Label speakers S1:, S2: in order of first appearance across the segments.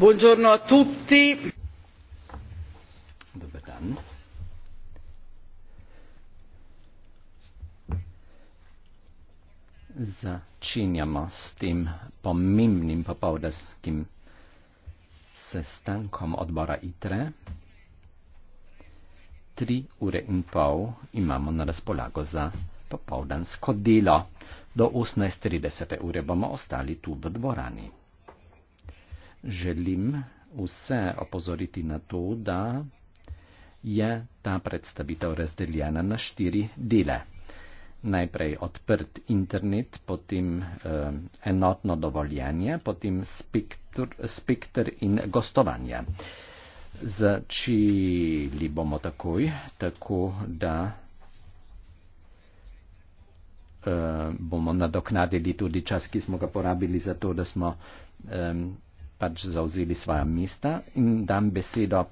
S1: buongiorno a tutti
S2: dobar dan začinjamo s tem pomembnim popovdanskim sestankom odbora ITRE. Tri ure in pol imamo na razpolago za popovdansko delo. Do 18.30 ure bomo ostali tu v dvorani želim vse opozoriti na to, da je ta predstavitev razdeljena na štiri dele. Najprej odprt internet, potem eh, enotno dovoljenje, potem spektr, spektr in gostovanje. Začeli bomo takoj, tako da eh, bomo nadoknadili tudi čas, ki smo ga porabili za to, da smo eh, pač zauzeli svoja mesta in dam besedo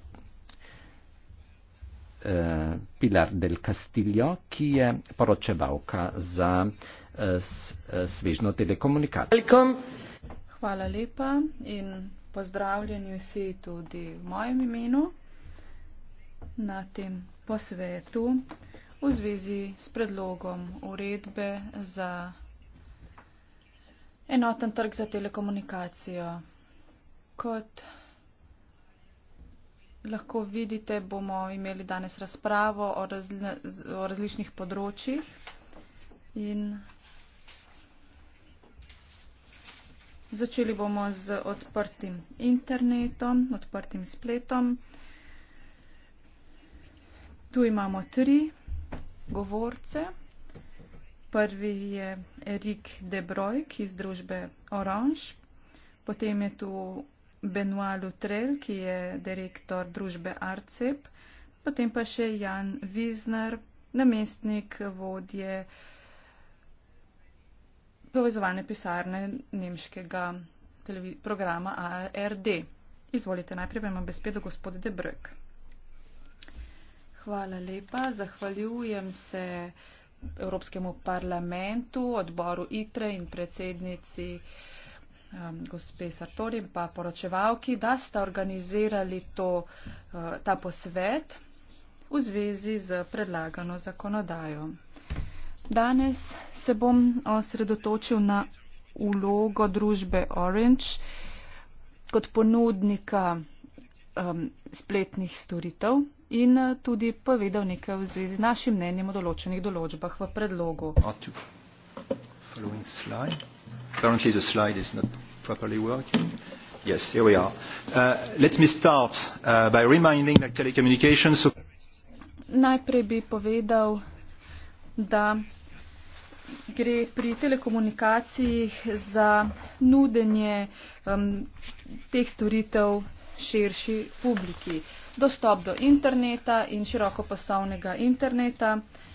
S2: eh, Pilar del Castillo, ki je poročevalka za eh, eh svežno telekomunikacijo.
S3: Hvala lepa in pozdravljeni vsi tudi v mojem imenu na tem posvetu v zvezi s predlogom uredbe za enoten trg za telekomunikacijo. Kot lahko vidite, bomo imeli danes razpravo o, razli o različnih področjih in začeli bomo z odprtim internetom, odprtim spletom. Tu imamo tri govorce. Prvi je Erik Debroj, ki iz družbe Orange. Potem je tu Benoit Lutrel, ki je direktor družbe Arcep, potem pa še Jan Wiesner, namestnik vodje povezovane pisarne nemškega programa ARD. Izvolite, najprej imamo besedo gospod Debrek. Hvala lepa. Zahvaljujem se Evropskemu parlamentu, odboru ITRE in predsednici um, gospe Sartori in pa poročevalki, da sta organizirali to, uh, ta posvet v zvezi z predlagano zakonodajo. Danes se bom osredotočil na ulogo družbe Orange kot ponudnika um, spletnih storitev in uh, tudi povedal nekaj v zvezi z našim mnenjem o določenih določbah v predlogu. Očuk
S1: following slide. Apparently the slide is not properly working. Yes, here we are. Uh, let me start uh, by reminding that telecommunications...
S3: Najprej bi povedal, da gre pri telekomunikacijih za nudenje um, teh storitev širši publiki. Dostop do interneta in širokopasovnega interneta. Uh,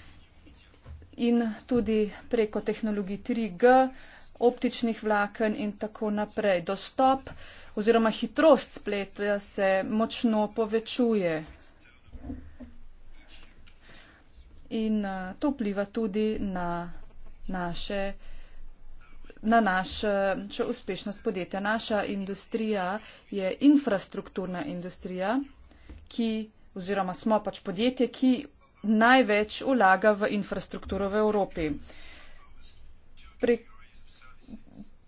S3: in tudi preko tehnologij 3G, optičnih vlaken in tako naprej. Dostop oziroma hitrost spleta se močno povečuje. In eh, to vpliva tudi na, naše, na naš, če uspešnost podjetja. Naša industrija je infrastrukturna industrija, ki, oziroma smo pač podjetje, ki največ vlaga v infrastrukturo v Evropi. Pre,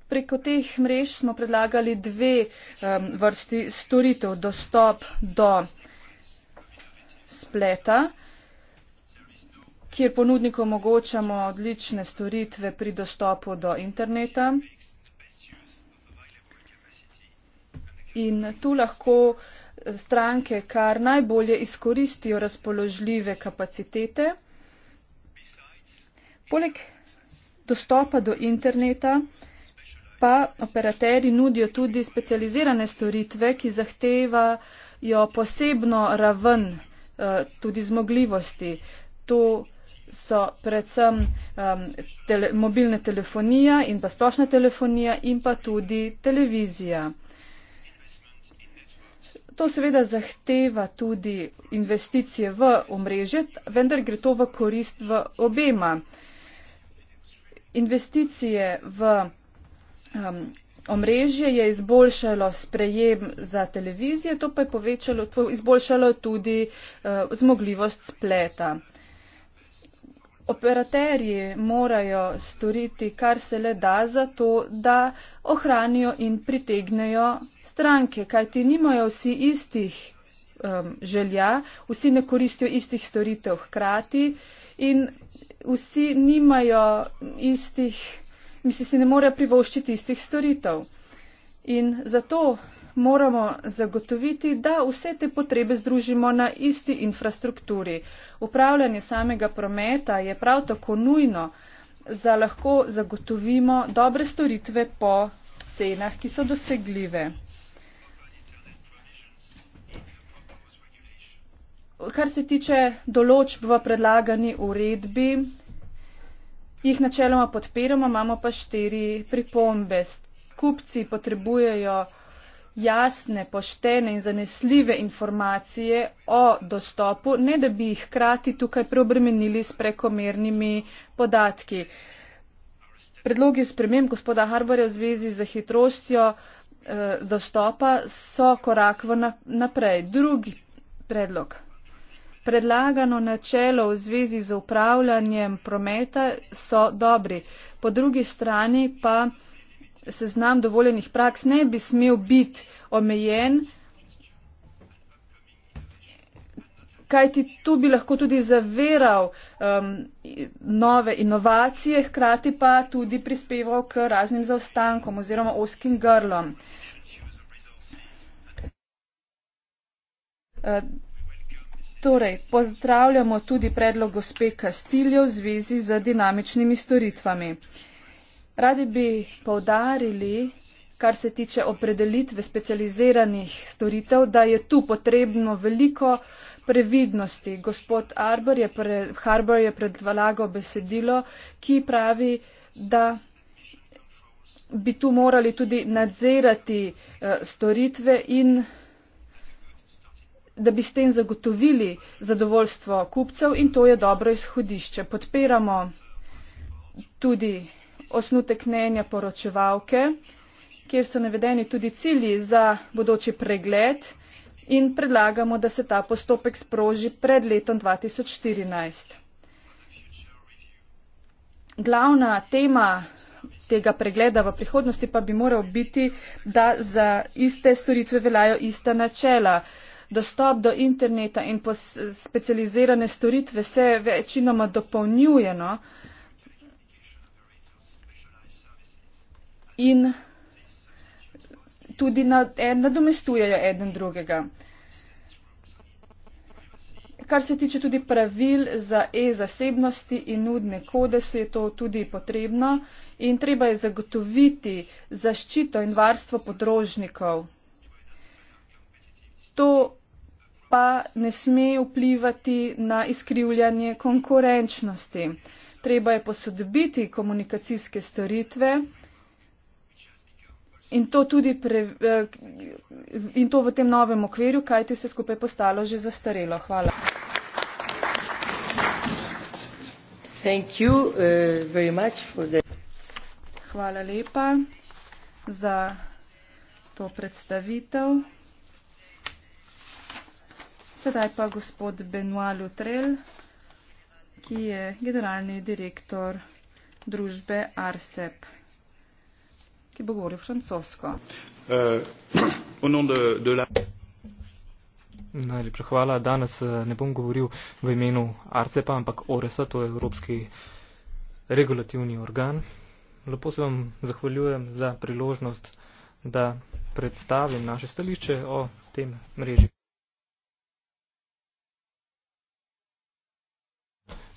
S3: preko teh mrež smo predlagali dve um, vrsti storitev. Dostop do spleta, kjer ponudnikom omogočamo odlične storitve pri dostopu do interneta. In tu lahko uh, stranke kar najbolje izkoristijo razpoložljive kapacitete. Poleg dostopa do interneta pa operaterji nudijo tudi specializirane storitve, ki zahtevajo posebno raven eh, tudi zmogljivosti. To so predvsem um, tele, mobilna telefonija in pa splošna telefonija in pa tudi televizija. To seveda zahteva tudi investicije v omrežje, vendar gre to v korist v obema. Investicije v um, omrežje je izboljšalo sprejem za televizijo, to pa je povečalo, izboljšalo tudi uh, zmogljivost spleta. Operaterji morajo storiti, kar se le da, zato da ohranijo in pritegnejo stranke, kajti nimajo vsi istih um, želja, vsi ne koristijo istih storitev hkrati in vsi nimajo istih, mislim, si ne morejo privoščiti istih storitev. In zato moramo zagotoviti, da vse te potrebe združimo na isti infrastrukturi. Upravljanje samega prometa je prav tako nujno, za lahko zagotovimo dobre storitve po cenah, ki so dosegljive. Kar se tiče določb v predlagani uredbi, jih načeloma podpiramo, imamo pa štiri pripombe. Kupci potrebujejo jasne, poštene in zanesljive informacije o dostopu, ne da bi jih hkrati tukaj preobremenili s prekomernimi podatki. Predlogi sprememb gospoda Harbarja v zvezi z hitrostjo eh, dostopa so korak v naprej. Drugi predlog. Predlagano načelo v zvezi z upravljanjem prometa so dobri, po drugi strani pa seznam dovoljenih praks ne bi smel biti omejen, kajti tu bi lahko tudi zaviral um, nove inovacije, hkrati pa tudi prispeval k raznim zaostankom oziroma oskim grlom. Uh, torej, pozdravljamo tudi predlog gospe Kastiljo v zvezi z dinamičnimi storitvami. Uh, Radi bi povdarili, kar se tiče opredelitve specializiranih storitev, da je tu potrebno veliko previdnosti. Gospod Arbor je, pre, je predvalago besedilo, ki pravi, da bi tu morali tudi nadzirati uh, storitve in da bi s tem zagotovili zadovoljstvo kupcev in to je dobro izhodišče. Podpiramo tudi osnutek mnenja poročevalke, kjer so navedeni tudi cilji za bodoči pregled in predlagamo, da se ta postopek sproži pred letom 2014. Glavna tema tega pregleda v prihodnosti pa bi moral biti, da za iste storitve veljajo ista načela. Dostop do interneta in specializirane storitve se večinoma dopolnjujeno. Uh, in tudi nadomestujejo eden drugega. Kar se tiče tudi pravil za e-zasebnosti in nudne kode, se je to tudi potrebno in treba je zagotoviti zaščito in varstvo podrožnikov. To pa ne sme vplivati na izkrivljanje konkurenčnosti. Treba je posodobiti komunikacijske storitve. In to tudi pre, eh, in to v tem novem okvirju, kaj ti vse skupaj postalo že zastarelo. Hvala.
S1: You, uh,
S3: Hvala lepa za to predstavitev. Sedaj pa gospod Benoit Lutrel, ki je generalni direktor družbe Arsep ki bo govoril francosko. Uh,
S4: Najlepša hvala. Danes eh, ne bom govoril v imenu ARCEPA, ampak ORESA, to je Evropski regulativni organ. Lepo se vam zahvaljujem za priložnost, da predstavim naše stališče o tem mreži.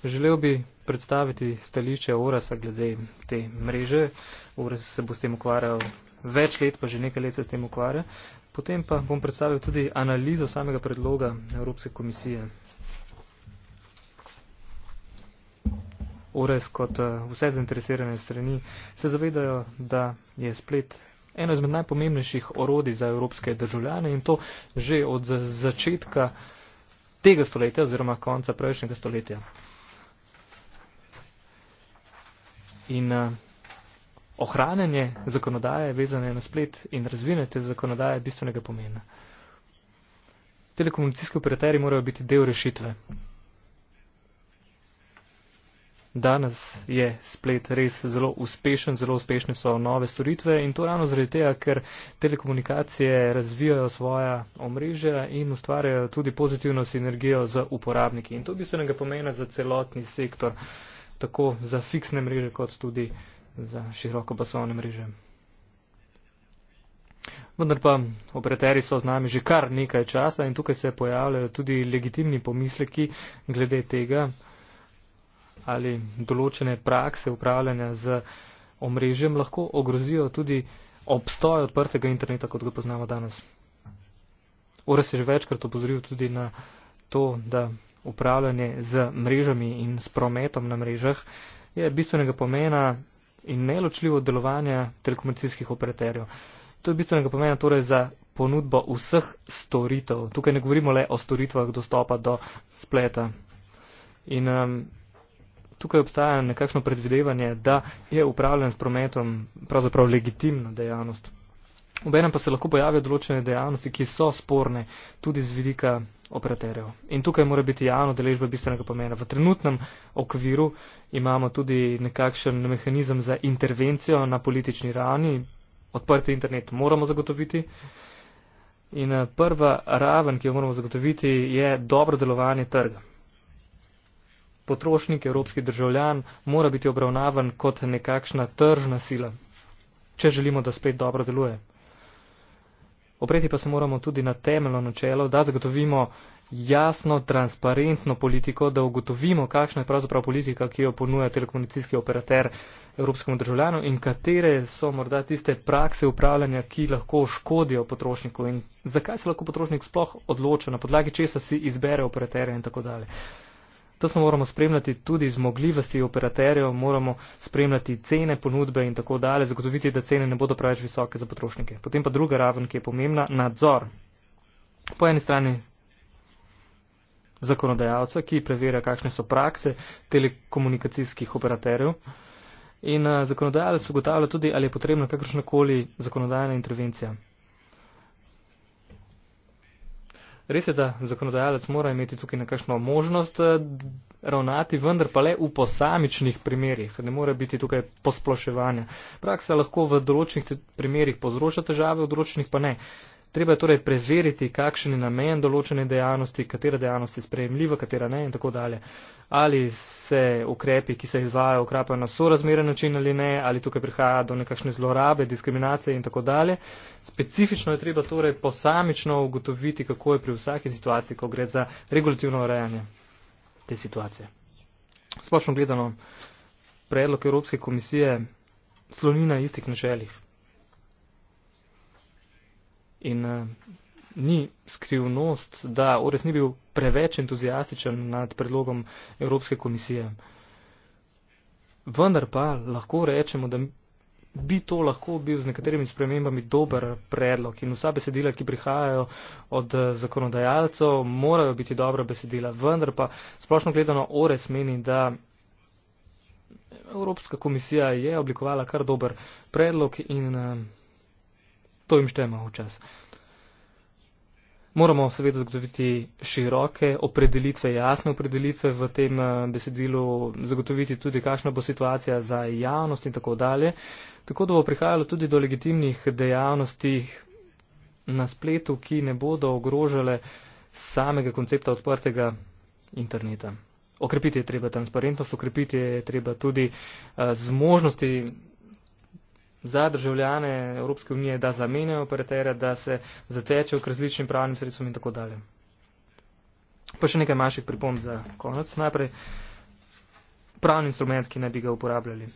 S4: Želel bi predstaviti stališče URAS-a glede te mreže. URAS se bo s tem ukvarjal več let, pa že nekaj let se s tem ukvarja. Potem pa bom predstavil tudi analizo samega predloga Evropske komisije. URAS kot eh, vse zainteresirane strani se zavedajo, da je splet eno izmed najpomembnejših orodij za evropske državljane in to že od začetka tega stoletja oziroma konca prejšnjega stoletja. in uh, ohranjanje zakonodaje vezane na splet in razvijanje te zakonodaje bistvenega pomena. Telekomunikacijski operaterji morajo biti del rešitve. Danes je splet res zelo uspešen, zelo uspešne so nove storitve in to ravno zaradi tega, ker telekomunikacije razvijajo svoja omrežja in ustvarjajo tudi pozitivno sinergijo z uporabniki. In to bistvenega pomena za celotni sektor. Uh, tako za fiksne mreže, kot tudi za široko pasovne mreže. Vendar pa operateri so z nami že kar nekaj časa in tukaj se pojavljajo tudi legitimni pomisleki glede tega, ali določene prakse upravljanja z omrežjem lahko ogrozijo tudi obstoj odprtega interneta, kot ga poznamo danes. Ora se je že večkrat opozoril tudi na to, da upravljanje z mrežami in s prometom na mrežah je bistvenega pomena in neločljivo delovanje telekomunikacijskih operaterjev. To je bistvenega pomena torej za ponudbo vseh storitev. Tukaj ne govorimo le o storitvah dostopa do spleta. In um, tukaj obstaja nekakšno predvidevanje, da je upravljanje s prometom pravzaprav legitimna dejavnost. Obenem pa se lahko pojavijo določene dejavnosti, ki so sporne tudi z vidika operaterjev. In tukaj mora biti javno deležba bistvenega pomena. V trenutnem okviru imamo tudi nekakšen mehanizem za intervencijo na politični ravni. Odprti internet moramo zagotoviti. In eh, prva raven, ki jo moramo zagotoviti, je dobro delovanje trga. Potrošnik, evropski državljan, mora biti obravnavan kot nekakšna tržna sila, če želimo, da spet dobro deluje. Opreti pa se moramo tudi na temeljno načelo, da zagotovimo jasno, transparentno politiko, da ugotovimo, kakšna je pravzaprav politika, ki jo ponuja telekomunikacijski operater evropskemu državljanu in katere so morda tiste prakse upravljanja, ki lahko škodijo potrošniku in zakaj se lahko potrošnik sploh odloča, na podlagi česa si izbere operaterja in tako dalje tesno moramo spremljati tudi zmogljivosti operaterjev, moramo spremljati cene, ponudbe in tako dalje, zagotoviti, da cene ne bodo preveč visoke za potrošnike. Potem pa druga raven, ki je pomembna, nadzor. Po eni strani zakonodajalca, ki preverja, kakšne so prakse telekomunikacijskih operaterjev. In eh, zakonodajalec ugotavlja tudi, ali je potrebna kakršnakoli zakonodajna intervencija. Res je, da zakonodajalec mora imeti tukaj nekakšno možnost eh, ravnati, vendar pa le v posamičnih primerjih. Ne more biti tukaj posploševanja. Praksa lahko v določenih primerjih povzroča težave, v določenih pa ne. Treba je torej preveriti, kakšen je namen določene dejavnosti, katera dejavnost je sprejemljiva, katera ne in tako dalje. Ali se ukrepi, ki se izvajajo, ukrapajo na sorazmeren način ali ne, ali tukaj prihaja do nekakšne zlorabe, diskriminacije in tako dalje. Specifično je treba torej posamično ugotoviti, kako je pri vsaki situaciji, ko gre za regulativno urejanje te situacije. Splošno gledano, predlog Evropske komisije slonina istih načelih in uh, ni skrivnost, da ores ni bil preveč entuzijastičen nad predlogom Evropske komisije. Vendar pa lahko rečemo, da bi to lahko bil z nekaterimi spremembami dober predlog in vsa besedila, ki prihajajo od eh, zakonodajalcev, morajo biti dobra besedila. Vendar pa splošno gledano ores meni, da. Evropska komisija je oblikovala kar dober predlog in uh, To jim štejemo včas. Moramo seveda zagotoviti široke opredelitve, jasne opredelitve v tem eh, besedilu, zagotoviti tudi, kakšna bo situacija za javnost in tako dalje, tako da bo prihajalo tudi do legitimnih dejavnosti na spletu, ki ne bodo ogrožale samega koncepta odprtega interneta. Okrepiti je treba transparentnost, okrepiti je treba tudi eh, zmožnosti za državljane Evropske unije, da zamenjajo operaterja, da se zatečejo k različnim pravnim sredstvom in tako dalje. Pa še nekaj manjših pripomb za konec. Najprej pravni instrument, ki ne bi ga uporabljali.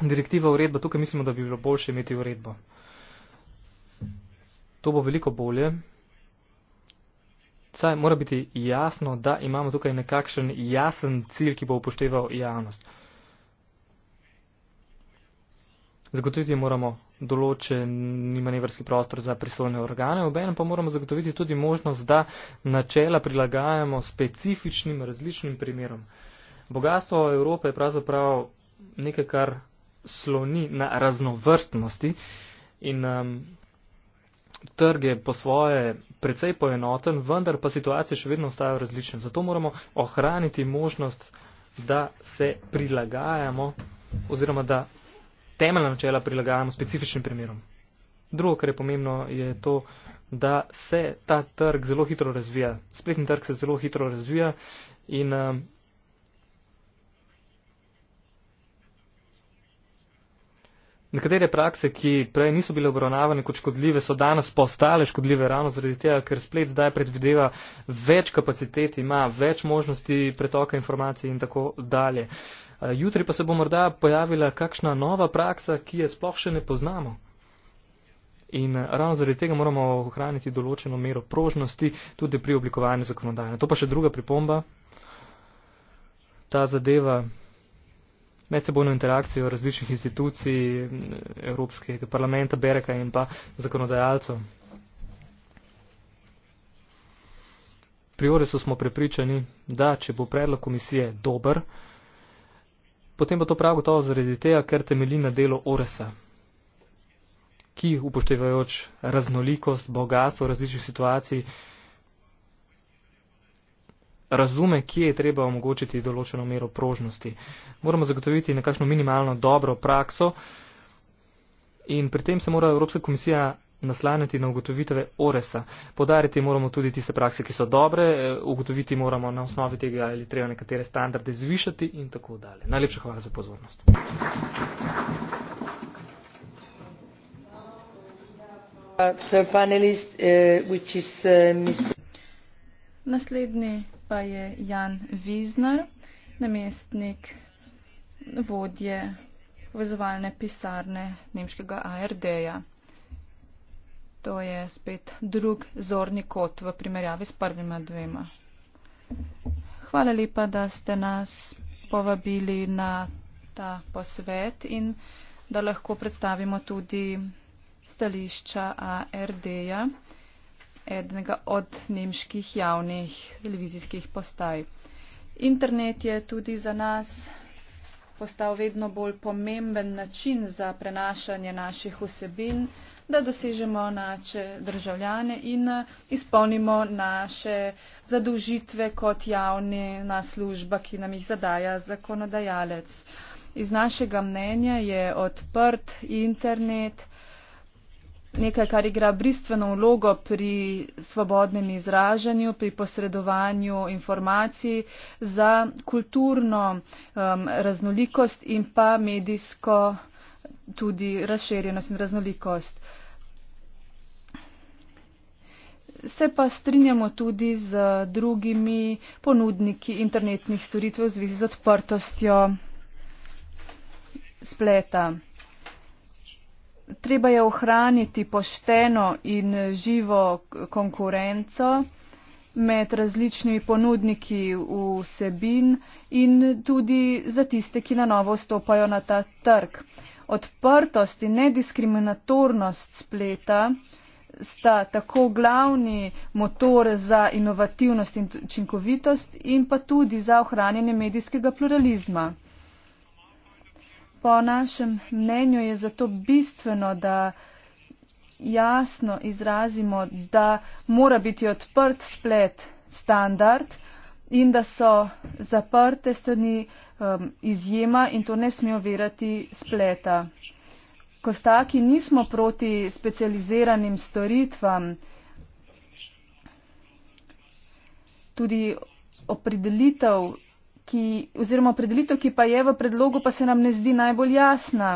S4: Direktiva uredba, tukaj mislimo, da bi bilo boljše imeti uredbo. To bo veliko bolje. Saj mora biti jasno, da imamo tukaj nekakšen jasen cilj, ki bo upošteval javnost. Uh, Zagotoviti moramo določen manevrski prostor za pristojne organe, obenem pa moramo zagotoviti tudi možnost, da načela prilagajamo specifičnim različnim primerom. Bogatstvo Evrope je pravzaprav nekaj, kar sloni na raznovrstnosti in um, trg je po svoje precej poenoten, vendar pa situacije še vedno ostajajo različne. Zato moramo ohraniti možnost, da se prilagajamo oziroma da temeljna načela prilagajamo specifičnim primerom. Drugo, kar je pomembno, je to, da se ta trg zelo hitro razvija. Spletni trg se zelo hitro razvija in um, nekatere prakse, ki prej niso bile obravnavane kot škodljive, so danes postale škodljive ravno zaradi tega, ker splet zdaj predvideva več kapacitet, ima več možnosti pretoka informacij in tako dalje. Uh, Eh, jutri pa se bo morda pojavila kakšna nova praksa, ki je sploh še ne poznamo. In eh, ravno zaradi tega moramo ohraniti določeno mero prožnosti tudi pri oblikovanju zakonodajne. To pa še druga pripomba. Ta zadeva medsebojno interakcijo različnih institucij eh, Evropskega parlamenta, Bereka in pa zakonodajalcev. Pri Oresu smo prepričani, da če bo predlog komisije dober, potem pa to prav gotovo zaradi tega, ker temelji na delu Oresa, ki upoštevajoč raznolikost, bogatstvo različnih situacij, razume, kje je treba omogočiti določeno mero prožnosti. Moramo zagotoviti nekakšno minimalno dobro prakso in pri tem se mora Evropska komisija naslanjati na ugotovitve Oresa. Podariti moramo tudi tiste prakse, ki so dobre, eh, ugotoviti moramo na osnovi tega, ali treba nekatere standarde zvišati in tako dalje. Najlepša hvala za pozornost.
S1: Uh, uh, uh,
S3: Naslednji pa je Jan Viznar, namestnik vodje vezovalne pisarne nemškega ARD-ja. To je spet drug zorni kot v primerjavi s prvima dvema. Hvala lepa, da ste nas povabili na ta posvet in da lahko predstavimo tudi stališča ARD-ja, enega od nemških javnih televizijskih postaj. Internet je tudi za nas postal vedno bolj pomemben način za prenašanje naših vsebin da dosežemo naše državljane in eh, izpolnimo naše zadolžitve kot javna služba, ki nam jih zadaja zakonodajalec. Iz našega mnenja je odprt internet nekaj, kar igra bristveno vlogo pri svobodnem izražanju, pri posredovanju informacij za kulturno um, raznolikost in pa medijsko raznolikost tudi razširjenost in raznolikost. Se pa strinjamo tudi z drugimi ponudniki internetnih storitev v zvezi z odprtostjo spleta. Treba je ohraniti pošteno in živo konkurenco med različnimi ponudniki vsebin in tudi za tiste, ki na novo stopajo na ta trg odprtost in nediskriminatornost spleta sta tako glavni motor za inovativnost in učinkovitost in pa tudi za ohranjanje medijskega pluralizma. Po našem mnenju je zato bistveno, da jasno izrazimo, da mora biti odprt splet standard in da so zaprte strani um, izjema in to ne sme overati spleta. Kostaki nismo proti specializiranim storitvam. Tudi opredelitev, ki, oziroma opredelitev, ki pa je v predlogu, pa se nam ne zdi najbolj jasna.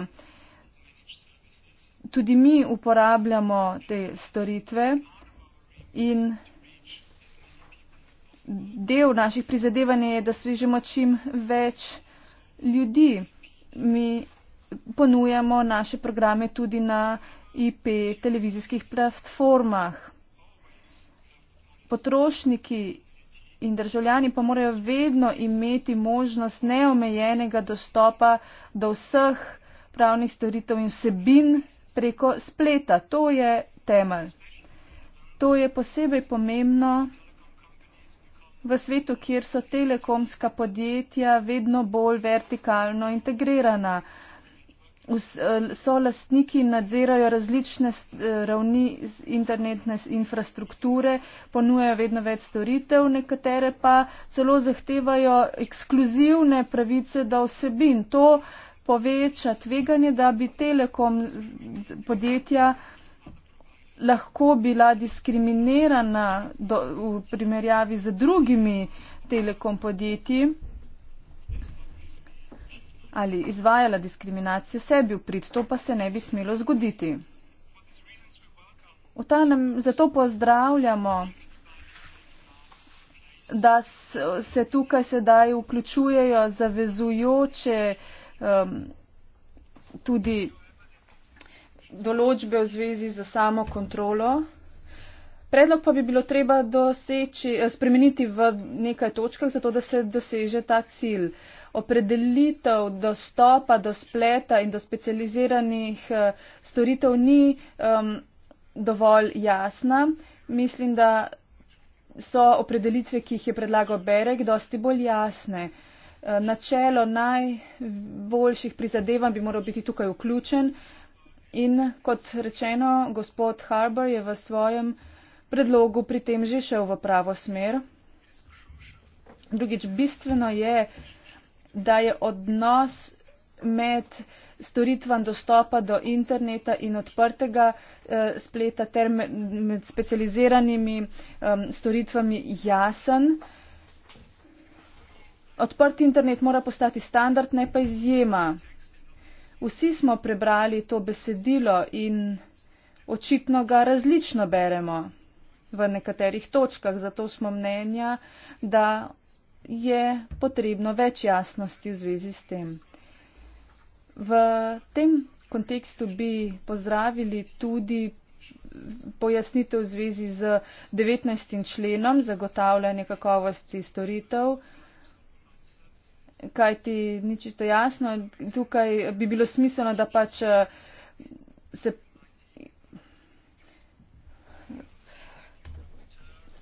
S3: Tudi mi uporabljamo te storitve in del naših prizadevanj je, da svižemo čim več ljudi. Mi ponujamo naše programe tudi na IP televizijskih platformah. Potrošniki in državljani pa morajo vedno imeti možnost neomejenega dostopa do vseh pravnih storitev in vsebin preko spleta. To je temelj. To je posebej pomembno v svetu, kjer so telekomska podjetja vedno bolj vertikalno integrirana. Eh, so lastniki nadzirajo različne eh, ravni internetne infrastrukture, ponujajo vedno več storitev, nekatere pa celo zahtevajo ekskluzivne pravice do vsebin. To poveča tveganje, da bi telekom podjetja uh, lahko bila diskriminirana do, v primerjavi z drugimi telekom podjetji ali izvajala diskriminacijo sebi v prid. To pa se ne bi smelo zgoditi. Nam, zato pozdravljamo, da se tukaj sedaj vključujejo zavezujoče um, tudi določbe v zvezi z samo kontrolo. Predlog pa bi bilo treba doseči, eh, spremeniti v nekaj točkah, zato da se doseže ta cilj. Opredelitev dostopa do spleta in do specializiranih eh, storitev ni um, dovolj jasna. Mislim, da so opredelitve, ki jih je predlagal Berek, dosti bolj jasne. Eh, načelo najboljših prizadevanj bi moral biti tukaj vključen. In kot rečeno, gospod Harbour je v svojem predlogu pri tem že šel v pravo smer. Drugič, bistveno je, da je odnos med storitvam dostopa do interneta in odprtega eh, spleta ter med, med specializiranimi eh, storitvami jasen. Odprt internet mora postati standard, ne pa izjema. Vsi smo prebrali to besedilo in očitno ga različno beremo v nekaterih točkah, zato smo mnenja, da je potrebno več jasnosti v zvezi s tem. V tem kontekstu bi pozdravili tudi pojasnitev v zvezi z 19. členom zagotavljanje kakovosti storitev kaj ti ni čisto jasno. Tukaj bi bilo smiselno, da pač eh, se.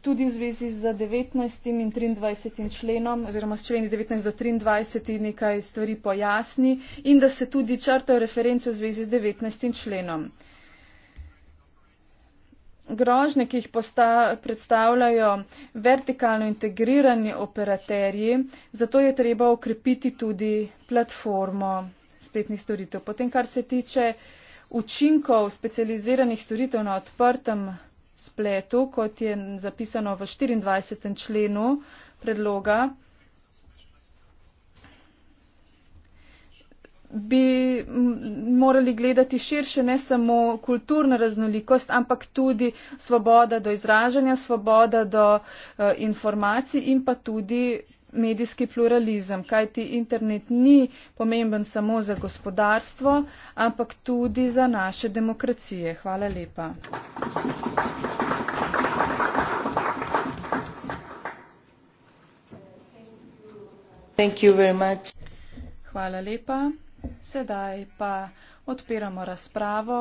S3: Tudi v zvezi z 19. in 23. členom, oziroma s členi 19 do 23. nekaj stvari pojasni in da se tudi črta referenco v zvezi z 19. členom grožnje, ki jih posta, predstavljajo vertikalno integrirani operaterji, zato je treba okrepiti tudi platformo spletnih storitev. Potem, kar se tiče učinkov specializiranih storitev na odprtem spletu, kot je zapisano v 24. členu predloga, bi morali gledati širše, ne samo kulturna raznolikost, ampak tudi svoboda do izražanja, svoboda do uh, informacij in pa tudi medijski pluralizem, kajti internet ni pomemben samo za gospodarstvo, ampak tudi za naše demokracije. Hvala lepa. Hvala lepa. Sedaj pa odpiramo razpravo,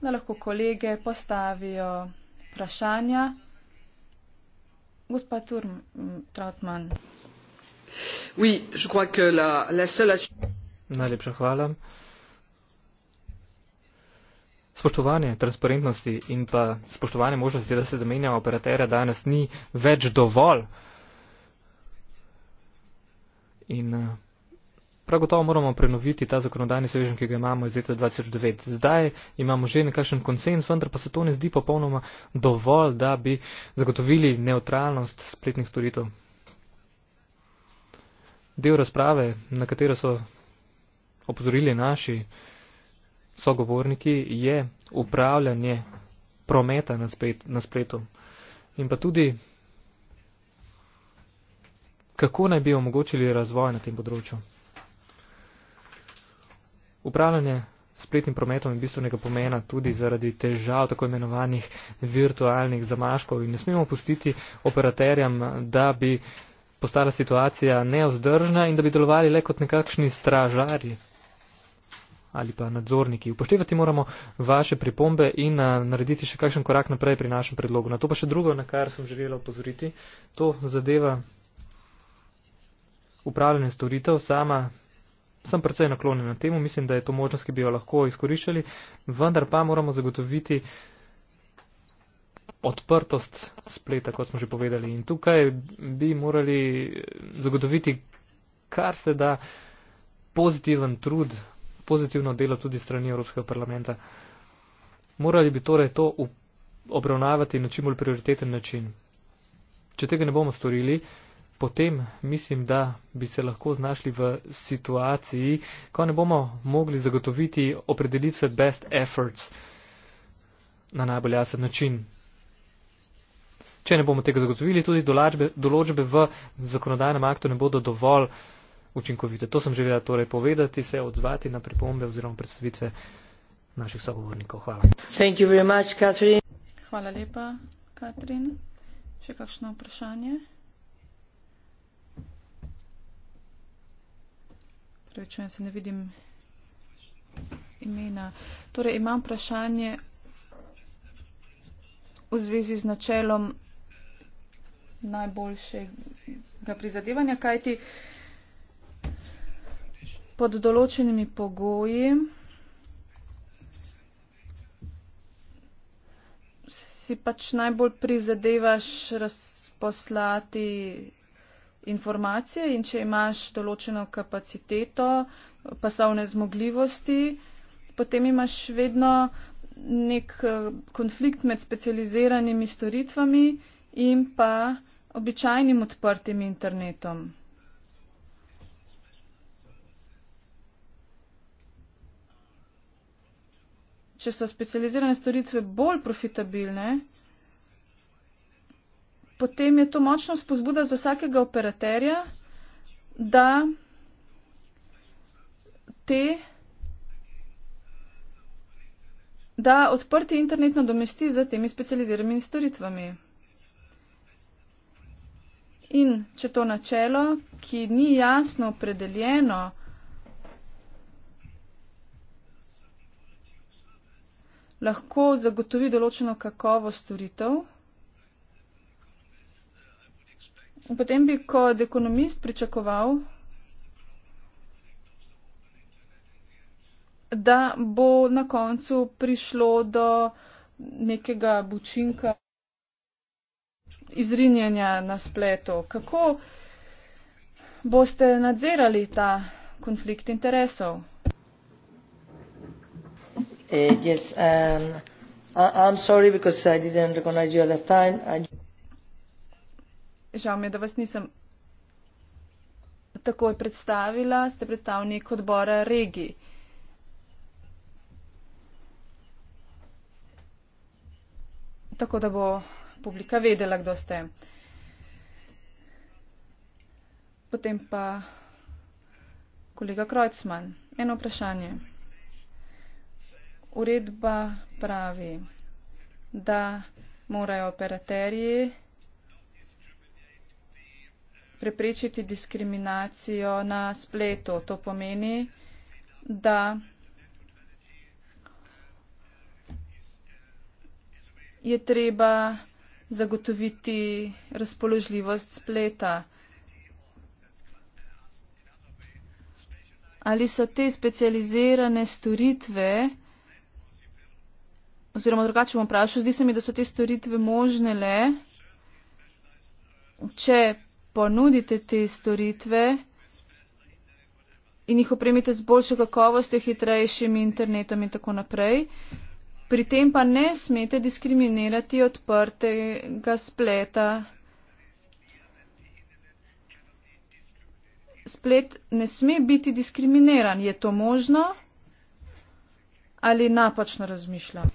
S3: da lahko kolege postavijo vprašanja. Gospa Turm mm, Trautmann. Oui, je crois
S4: que la, la seule... Najlepša hvala. Spoštovanje transparentnosti in pa spoštovanje možnosti, da se zamenjamo operaterja, danes ni več dovolj. In, uh, Prav gotovo moramo prenoviti ta zakonodajni svežen, ki ga imamo iz leta 2009. Zdaj imamo že nekakšen konsens, vendar pa se to ne zdi popolnoma dovolj, da bi zagotovili neutralnost spletnih storitev. Del razprave, na katero so opozorili naši sogovorniki, je upravljanje prometa na, splet, na spletu. In pa tudi, kako naj bi omogočili razvoj na tem področju. Upravljanje spletnim prometom je bistvenega pomena tudi zaradi težav tako imenovanih virtualnih zamaškov in ne smemo pustiti operaterjem, da bi postala situacija neozdržna in da bi delovali le kot nekakšni stražari ali pa nadzorniki. Upoštevati moramo vaše pripombe in narediti še kakšen korak naprej pri našem predlogu. Na to pa še drugo, na kar sem želela opozoriti. To zadeva upravljanje storitev sama sem precej naklonjen na temu, mislim, da je to možnost, ki bi jo lahko izkoriščali, vendar pa moramo zagotoviti odprtost spleta, kot smo že povedali. In tukaj bi morali zagotoviti kar se da pozitiven trud, pozitivno delo tudi strani Evropskega parlamenta. Morali bi torej to obravnavati na čim bolj prioriteten način. Če tega ne bomo storili, potem mislim, da bi se lahko znašli v situaciji, ko ne bomo mogli zagotoviti opredelitve best efforts na najbolj jasen način. Če ne bomo tega zagotovili, tudi določbe, določbe v zakonodajnem aktu ne bodo dovolj učinkovite. To sem želela torej povedati, se odzvati na pripombe oziroma predstavitve naših
S1: sogovornikov. Hvala. Much,
S3: Hvala lepa, Katrin. Še kakšno vprašanje? Rečujem, se ne vidim imena. Torej, imam vprašanje v zvezi z načelom najboljšega prizadevanja, kajti pod določenimi pogoji si pač najbolj prizadevaš razposlati informacije in če imaš določeno kapaciteto, pasovne zmogljivosti, potem imaš vedno nek eh, konflikt med specializiranimi storitvami in pa običajnim odprtim internetom. Če so specializirane storitve bolj profitabilne, potem je to močna spozbuda za vsakega operaterja, da te da odprti internet nadomesti za temi specializiranimi storitvami. In če to načelo, ki ni jasno opredeljeno, lahko zagotovi določeno kakovost storitev, Potem bi kot ekonomist pričakoval, da bo na koncu prišlo do nekega bučinka izrinjenja na spletu. Kako boste nadzirali ta konflikt interesov?
S1: Uh, yes, um, I, I'm sorry because I didn't recognize you at that time. I
S3: žal mi je, da vas nisem takoj predstavila, ste predstavnik odbora regij. Tako da bo publika vedela, kdo ste. Potem pa kolega Krojcman, eno vprašanje. Uredba pravi, da morajo operaterji preprečiti diskriminacijo na spletu. To pomeni, da je treba zagotoviti razpoložljivost spleta. Ali so te specializirane storitve, oziroma drugače bom vprašal, zdi se mi, da so te storitve možne le, če ponudite te storitve in jih opremite z boljšo kakovostjo, hitrejšim internetom in tako naprej. Pri tem pa ne smete diskriminirati odprtega spleta. Splet ne sme biti diskriminiran. Je to možno ali napačno razmišljam?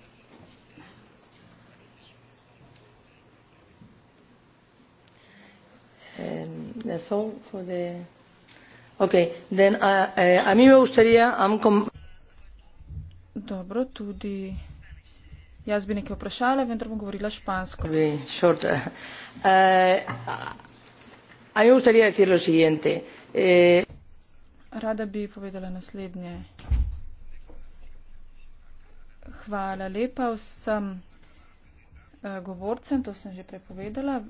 S1: Eh, that's all for the. Okay,
S3: then uh, uh, a mí me gustaría. I'm com Dobro, tudi jaz bi nekaj vprašala, vendar bom govorila špansko.
S1: Sí, short. Uh, uh, a mí me gustaría decir lo siguiente. Eh,
S3: Rada bi povedala naslednje. Hvala lepa vsem uh, govorcem, to sem že prepovedala.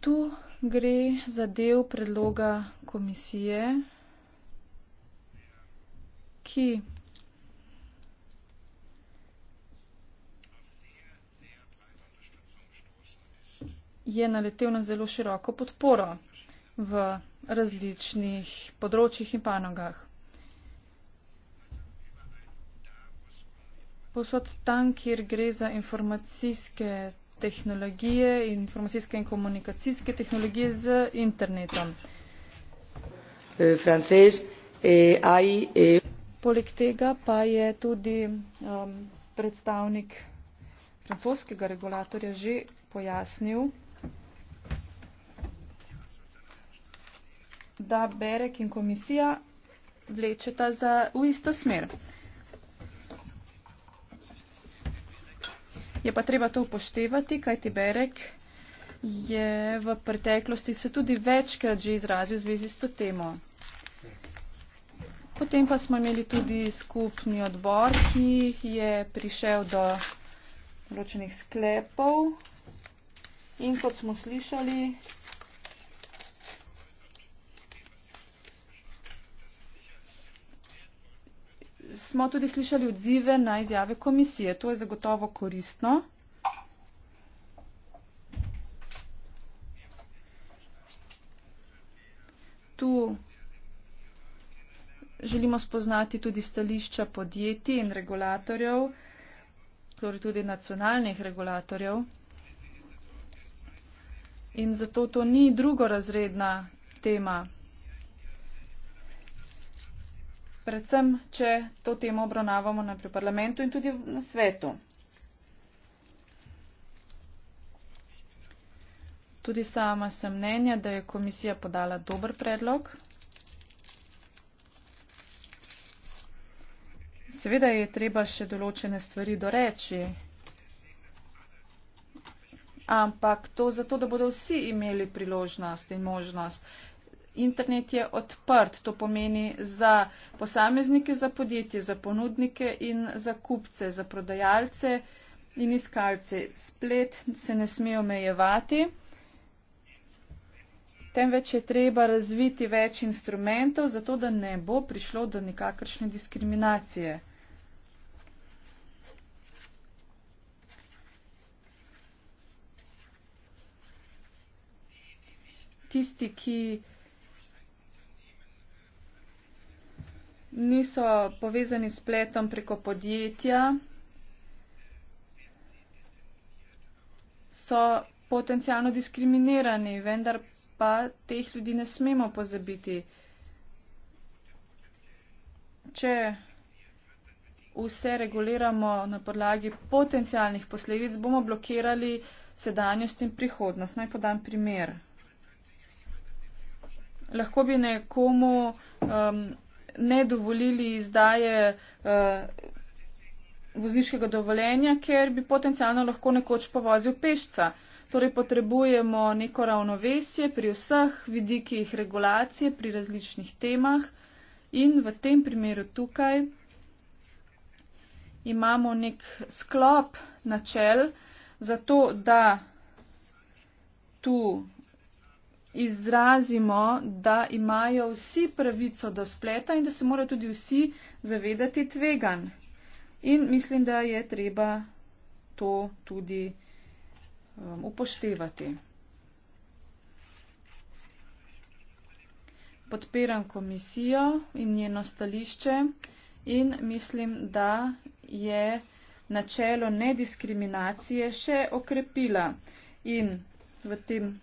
S3: Tu gre za del predloga komisije, ki je naletel na zelo široko podporo v različnih področjih in panogah. Posod tam, kjer gre za informacijske tehnologije, informacijske in komunikacijske tehnologije z internetom.
S1: Francez, eh, aj, eh, eh.
S3: Poleg tega pa je tudi um, predstavnik francoskega regulatorja že pojasnil, da Berek in komisija vlečeta za, v isto smer. je pa treba to upoštevati, kaj ti Berek je v preteklosti se tudi večkrat že izrazil v zvezi s to temo. Potem pa smo imeli tudi skupni odbor, ki je prišel do določenih sklepov in kot smo slišali, smo tudi slišali odzive na izjave komisije. To je zagotovo koristno. Tu želimo spoznati tudi stališča podjetij in regulatorjev, torej tudi nacionalnih regulatorjev. In zato to ni drugorazredna tema. predvsem, če to temo obravnavamo na parlamentu in tudi na svetu. Tudi sama sem mnenja, da je komisija podala dober predlog. Seveda je treba še določene stvari doreči, ampak to zato, da bodo vsi imeli priložnost in možnost. Uh, internet je odprt, to pomeni za posameznike, za podjetje, za ponudnike in za kupce, za prodajalce in iskalce. Splet se ne sme omejevati, temveč je treba razviti več instrumentov, zato da ne bo prišlo do nekakršne diskriminacije. Tisti, ki niso povezani s pletom preko podjetja, so potencijalno diskriminirani, vendar pa teh ljudi ne smemo pozabiti. Če vse reguliramo na podlagi potencijalnih posledic, bomo blokirali sedanjost in prihodnost. Naj podam primer. Lahko bi nekomu um, ne dovolili izdaje uh, vozniškega dovoljenja, ker bi potencialno lahko nekoč povozil pešca. Torej potrebujemo neko ravnovesje pri vseh vidikih regulacije, pri različnih temah in v tem primeru tukaj imamo nek sklop načel za to, da tu izrazimo, da imajo vsi pravico do spleta in da se morajo tudi vsi zavedati tvegan. In mislim, da je treba to tudi um, upoštevati. Podpiram komisijo in njeno stališče in mislim, da je načelo nediskriminacije še okrepila. In v tem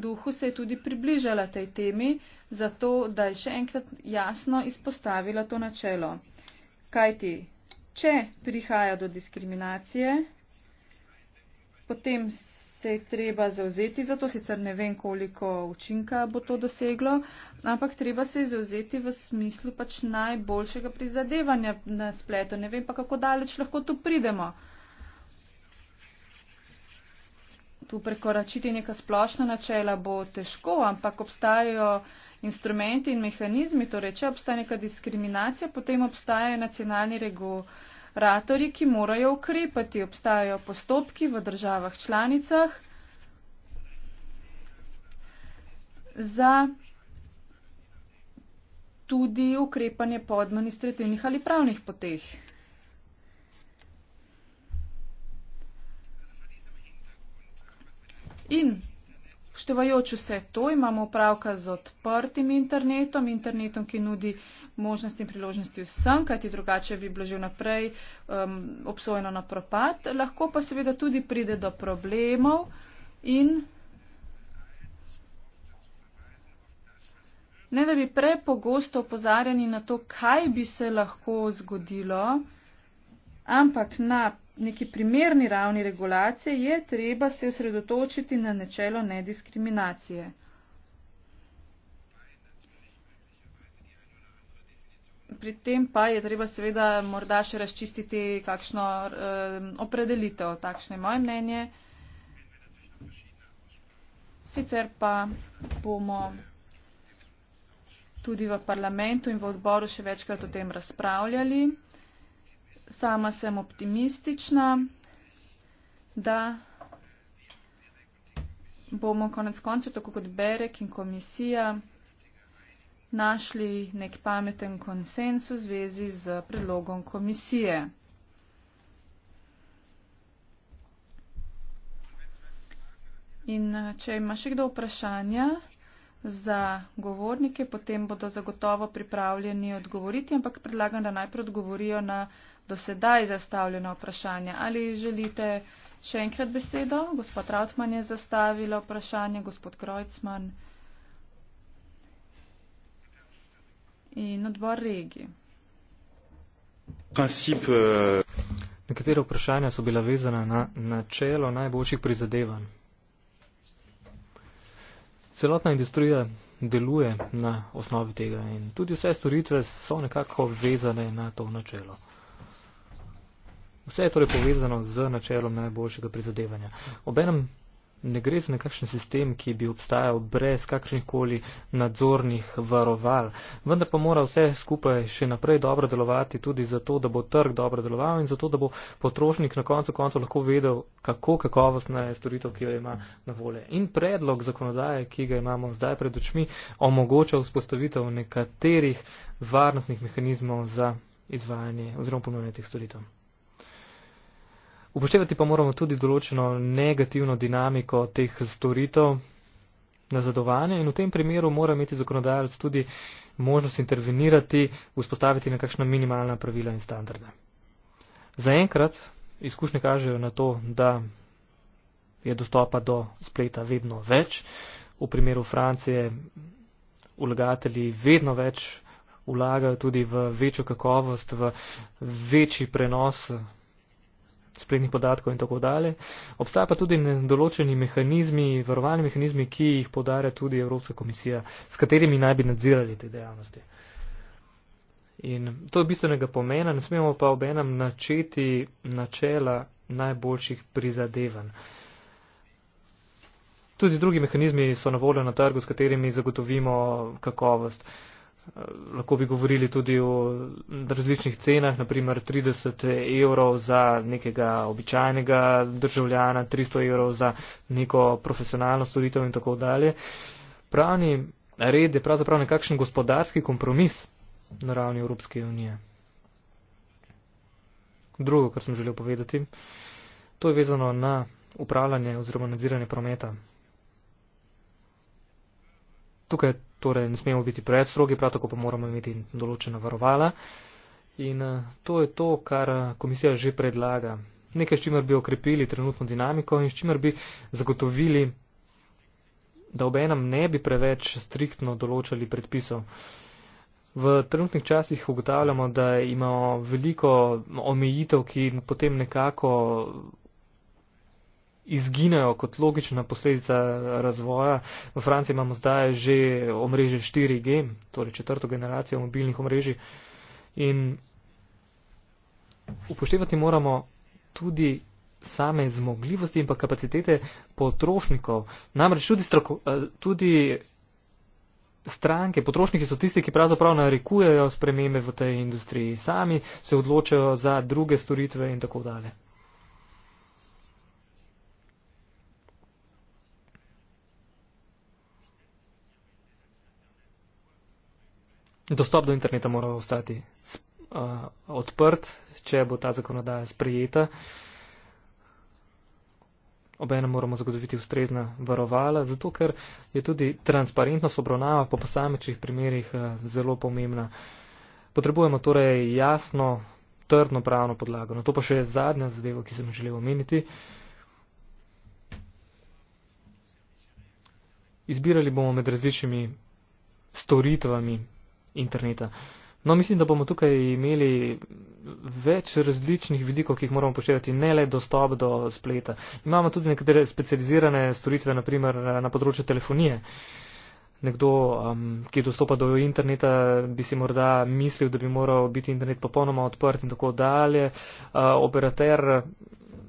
S3: duhu se je tudi približala tej temi, zato da je še enkrat jasno izpostavila to načelo. Kaj ti, če prihaja do diskriminacije, potem se je treba zauzeti, zato sicer ne vem, koliko učinka bo to doseglo, ampak treba se je zauzeti v smislu pač najboljšega prizadevanja na spletu. Ne vem pa, kako daleč lahko tu pridemo. tu prekoračiti neka splošna načela bo težko, ampak obstajajo instrumenti in mehanizmi, torej če obstaja neka diskriminacija, potem obstajajo nacionalni regulatori, ki morajo ukrepati, obstajajo postopki v državah članicah za tudi ukrepanje po administrativnih ali pravnih poteh. In števajoč vse to imamo upravka z odprtim internetom, internetom, ki nudi možnosti in priložnosti vsem, kajti drugače bi bilo že naprej um, obsojeno na propad. Lahko pa seveda tudi pride do problemov in ne da bi prepogosto opozarjani na to, kaj bi se lahko zgodilo, ampak na neki primerni ravni regulacije, je treba se osredotočiti na načelo nediskriminacije. Pri tem pa je treba seveda morda še razčistiti kakšno eh, opredelitev, takšno je moje mnenje. Sicer pa bomo tudi v parlamentu in v odboru še večkrat o tem razpravljali sama sem optimistična, da bomo konec koncev, tako kot Berek in komisija, našli nek pameten konsens v zvezi z predlogom komisije. In če ima še kdo vprašanja? za govornike, potem bodo zagotovo pripravljeni odgovoriti, ampak predlagam, da najprej odgovorijo na dosedaj zastavljeno vprašanje. Ali želite še enkrat besedo? Gospod Rautman je zastavila vprašanje, gospod Krojcman. In odbor regi.
S4: Eh, Nekatera vprašanja so bila vezana na načelo najboljših prizadevanj celotna industrija deluje na osnovi tega in tudi vse storitve so nekako vezane na to načelo. Vse je torej povezano z načelom najboljšega prizadevanja. Obenem ne gre za nekakšen sistem, ki bi obstajal brez kakršnih koli nadzornih varoval. Vendar pa mora vse skupaj še naprej dobro delovati tudi zato, da bo trg dobro deloval in zato, da bo potrošnik na koncu koncu lahko vedel, kako kakovostna je storitev, ki jo ima na volje. In predlog zakonodaje, ki ga imamo zdaj pred očmi, omogoča vzpostavitev nekaterih varnostnih mehanizmov za izvajanje oziroma ponovljenih storitev. Upoštevati pa moramo tudi določeno negativno dinamiko teh storitev nazadovanja in v tem primeru mora imeti zakonodajalec tudi možnost intervenirati, vzpostaviti nekakšna minimalna pravila in standarde. Zaenkrat izkušnje kažejo na to, da je dostopa do spleta vedno več. V primeru Francije vlagatelji vedno več vlagajo tudi v večjo kakovost, v večji prenos spletnih podatkov in tako dalje. Obstaja pa tudi določeni mehanizmi, varovalni mehanizmi, ki jih podarja tudi Evropska komisija, s katerimi naj bi nadzirali te dejavnosti. In to je bistvenega pomena, ne smemo pa ob enem načeti načela najboljših prizadevanj. Tudi drugi mehanizmi so na voljo na trgu, s katerimi zagotovimo kakovost. Uh, lahko bi govorili tudi o različnih cenah, naprimer 30 evrov za nekega običajnega državljana, 300 evrov za neko profesionalno storitev in tako dalje. Pravni red je pravzaprav nekakšen gospodarski kompromis na ravni Evropske unije. Drugo, kar sem želel povedati, to je vezano na upravljanje oziroma nadziranje prometa. Tukaj torej ne smemo biti preveč strogi, prav tako pa moramo imeti določena varovala. In eh, to je to, kar eh, komisija že predlaga. Nekaj, s čimer bi okrepili trenutno dinamiko in s čimer bi zagotovili, da ob enem ne bi preveč striktno določali predpisov. V trenutnih časih ugotavljamo, da imamo veliko omejitev, ki potem nekako izginejo kot logična posledica razvoja. V Franciji imamo zdaj že omrežje 4G, torej četrto generacijo mobilnih omrežij. In upoštevati moramo tudi same zmogljivosti in pa kapacitete potrošnikov. Namreč tudi, strako, eh, tudi stranke, potrošniki so tisti, ki pravzaprav narekujejo spremembe v tej industriji. Sami se odločajo za druge storitve in tako dalje. dostop do interneta mora ostati uh, odprt, če bo ta zakonodaja sprejeta. Obenem moramo zagotoviti ustrezna varovala, zato ker je tudi transparentnost obravnava po posamečnih primerjih zelo pomembna. Potrebujemo torej jasno, trdno pravno podlago. Na to pa še zadnja zadeva, ki sem želel omeniti. Izbirali bomo med različnimi storitvami, interneta. No, mislim, da bomo tukaj imeli več različnih vidikov, ki jih moramo poštevati, ne le dostop do spleta. Imamo tudi nekatere specializirane storitve, naprimer na področju telefonije. Nekdo, um, ki dostopa do interneta, bi si morda mislil, da bi moral biti internet popolnoma odprt in tako dalje. Uh, operater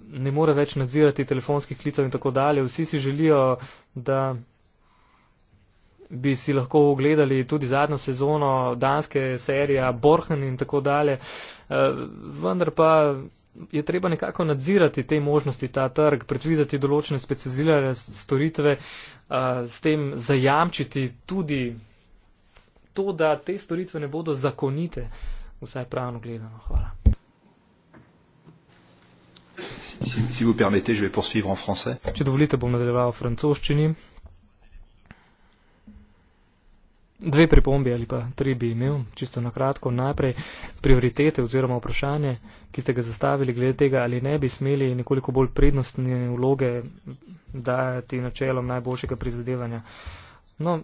S4: ne more več nadzirati telefonskih klicev in tako dalje. Vsi si želijo, da bi si lahko ogledali tudi zadnjo sezono danske serije Borhen in tako dalje. Eh, vendar pa je treba nekako nadzirati te možnosti, ta trg, predvideti določene specializirane storitve, eh, s tem zajamčiti tudi to, da te storitve ne bodo zakonite, vsaj pravno gledano. Hvala.
S1: Si, si, si vous permettez, je vais poursuivre en français.
S4: Če dovolite, bom nadaljeval v francoščini. Dve pripombi ali pa tri bi imel, čisto na kratko. Najprej prioritete oziroma vprašanje, ki ste ga zastavili glede tega, ali ne bi smeli nekoliko bolj prednostne vloge dajati načelom najboljšega prizadevanja. No,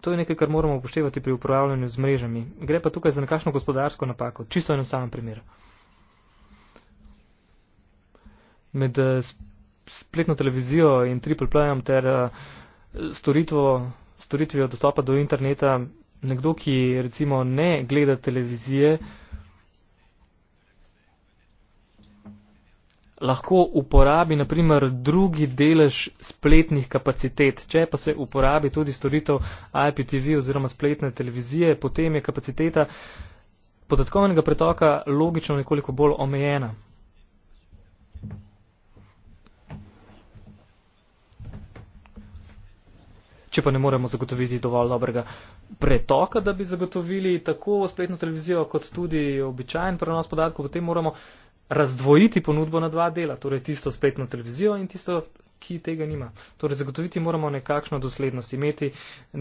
S4: to je nekaj, kar moramo upoštevati pri upravljanju z mrežami. Gre pa tukaj za nekakšno gospodarsko napako. Čisto enostaven primer. Med eh, spletno televizijo in triple playom ter eh, storitvo storitvijo dostopa do interneta nekdo, ki recimo ne gleda televizije, lahko uporabi naprimer drugi delež spletnih kapacitet. Če pa se uporabi tudi storitev IPTV oziroma spletne televizije, potem je kapaciteta podatkovnega pretoka logično nekoliko bolj omejena. če pa ne moremo zagotoviti dovolj dobrega pretoka, da bi zagotovili tako spletno televizijo, kot tudi običajen prenos podatkov, potem moramo razdvojiti ponudbo na dva dela, torej tisto spletno televizijo in tisto, ki tega nima. Torej zagotoviti moramo nekakšno doslednost, imeti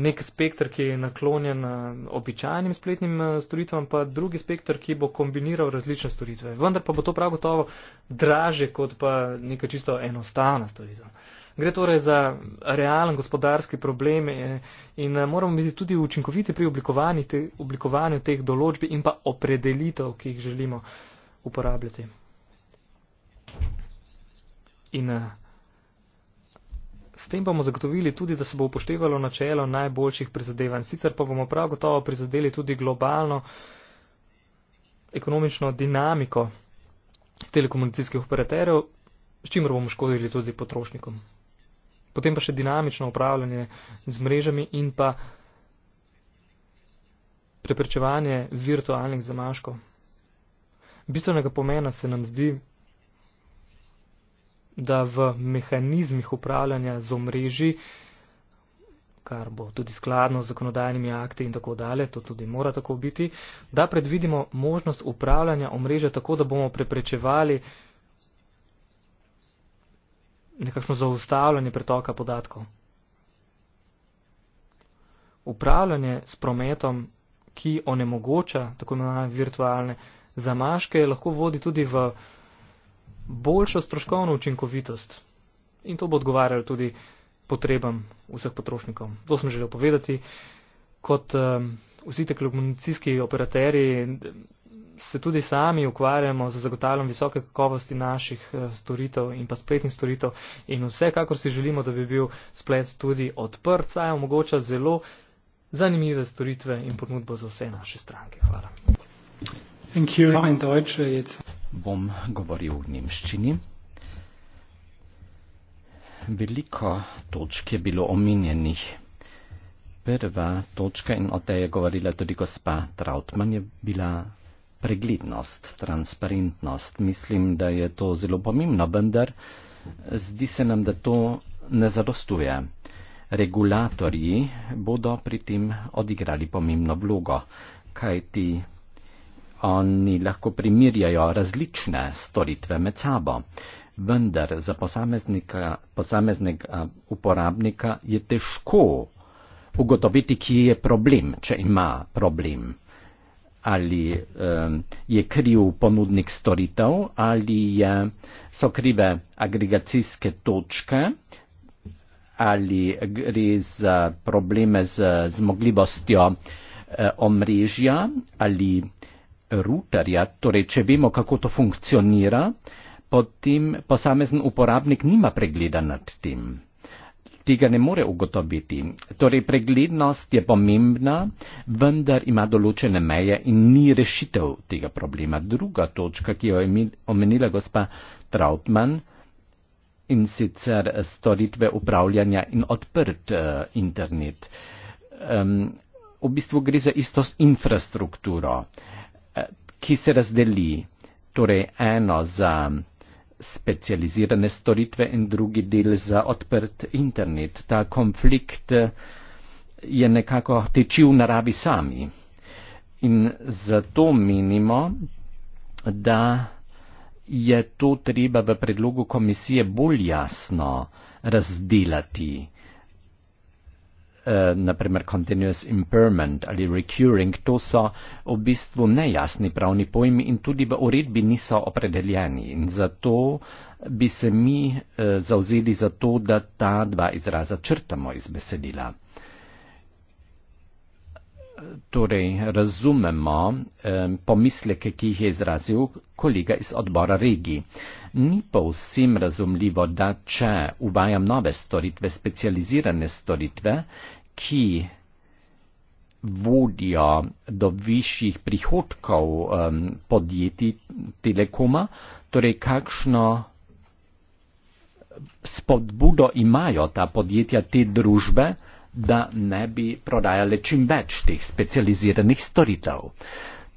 S4: nek spektr, ki je naklonjen eh, običajnim spletnim eh, storitvam, pa drugi spektr, ki bo kombiniral različne storitve. Vendar pa bo to prav gotovo draže, kot pa neka čisto enostavna storitev. Gre torej za realen gospodarski problem eh, in eh, moramo biti tudi učinkoviti pri oblikovanju, te, oblikovanju teh določb in pa opredelitev, ki jih želimo uporabljati. In eh, s tem bomo zagotovili tudi, da se bo upoštevalo načelo najboljših prizadevanj. Sicer pa bomo prav gotovo prizadeli tudi globalno ekonomično dinamiko telekomunikacijskih operaterjev, s čimer bomo škodili tudi potrošnikom potem pa še dinamično upravljanje z mrežami in pa preprečevanje virtualnih zamaškov. Bistvenega pomena se nam zdi, da v mehanizmih upravljanja z omrežji, kar bo tudi skladno z zakonodajnimi akti in tako dalje, to tudi mora tako biti, da predvidimo možnost upravljanja omrežja tako, da bomo preprečevali nekakšno zaustavljanje pretoka podatkov. Upravljanje s prometom, ki onemogoča tako imenovane virtualne zamaške, lahko vodi tudi v boljšo stroškovno učinkovitost. In to bo odgovarjalo tudi potrebam vseh potrošnikov. To sem želel povedati. Kot um, vsi te komunicijski operaterji se tudi sami ukvarjamo z zagotavljanjem visoke kakovosti naših eh, storitev in pa spletnih storitev in vsekakor si želimo, da bi bil splet tudi odprt, saj omogoča zelo zanimive storitve in ponudbo za vse naše stranke. Hvala.
S2: Thank you. No, in Deutsche, jetzt. Bom govoril v nemščini. Veliko točk je bilo omenjenih. Prva točka, in o tej je govorila tudi gospa Trautmann, je bila preglednost, transparentnost. Mislim, da je to zelo pomembno, vendar zdi se nam, da to ne zadostuje. Regulatorji bodo pri tem odigrali pomembno vlogo, kajti oni lahko primirjajo različne storitve med sabo, vendar za posameznega uporabnika je težko ugotoviti, kje je problem, če ima problem ali um, je kriv ponudnik storitev ali je, so krive agregacijske točke ali gre za probleme z zmogljivostjo eh, omrežja ali routerja. Torej, če vemo, kako to funkcionira, potem posamezen uporabnik nima pregleda nad tem tega ne more ugotoviti. Torej, preglednost je pomembna, vendar ima določene meje in ni rešitev tega problema. Druga točka, ki jo je omenila gospa Trautmann in sicer storitve upravljanja in odprt uh, internet. Um, v bistvu gre za isto infrastrukturo, eh, ki se razdeli. Torej, eno za specializirane storitve in drugi del za odprt internet. Ta konflikt eh, je nekako teči v naravi sami. In zato menimo, da je to treba v predlogu komisije bolj jasno razdelati. Eh, naprimer continuous impairment ali recurring, to so v bistvu nejasni pravni pojmi in tudi v uredbi niso opredeljeni. In zato bi se mi eh, zauzeli za to, da ta dva izraza črtamo iz besedila torej razumemo pomisleke, ki jih je izrazil kolega iz odbora regij. Ni pa vsem razumljivo, da če uvajam nove storitve, specializirane storitve, ki vodijo do višjih prihodkov podjetij telekoma, torej kakšno spodbudo imajo ta podjetja, te družbe, da ne bi prodajali čim več teh specializiranih storitev.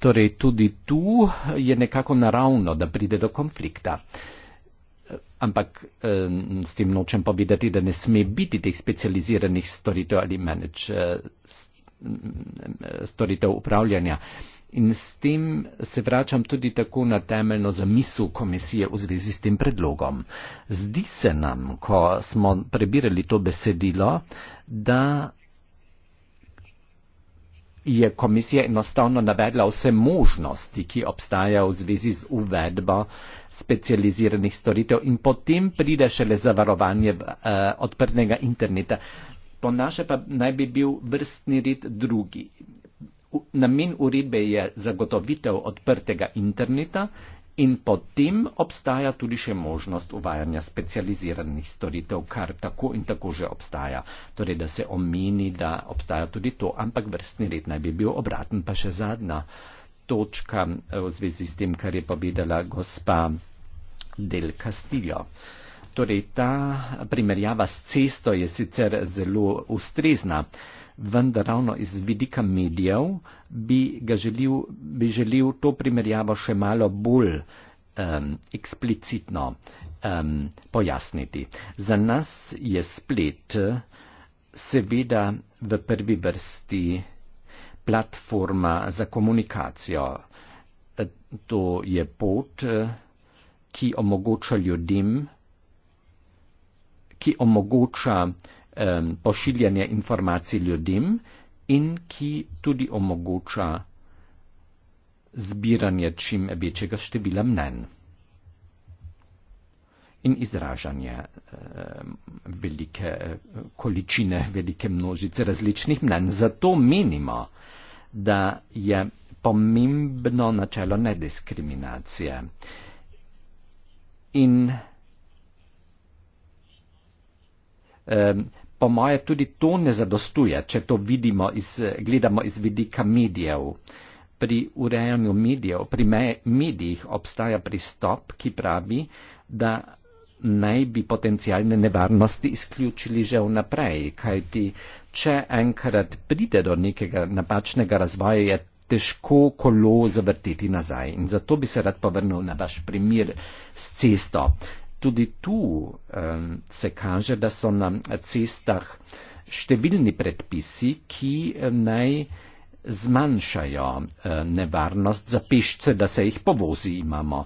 S2: Torej, tudi tu je nekako naravno, da pride do konflikta. Ampak s tem nočem povedati, da ne sme biti teh specializiranih storitev ali manage eh, storitev upravljanja in s tem se vračam tudi tako na temeljno zamisel komisije v zvezi s tem predlogom. Zdi se nam, ko smo prebirali to besedilo, da je komisija enostavno navedla vse možnosti, ki obstaja v zvezi z uvedbo specializiranih storitev in potem pride šele zavarovanje eh, odprtega interneta. Po naše pa naj bi bil vrstni red drugi namen uredbe je zagotovitev odprtega interneta in potem obstaja tudi še možnost uvajanja specializiranih storitev, kar tako in tako že obstaja. Torej, da se omeni, da obstaja tudi to, ampak vrstni red naj bi bil obraten. Pa še zadnja točka eh, v zvezi s tem, kar je povedala gospa Del Castillo. Torej, ta primerjava s cesto je sicer zelo ustrezna. Uh, vendar ravno iz vidika medijev bi, želil, bi želel to primerjavo še malo bolj um, eksplicitno um, pojasniti. Za nas je splet seveda v prvi vrsti platforma za komunikacijo. E, to je pot, ki omogoča ljudem, ki omogoča um, pošiljanja informacij ljudem in ki tudi omogoča zbiranje čim večjega števila mnen in izražanje um, velike količine, velike množice različnih mnen. Zato menimo, da je pomembno načelo nediskriminacije. In um, po moje tudi to ne zadostuje, če to vidimo iz, gledamo iz vidika medijev. Pri urejanju medijev, pri medijih obstaja pristop, ki pravi, da naj bi potencijalne nevarnosti izključili že vnaprej, kajti če enkrat pride do nekega napačnega razvoja, je težko kolo zavrteti nazaj. In zato bi se rad povrnil na vaš primer s cesto tudi tu eh, se kaže, da so na cestah številni predpisi, ki naj zmanjšajo eh, nevarnost za pešce, da se jih povozi imamo.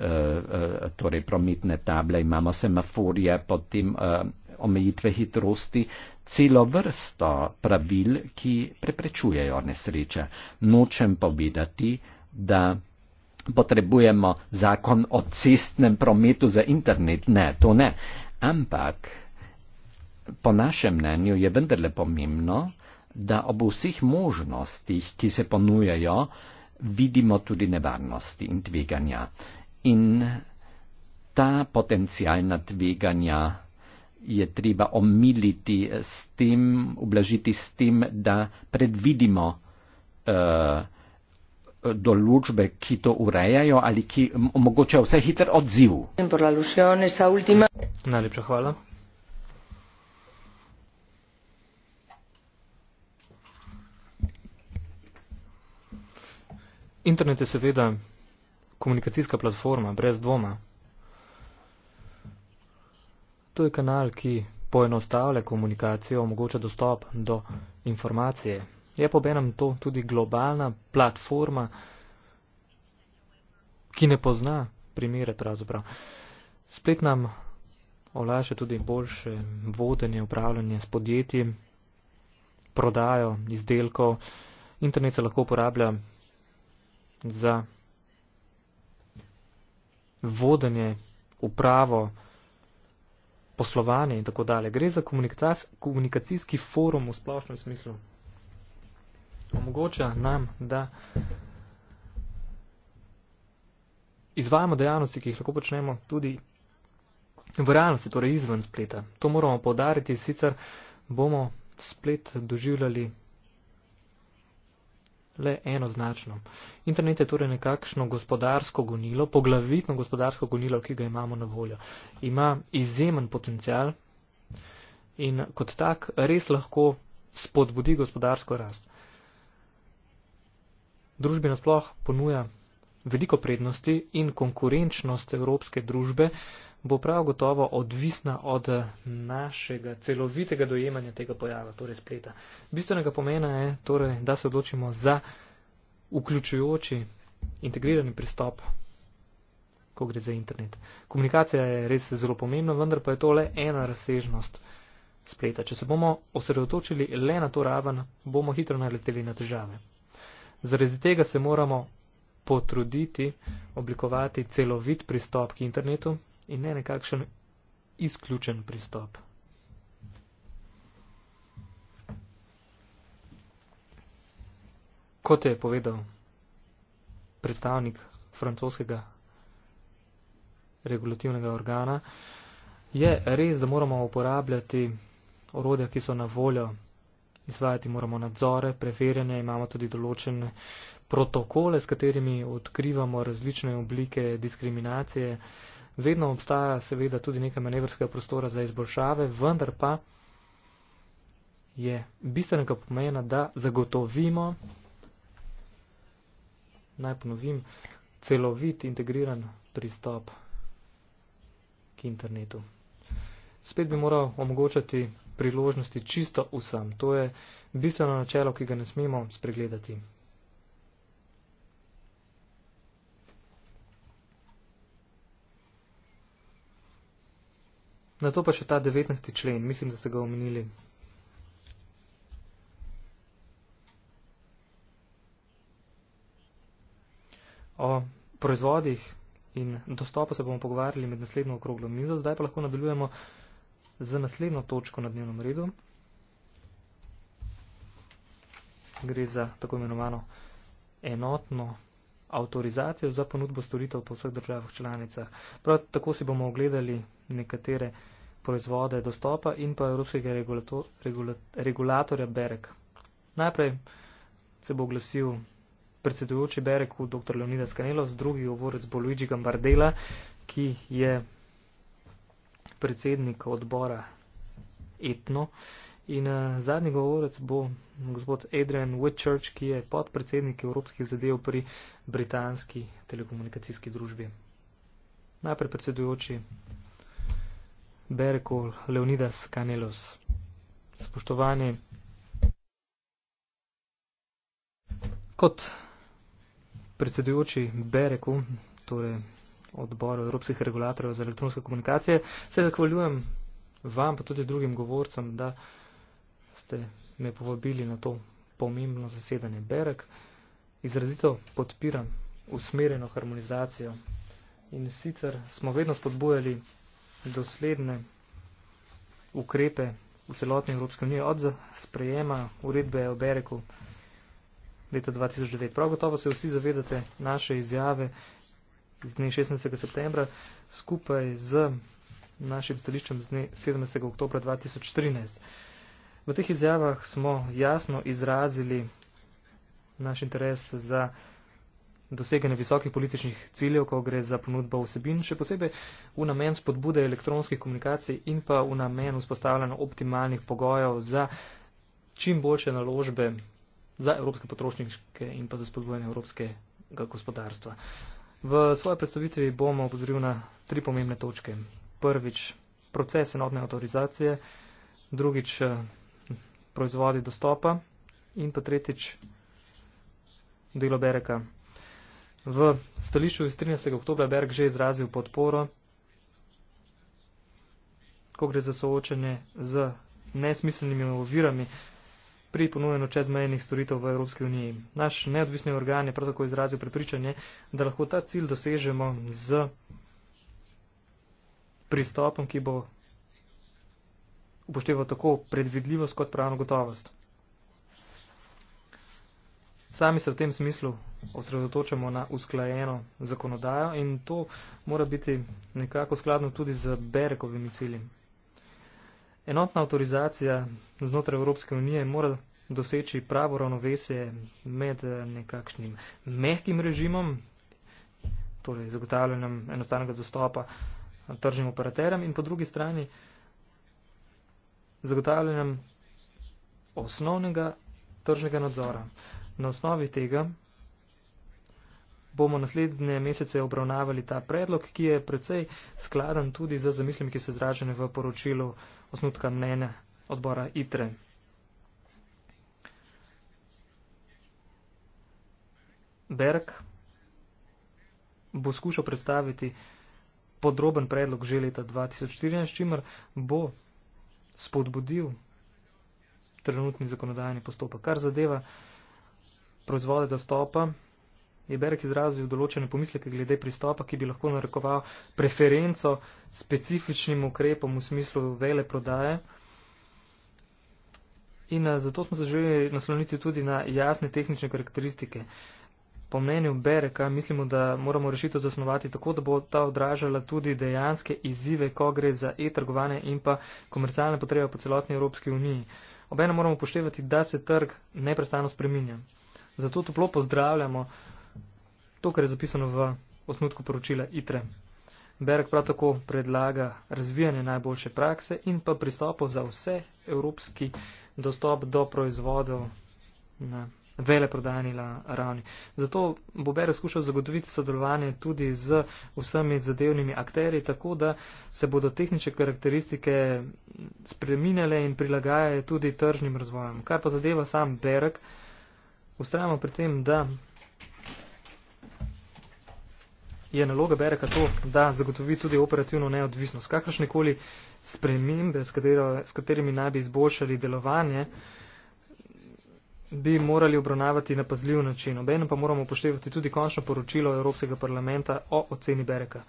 S2: Eh, torej prometne table, imamo semaforje, potem eh, omejitve hitrosti, celo vrsto pravil, ki preprečujejo nesreče. Nočem povedati, da potrebujemo zakon o cestnem prometu za internet. Ne, to ne. Ampak po našem mnenju je vendarle pomembno, da ob vseh možnostih, ki se ponujajo, vidimo tudi nevarnosti in tveganja. In ta potencijalna tveganja je treba omiliti s tem, ublažiti s tem, da predvidimo uh, Eh, določbe, ki to urejajo ali ki omogočajo vse hiter odziv.
S1: Najlepša
S2: hvala.
S4: Internet je seveda komunikacijska platforma, brez dvoma. To je kanal, ki poenostavlja komunikacijo, omogoča dostop do informacije, je pa enem to tudi globalna platforma, ki ne pozna primere pravzaprav. Splet nam olajša tudi boljše vodenje, upravljanje s podjetji, prodajo izdelkov. Internet se lahko uporablja za vodenje, upravo, poslovanje in tako dalje. Gre za komunikacijski forum v splošnem smislu omogoča nam, da izvajamo dejavnosti, ki jih lahko počnemo tudi v realnosti, torej izven spleta. To moramo podariti, sicer bomo splet doživljali le enoznačno. Internet je torej nekakšno gospodarsko gonilo, poglavitno gospodarsko gonilo, ki ga imamo na voljo. Ima izjemen potencial in kot tak res lahko spodbudi gospodarsko rast družbi nasploh ponuja veliko prednosti in konkurenčnost evropske družbe bo prav gotovo odvisna od našega celovitega dojemanja tega pojava, torej spleta. Bistvenega pomena je, torej, da se odločimo za vključujoči integrirani pristop, ko gre za internet. Komunikacija je res zelo pomembna, vendar pa je to le ena razsežnost spleta. Če se bomo osredotočili le na to raven, bomo hitro naleteli na težave. Zaradi tega se moramo potruditi oblikovati celovit pristop k internetu in ne nekakšen izključen pristop. Kot je povedal predstavnik francoskega regulativnega organa, je res, da moramo uporabljati orodja, ki so na voljo izvajati moramo nadzore, preverjanje, imamo tudi določene protokole, s katerimi odkrivamo različne oblike diskriminacije. Vedno obstaja seveda tudi nekaj manevrskega prostora za izboljšave, vendar pa je bistvenega pomena, da zagotovimo, naj ponovim, celovit integriran pristop k internetu. Spet bi moral omogočati priložnosti čisto vsem. To je bistveno načelo, ki ga ne smemo spregledati. Na to pa še ta 19. člen, mislim, da ste ga omenili. O proizvodih in dostopu se bomo pogovarjali med naslednjo okroglo mizo, zdaj pa lahko nadaljujemo z naslednjo točko na dnevnem redu. Gre za tako imenovano enotno avtorizacijo za ponudbo storitev po vseh državah članicah. Prav tako si bomo ogledali nekatere proizvode dostopa in pa Evropskega regulator, regulatorja Berek. Najprej se bo oglasil predsedujoči Berek v dr. Leonida Skanelov, z drugi govorec bo Luigi Gambardela, ki je predsednik odbora Etno. In uh, zadnji govorec bo gospod Adrian Whitchurch, ki je podpredsednik evropskih zadev pri britanski telekomunikacijski družbi. Najprej predsedujoči Berko Leonidas Kanelos. Spoštovani. Kot predsedujoči Bereku, torej odboru Evropskih regulatorjev za elektronske komunikacije. Se zahvaljujem vam, pa tudi drugim govorcem, da ste me povabili na to pomembno zasedanje Berek. Izrazito podpiram usmerjeno harmonizacijo in sicer smo vedno spodbujali dosledne ukrepe v celotni Evropske unije od sprejema uredbe o Bereku leta 2009. Prav gotovo se vsi zavedate naše izjave, z dne 16. septembra skupaj z našim stališčem z dne 17. oktobra 2014. V teh izjavah smo jasno izrazili naš interes za doseganje visokih političnih ciljev, ko gre za ponudbo vsebin, še posebej v namen spodbude elektronskih komunikacij in pa v namen vzpostavljanja optimalnih pogojev za čim boljše naložbe za evropske potrošniške in pa za spodbujanje evropskega gospodarstva. V svoji predstavitvi bomo opozorili na tri pomembne točke. Prvič, proces enotne avtorizacije, drugič, eh, proizvodi dostopa in pa tretjič, delo Bereka. V stališču iz 13. oktobra Berg že izrazil podporo, ko gre za soočanje z nesmiselnimi ovirami, pri ponujanju čezmejnih storitev v Evropski uniji. Naš neodvisni organ je prav tako izrazil prepričanje, da lahko ta cilj dosežemo z pristopom, ki bo upošteval tako predvidljivost kot pravno gotovost. Sami se v tem smislu osredotočamo na usklajeno zakonodajo in to mora biti nekako skladno tudi z Berekovimi ciljem. Enotna avtorizacija znotraj Evropske unije mora doseči pravo ravnovesje med eh, nekakšnim mehkim režimom, torej zagotavljanjem enostavnega dostopa eh, tržnim operaterjem in po drugi strani zagotavljanjem osnovnega tržnega nadzora. Na osnovi tega bomo naslednje mesece obravnavali ta predlog, ki je precej skladan tudi za zamislimi, ki so izražene v poročilu osnutka mnenja odbora ITRE. Berg bo skušal predstaviti podroben predlog že leta 2014, čimer bo spodbudil trenutni zakonodajni postopek, kar zadeva proizvode dostopa je Berek izrazil določene pomisleke glede pristopa, ki bi lahko narekoval preferenco specifičnim ukrepom v smislu vele prodaje. In eh, zato smo se želeli nasloniti tudi na jasne tehnične karakteristike. Po mnenju Bereka mislimo, da moramo rešitev zasnovati tako, da bo ta odražala tudi dejanske izzive, ko gre za e-trgovanje in pa komercialne potrebe po celotni Evropski uniji. Obena moramo poštevati, da se trg neprestano spreminja. Zato toplo pozdravljamo uh, to, kar je zapisano v osnutku poročila ITRE. Berg prav tako predlaga razvijanje najboljše prakse in pa pristopo za vse evropski dostop do proizvodov na veleprodajni ravni. Zato bo Berg skušal zagotoviti sodelovanje tudi z vsemi zadevnimi akteri, tako da se bodo tehnične karakteristike spreminjale in prilagajale tudi tržnim razvojem. Kaj pa zadeva sam Berg? Ustrajamo pri tem, da je naloga Bereka to, da zagotovi tudi operativno neodvisnost. Kakršnekoli spremembe, s, katero, s katerimi naj bi izboljšali delovanje, bi morali obravnavati na pazljiv način. Obenem pa moramo upoštevati tudi končno poročilo Evropskega parlamenta o oceni Bereka.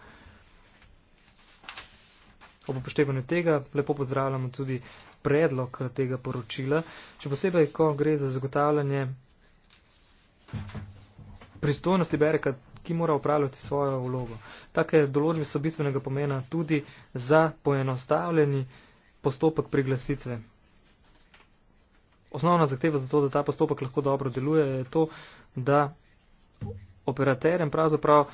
S4: Ob upoštevanju tega lepo pozdravljamo tudi predlog tega poročila, še posebej, ko gre za zagotavljanje pristojnosti Bereka ki mora upravljati svojo vlogo. Take določbe so bistvenega pomena tudi za poenostavljeni postopek priglasitve. Osnovna zahteva za to, da ta postopek lahko dobro deluje, je to, da operaterem pravzaprav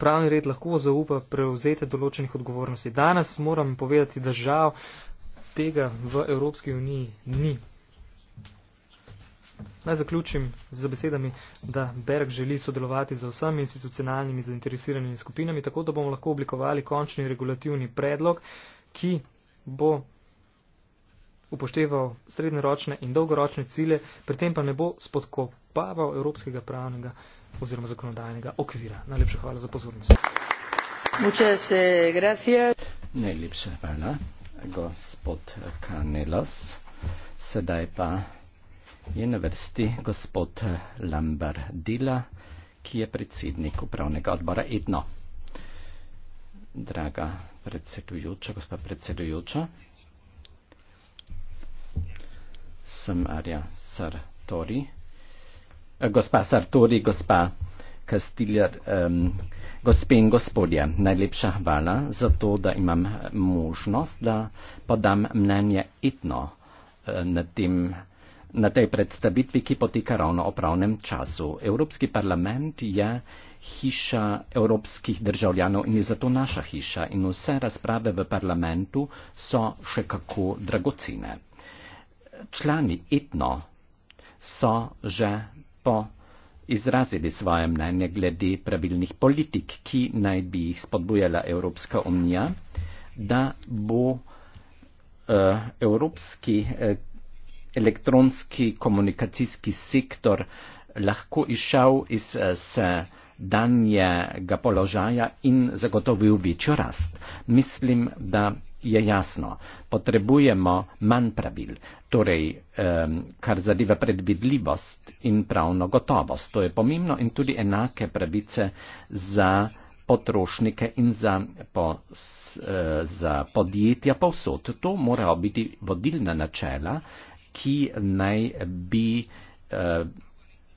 S4: pravni red lahko zaupa prevzete določenih odgovornosti. Danes moram povedati, da žal tega v Evropski uniji ni. Naj zaključim z besedami, da Berg želi sodelovati z vsemi institucionalnimi zainteresiranimi skupinami, tako da bomo lahko oblikovali končni regulativni predlog, ki bo upošteval srednjeročne in dolgoročne cilje, pri tem pa ne bo spodkopaval evropskega pravnega oziroma zakonodajnega okvira. Najlepša hvala za pozornost.
S1: Eh,
S2: Najlepša hvala, gospod Kanelos. Sedaj pa je na vrsti gospod eh, Lambardila, ki je predsednik upravnega odbora Etno. Draga predsedujoča, gospa predsedujoča, sem Arja Sartori, eh, gospa Sartori, gospa Kastiljar, eh, gospe in gospodje, najlepša hvala za to, da imam možnost, da podam mnenje Etno eh, na tem področju na tej predstavitvi, ki poteka ravno o pravnem času. Evropski parlament je hiša evropskih državljanov in je zato naša hiša in vse razprave v parlamentu so še kako dragocene. Člani etno so že po izrazili svoje mnenje glede pravilnih politik, ki naj bi jih spodbujala Evropska unija, da bo uh, Evropski uh, elektronski komunikacijski sektor lahko išel iz eh, sedanjega položaja in zagotovil večjo rast. Mislim, da je jasno, potrebujemo manj pravil, torej kar zadeva predvidljivost in pravno gotovost. To je pomembno in tudi enake pravice za potrošnike in za, po, eh, za podjetja povsod. To morajo biti vodilna načela ki naj bi eh,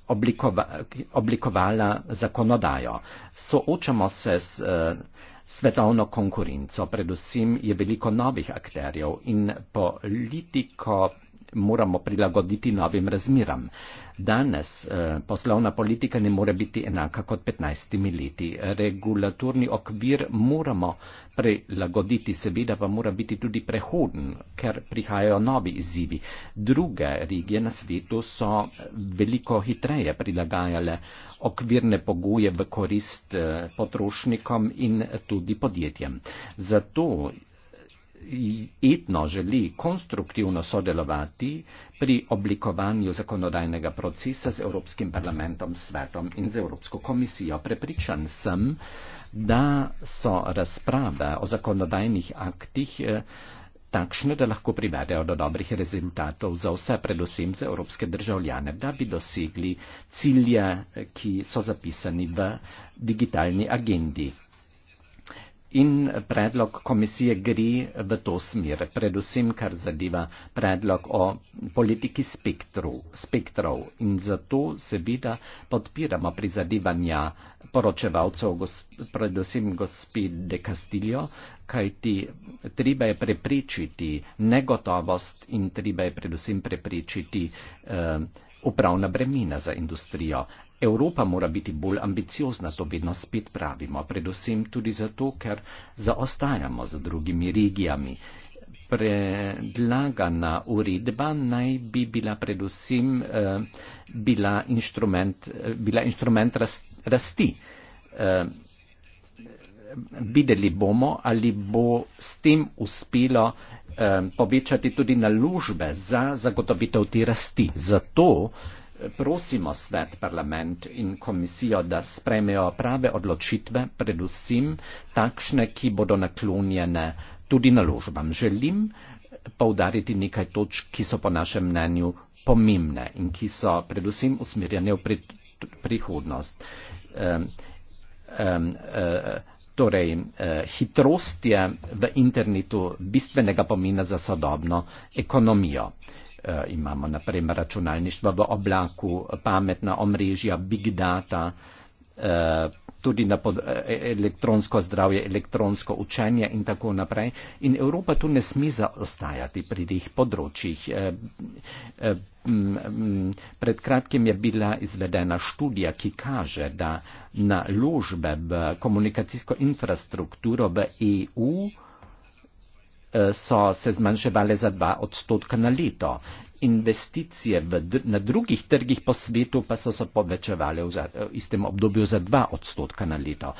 S2: oblikova, oblikovala zakonodajo. Soočamo se s eh, svetovno konkurenco, predvsem je veliko novih akterjev in politiko moramo prilagoditi novim razmiram. Danes eh, poslovna politika ne more biti enaka kot 15 leti. Regulatorni okvir moramo prilagoditi, seveda pa mora biti tudi prehoden, ker prihajajo novi izzivi. Druge regije na svetu so veliko hitreje prilagajale okvirne pogoje v korist eh, potrošnikom in tudi podjetjem. Zato itno želi konstruktivno sodelovati pri oblikovanju zakonodajnega procesa z Evropskim parlamentom, svetom in z Evropsko komisijo. Prepričan sem, da so razprave o zakonodajnih aktih eh, takšne, da lahko privedejo do dobrih rezultatov za vse, predvsem za evropske državljane, da bi dosegli cilje, ki so zapisani v digitalni agendi in predlog komisije gre v to smer, predvsem kar zadeva predlog o politiki spektrov, spektrov. in zato seveda podpiramo prizadevanja poročevalcev, gos, predvsem gospod De Castillo, kajti treba je preprečiti negotovost in treba je predvsem preprečiti eh, upravna bremena za industrijo. Evropa mora biti bolj ambiciozna, to vedno spet pravimo, predvsem tudi zato, ker zaostajamo z drugimi regijami. Predlagana uredba naj bi bila predvsem eh, bila inštrument, eh, bila inštrument ras, rasti. Eh, videli bomo, ali bo s tem uspelo eh, povečati tudi naložbe za zagotovitev te rasti. Zato, eh, prosimo svet, parlament in komisijo, da spremejo prave odločitve, predvsem takšne, ki bodo naklonjene tudi naložbam. Želim povdariti nekaj točk, ki so po našem mnenju pomembne in ki so predvsem usmerjene v prihodnost. Eh, torej, eh, hitrost je v internetu bistvenega pomena za sodobno ekonomijo. Eh, imamo naprimer računalništvo v oblaku, pametna omrežja, big data, eh, tudi na pod, eh, elektronsko zdravje, elektronsko učenje in tako naprej. In Evropa tu ne sme zaostajati pri teh področjih. Mm, mm, pred kratkim je bila izvedena študija, ki kaže, da naložbe v komunikacijsko infrastrukturo v EU Eh, so se zmanjševale za dva odstotka na leto. Investicije dr na drugih trgih po svetu pa so se povečevale v, eh, v istem obdobju za dva odstotka na leto.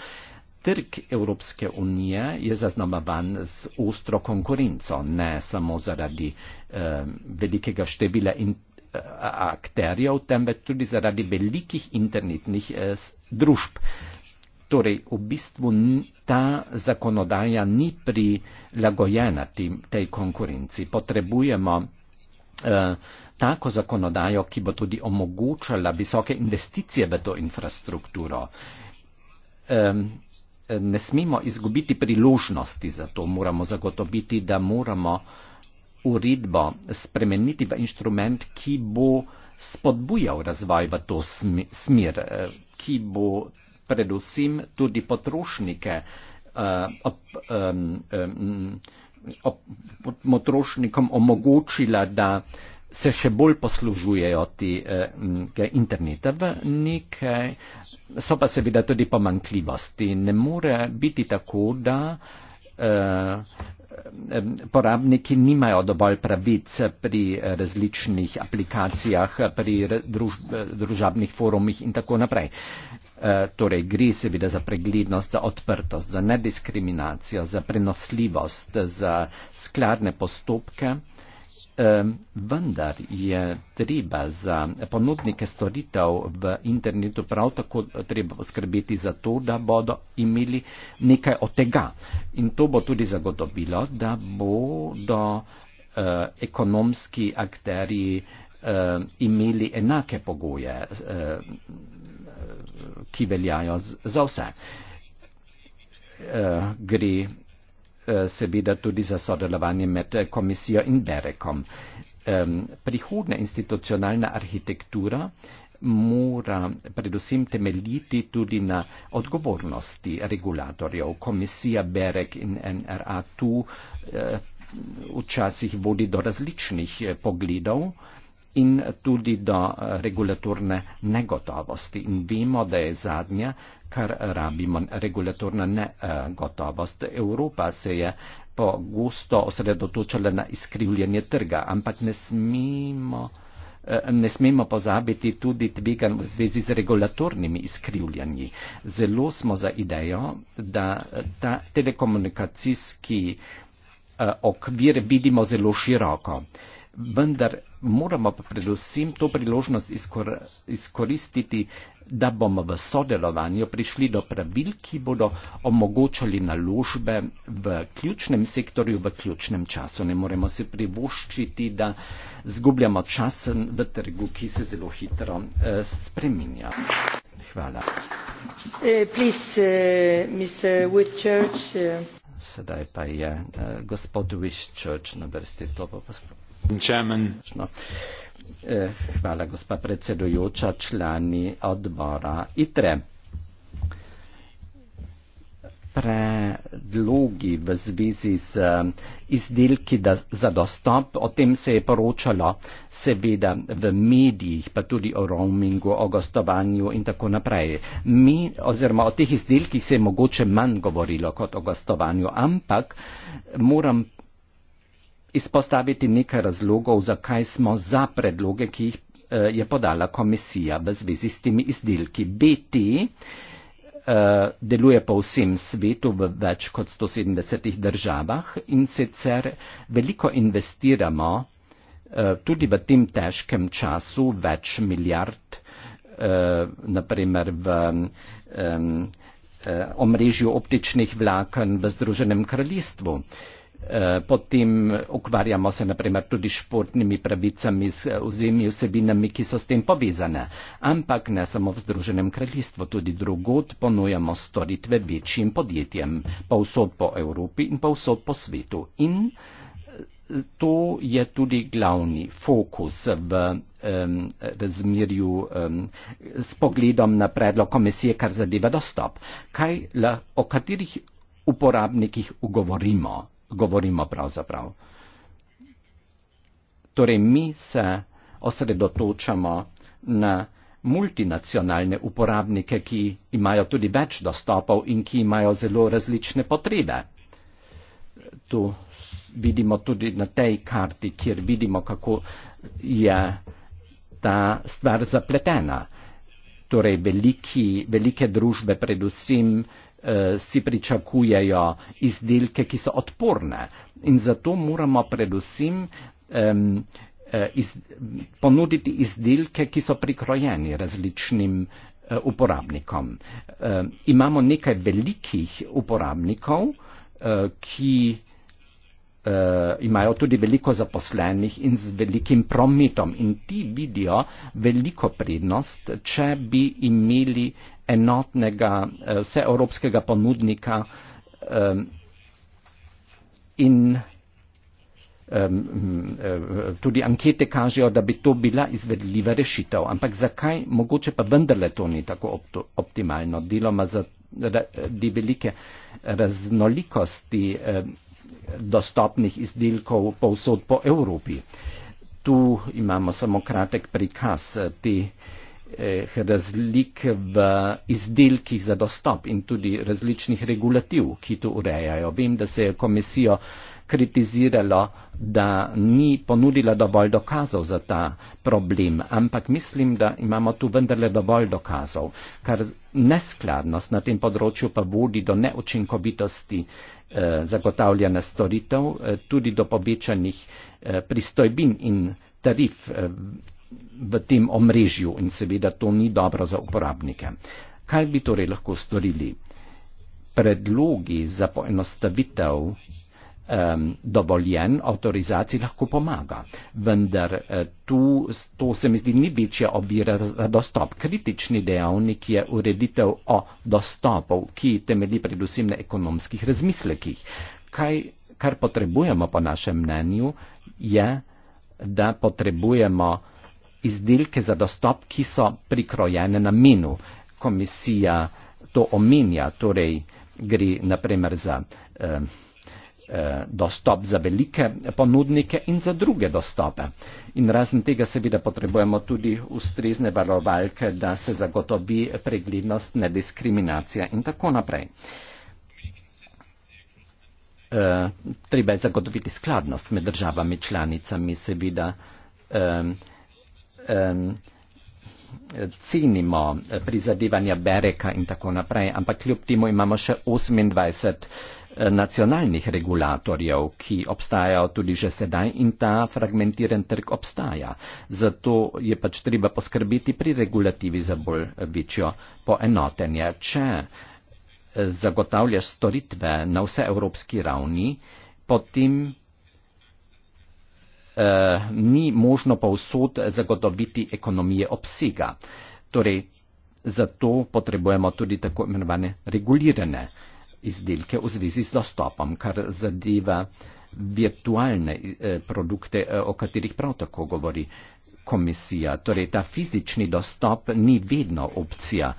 S2: Trg Evropske unije je zaznamovan z ostro konkurenco, ne samo zaradi eh, velikega števila eh, akterjev, temveč tudi zaradi velikih internetnih eh, družb. Eh, Torej, v bistvu ta zakonodaja ni prilagojena tim, tej konkurenci. Potrebujemo eh, tako zakonodajo, ki bo tudi omogočala visoke investicije v to infrastrukturo. Ne smemo izgubiti priložnosti za to, moramo zagotoviti, da moramo uredbo spremeniti v inštrument, ki bo spodbujal razvoj v to smer, eh, ki bo predvsem tudi potrošnike, eh, potrošnikom omogočila, da se še bolj poslužujejo tega eh, interneta v nekaj, so pa seveda tudi pomankljivosti. Ne more biti tako, da eh, porabniki nimajo dovolj pravic pri različnih aplikacijah, pri družabnih forumih in tako naprej. Eh, torej gre seveda za preglednost, za odprtost, za nediskriminacijo, za prenosljivost, za skladne postopke. Vendar je treba za ponudnike storitev v internetu prav tako treba poskrbeti za to, da bodo imeli nekaj od tega. In to bo tudi zagotovilo, da bodo eh, ekonomski akteri eh, imeli enake pogoje. Eh, ki veljajo za vse. Eh, gre eh, seveda tudi za sodelovanje med komisijo in Berekom. Eh, prihodna institucionalna arhitektura mora predvsem temeljiti tudi na odgovornosti regulatorjev. Komisija Berek in NRA tu eh, včasih vodi do različnih eh, pogledov, eh, in tudi do eh, regulatorne negotovosti. In vemo, da je zadnja, kar rabimo, regulatorna negotovost. Evropa se je pogosto osredotočala na izkrivljanje trga, ampak ne smemo. Eh, ne smemo pozabiti tudi tvegan v zvezi z regulatornimi izkrivljanji. Zelo smo za idejo, da ta telekomunikacijski eh, okvir vidimo zelo široko vendar moramo pa predvsem to priložnost izkor, izkoristiti, da bomo v sodelovanju prišli do pravil, ki bodo omogočali naložbe v ključnem sektorju v ključnem času. Ne moremo se privoščiti, da zgubljamo čas v trgu, ki se zelo hitro eh, spreminja. Hvala.
S1: Uh, please, uh, eh, Mr. Eh.
S2: Sedaj pa je uh, gospod Wish Church na vrsti to pa posprav. No. Eh, hvala, gospa predsedujoča, člani odbora ITRE. Predlogi v zvezi z eh, izdelki da, za dostop, o tem se je poročalo seveda v medijih, pa tudi o roamingu, o gostovanju in tako naprej. Mi oziroma o teh izdelkih se je mogoče manj govorilo kot o gostovanju, ampak moram izpostaviti nekaj razlogov, zakaj smo za predloge, ki jih eh, je podala komisija v zvezi s temi izdelki. BT eh, deluje po vsem svetu v več kot 170 državah in sicer veliko investiramo eh, tudi v tem težkem času več milijard, naprimer v omrežju optičnih vlaken v Združenem kraljestvu. Eh, potem ukvarjamo se naprimer tudi športnimi pravicami eh, vzemi vsebinami, ki so s tem povezane. Ampak ne samo v Združenem kraljestvu, tudi drugod ponujamo storitve večjim podjetjem, pa vsod po Evropi in pa vsod po svetu. In eh, to je tudi glavni fokus v um, razmerju um, s pogledom na predlog komisije, kar zadeva dostop. Kaj, la, o katerih uporabnikih govorimo? govorimo pravzaprav. Torej, mi se osredotočamo na multinacionalne uporabnike, ki imajo tudi več dostopov in ki imajo zelo različne potrebe. Tu vidimo tudi na tej karti, kjer vidimo, kako je ta stvar zapletena. Torej, veliki, velike družbe predvsem Eh, si pričakujejo izdelke, ki so odporne. In zato moramo predvsem eh, iz, ponuditi izdelke, ki so prikrojeni različnim eh, uporabnikom. Imamo nekaj velikih uporabnikov, ki uh, imajo tudi veliko zaposlenih in z velikim prometom. In ti vidijo veliko prednost, če bi imeli enotnega uh, vseevropskega ponudnika um, in um, tudi ankete kažejo, da bi to bila izvedljiva rešitev. Ampak zakaj mogoče pa vendarle to ni tako opt optimalno? Deloma zaradi velike raznolikosti. Um, dostopnih izdelkov povsod po Evropi. Tu imamo samo kratek prikaz eh, te eh, razlike v izdelkih za dostop in tudi različnih regulativ, ki to urejajo. Vem, da se je komisijo eh, kritiziralo, da ni ponudila dovolj dokazov za ta problem, ampak mislim, da imamo tu vendarle dovolj dokazov, kar neskladnost na tem področju pa vodi do neučinkovitosti eh, zagotavljanja storitev, eh, tudi do povečanih eh, pristojbin in tarif eh, v tem omrežju in seveda to ni dobro za uporabnike. Kaj bi torej lahko storili? Predlogi za poenostavitev um, dovoljen, avtorizacij lahko pomaga. Vendar eh, tu, to se mi zdi ni večja ovira za dostop. Kritični dejavnik je ureditev o dostopov, ki temelji predvsem na ekonomskih razmislekih. Kaj, kar potrebujemo po našem mnenju, je, da potrebujemo izdelke za dostop, ki so prikrojene na menu. Komisija to omenja, torej gre naprimer za eh, Eh, dostop za velike ponudnike in za druge dostope. In razen tega seveda potrebujemo tudi ustrezne varovalke, da se zagotovi preglednost, nediskriminacija in tako naprej. E, treba je zagotoviti skladnost med državami članicami, seveda e, e, cenimo prizadevanja Bereka in tako naprej, ampak kljub temu imamo še 28 nacionalnih regulatorjev, ki obstajajo tudi že sedaj in ta fragmentiran trg obstaja. Zato je pač treba poskrbeti pri regulativi za bolj večjo poenotenje. Če eh, zagotavlja storitve na vse evropski ravni, potem eh, ni možno pa vsod zagotoviti ekonomije obsega. Torej, zato potrebujemo tudi tako imenovane regulirane eh, izdelke v zvezi z dostopom, kar zadeva virtualne eh, produkte, eh, o katerih prav tako govori komisija. Torej, ta fizični dostop ni vedno opcija.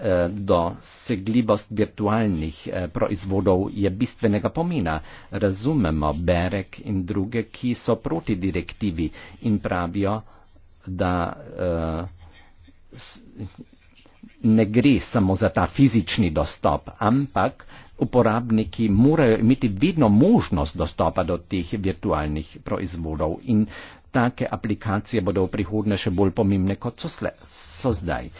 S2: Eh, dosegljivost virtualnih proizvodov je bistvenega pomena. Razumemo Berek in druge, ki so proti direktivi in pravijo, da ne gre samo za ta fizični dostop, ampak uporabniki morajo imeti vedno možnost dostopa do teh virtualnih proizvodov in take aplikacije bodo v prihodnje še bolj pomembne, kot so, sle, so zdaj.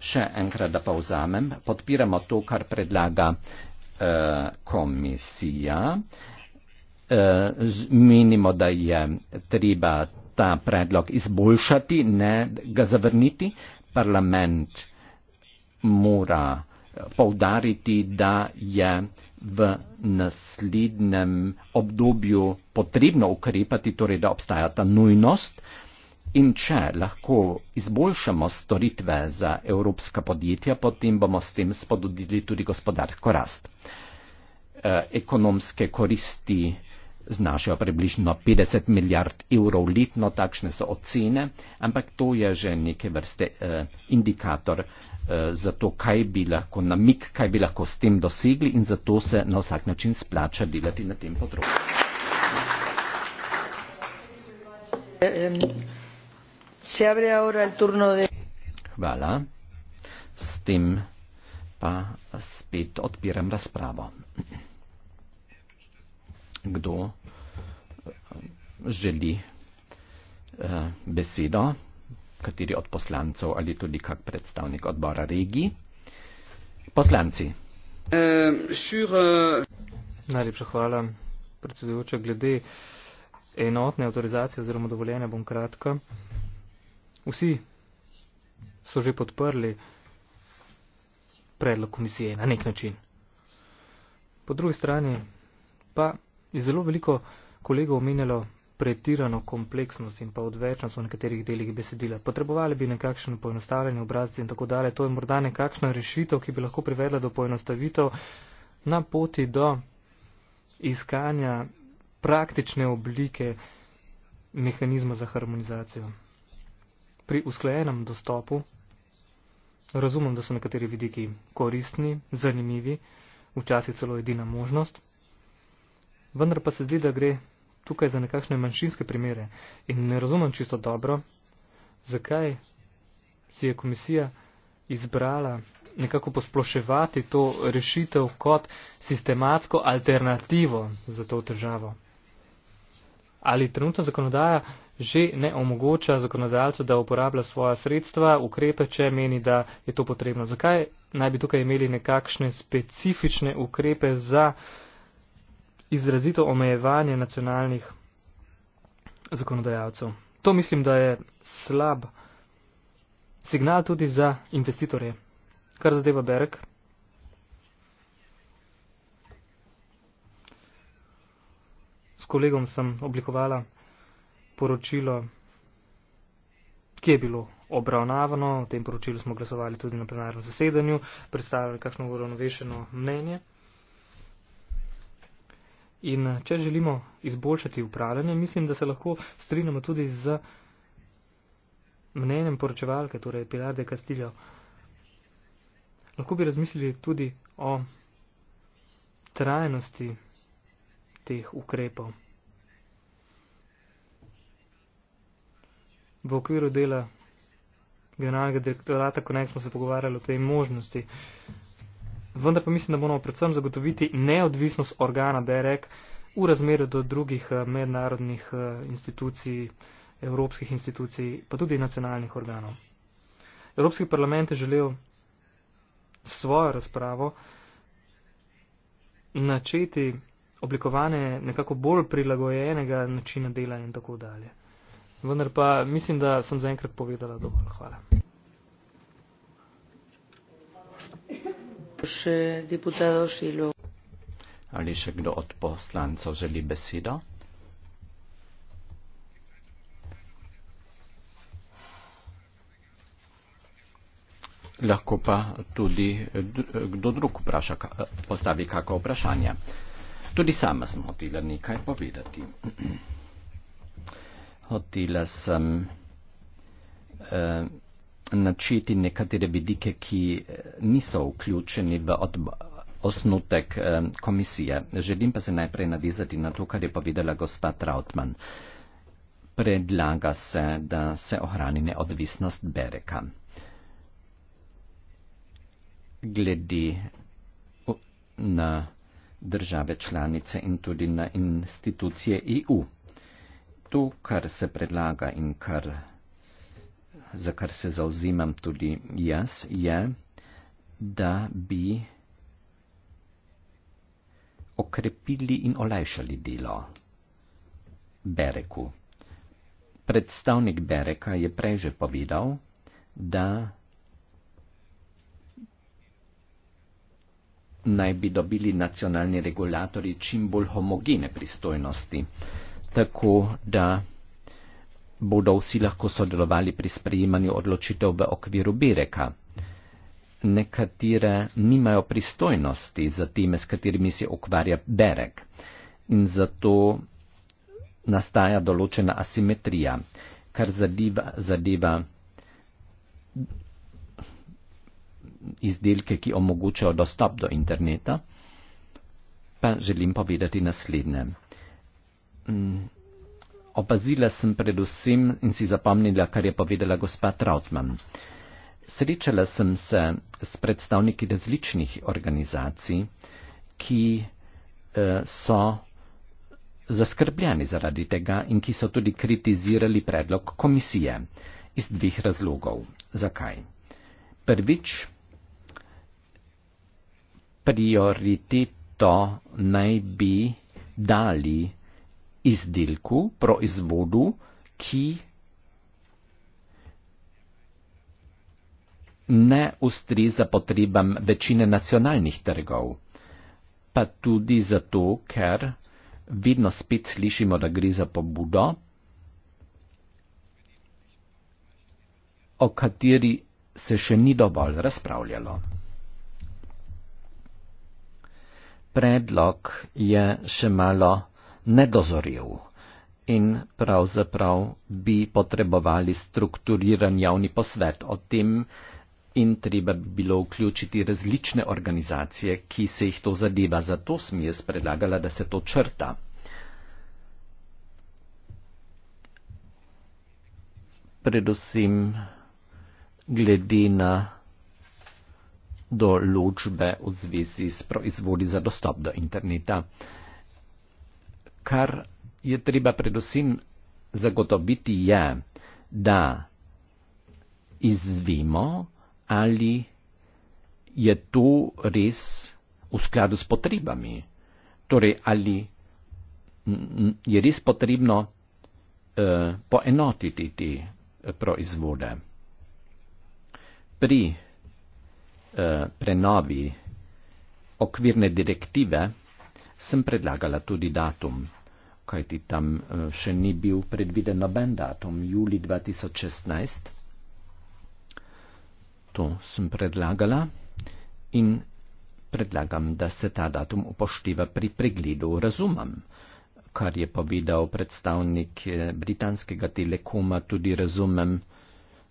S2: Še enkrat, da povzamem, podpiramo to, kar predlaga uh, komisija. Uh, menimo, da je treba ta predlog izboljšati, ne ga zavrniti. Parlament mora eh, poudariti, da je v naslednjem obdobju potrebno ukrepati, torej da obstaja ta nujnost. In če lahko izboljšamo storitve za evropska podjetja, potem bomo s tem spodbudili tudi gospodarsko rast. E, ekonomske koristi znašajo približno 50 milijard evrov letno, takšne so ocene, ampak to je že neke vrste eh, indikator eh, za to, kaj bi lahko namik, kaj bi lahko s tem dosegli in zato se na vsak način splača delati na tem področju. Eh, Hvala. S tem pa spet odpiram razpravo. Kdo? želi eh, besedo, kateri od poslancev ali tudi kak predstavnik odbora regiji. Poslanci. Eh, šir, eh...
S4: Najlepša hvala, predsedujoča. Glede enotne avtorizacije oziroma dovoljenja bom kratka. Vsi so že podprli predlog komisije na nek način. Po drugi strani pa je zelo veliko kolegov omenjalo pretirano kompleksnost in pa odvečnost v nekaterih delih besedila. Potrebovali bi nekakšen poenostavljen obraz in tako dalje. To je morda nekakšna rešitev, ki bi lahko privedla do poenostavitev na poti do iskanja praktične oblike mehanizma za harmonizacijo. Pri usklajenem dostopu razumem, da so nekateri vidiki koristni, zanimivi, včasih celo edina možnost, vendar pa se zdi, da gre tukaj za nekakšne manjšinske primere in ne razumem čisto dobro, zakaj si je komisija izbrala nekako posploševati to rešitev kot sistematsko alternativo za to državo. Ali trenutna zakonodaja že ne omogoča zakonodajalcu, da uporablja svoja sredstva, ukrepe, če meni, da je to potrebno. Zakaj naj bi tukaj imeli nekakšne specifične ukrepe za izrazito omejevanje nacionalnih zakonodajalcev. To mislim, da je slab signal tudi za investitorje. Kar zadeva Berg. S kolegom sem oblikovala poročilo, ki je bilo obravnavano. V tem poročilu smo glasovali tudi na plenarnem zasedanju, predstavili kakšno uravnovešeno mnenje. In če želimo izboljšati upravljanje, mislim, da se lahko strinjamo tudi z mnenjem poročevalke, torej Pilarde Castillo. Lahko bi razmislili tudi o trajnosti teh ukrepov. V okviru dela generalnega direktorata Connect smo se pogovarjali o tej možnosti. Uh, vendar pa mislim, da moramo predvsem zagotoviti neodvisnost organa DREK v razmerju do drugih eh, mednarodnih eh, institucij, evropskih institucij, pa tudi nacionalnih organov. Evropski parlament je želel svojo razpravo načeti oblikovanje nekako bolj prilagojenega načina dela in tako dalje. Vendar pa mislim, da sem zaenkrat povedala dovolj. Hvala.
S1: Eh,
S2: Ali še kdo od poslancev želi besedo? Lahko pa tudi kdo drug vpraša, postavi kakšno vprašanje. Tudi sama sem hotela nekaj povedati. Hotela sem. Eh, načeti nekatere vidike, ki eh, niso vključeni v osnutek eh, komisije. Želim pa se najprej navizati na to, kar je povedala gospa Trautmann. Predlaga se, da se ohrani neodvisnost Bereka. Glede na države članice in tudi na institucije EU. To, kar se predlaga in kar za kar se zauzimam tudi jaz, je, da bi okrepili in olajšali delo Bereku. Predstavnik Bereka je prej že povedal, da naj bi dobili nacionalni regulatori čim bolj homogene pristojnosti. Tako da bodo vsi lahko sodelovali pri sprejemanju odločitev v okviru Bereka. Nekatere nimajo pristojnosti za teme, s katerimi se ukvarja Berek in zato nastaja določena asimetrija, kar zadeva, zadeva izdelke, ki omogočajo dostop do interneta, pa želim povedati naslednje. Mm, Opazila sem predvsem in si zapomnila, kar je povedala gospa Trautmann. Srečala sem se s predstavniki različnih organizacij, ki eh, so zaskrbljeni zaradi tega in ki so tudi kritizirali predlog komisije. Iz dveh razlogov. Zakaj? Prvič, prioriteto naj bi dali izdelku, proizvodu, ki ne ustreza potrebam večine nacionalnih trgov, pa tudi zato, ker vedno spet slišimo, da gre za pobudo, o kateri se še ni dovolj razpravljalo. Predlog je še malo nedozorel. In pravzaprav bi potrebovali strukturiran javni posvet o tem, in treba bi bilo vključiti različne organizacije, ki se jih to zadeva. Zato sem jaz predlagala, da se to črta. Predvsem glede na določbe v zvezi s proizvodi za dostop do interneta kar je treba predvsem zagotoviti, je, da izvemo, ali je to res v skladu s potrebami. Torej, ali je res potrebno eh, poenotiti te eh, proizvode. Pri eh, prenovi okvirne direktive sem predlagala tudi datum kajti tam e, še ni bil predviden noben datum, juli 2016. To sem predlagala in predlagam, da se ta datum upošteva pri pregledu. Razumem, kar je povedal predstavnik e, britanskega telekoma, tudi razumem,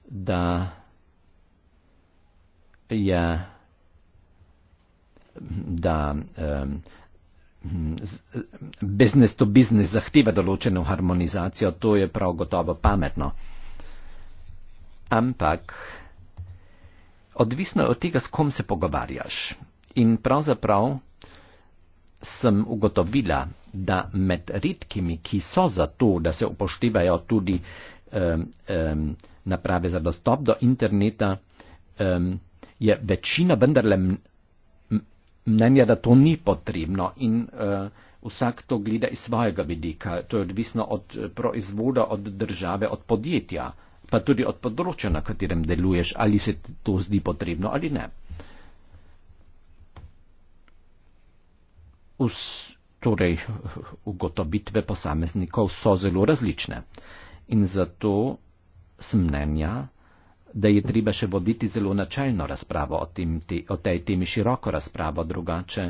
S2: da je da e, business to business zahteva določeno harmonizacijo, to je prav gotovo pametno. Ampak odvisno je od tega, s kom se pogovarjaš. In pravzaprav sem ugotovila, da med redkimi, ki so za to, da se upoštevajo tudi um, um, naprave za dostop do interneta, um, je večina vendarle mnenja, da to ni potrebno in uh, vsak to gleda iz svojega vidika. To je odvisno od eh, proizvoda, od države, od podjetja, pa tudi od področja, na katerem deluješ, ali se to zdi potrebno ali ne. Us, torej, ugotovitve posameznikov so zelo različne in zato sem mnenja, da je treba še voditi zelo načeljno razpravo o, tem, te, o tej temi, široko razpravo drugače.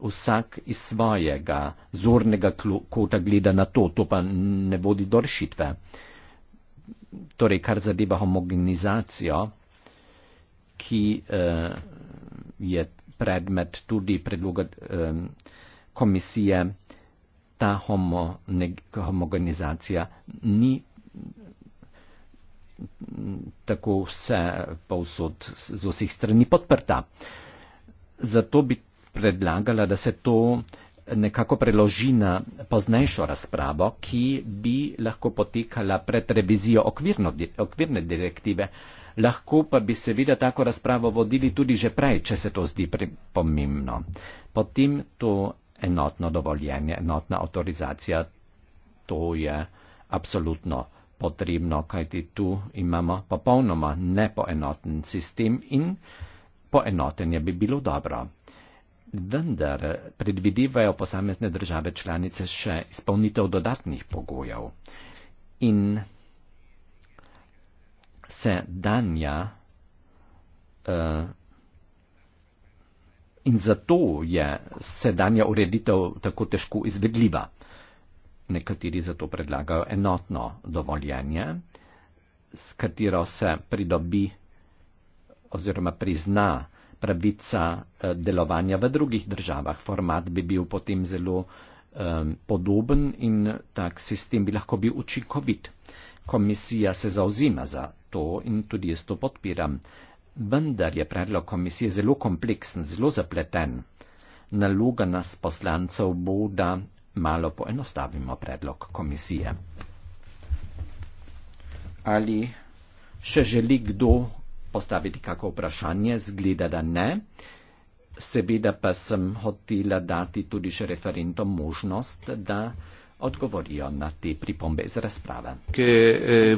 S2: Vsak iz svojega zornega kota gleda na to, to pa ne vodi do rešitve. Torej, kar zadeva homogenizacijo, ki eh, je predmet tudi predloga eh, komisije, ta homo, ne, homogenizacija ni tako vse povsod z vseh strani podprta. Zato bi predlagala, da se to nekako preloži na poznejšo razpravo, ki bi lahko potekala pred revizijo okvirno, okvirne direktive. Lahko pa bi seveda tako razpravo vodili tudi že prej, če se to zdi pomembno. Potem to enotno dovoljenje, enotna avtorizacija, to je absolutno potrebno, kajti tu imamo popolnoma nepoenoten sistem in poenotenje bi bilo dobro. Vendar predvidevajo posamezne države članice še izpolnitev dodatnih pogojev in se danja uh, eh, in zato je sedanja ureditev tako težko izvedljiva. Nekateri zato predlagajo enotno dovoljenje, s katero se pridobi oziroma prizna pravica eh, delovanja v drugih državah. Format bi bil potem zelo podoben in tak sistem bi lahko bil učinkovit. Komisija se zauzima za to in tudi jaz to podpiram. Vendar je predlog komisije zelo kompleksen, zelo zapleten. Naloga nas poslancev bo, da malo poenostavimo predlog komisije. Ali še želi kdo postaviti kako vprašanje? Zgleda, da ne. Seveda pa sem hotela dati tudi še referendum možnost, da odgovorijo na te pripombe iz razprave.
S1: E,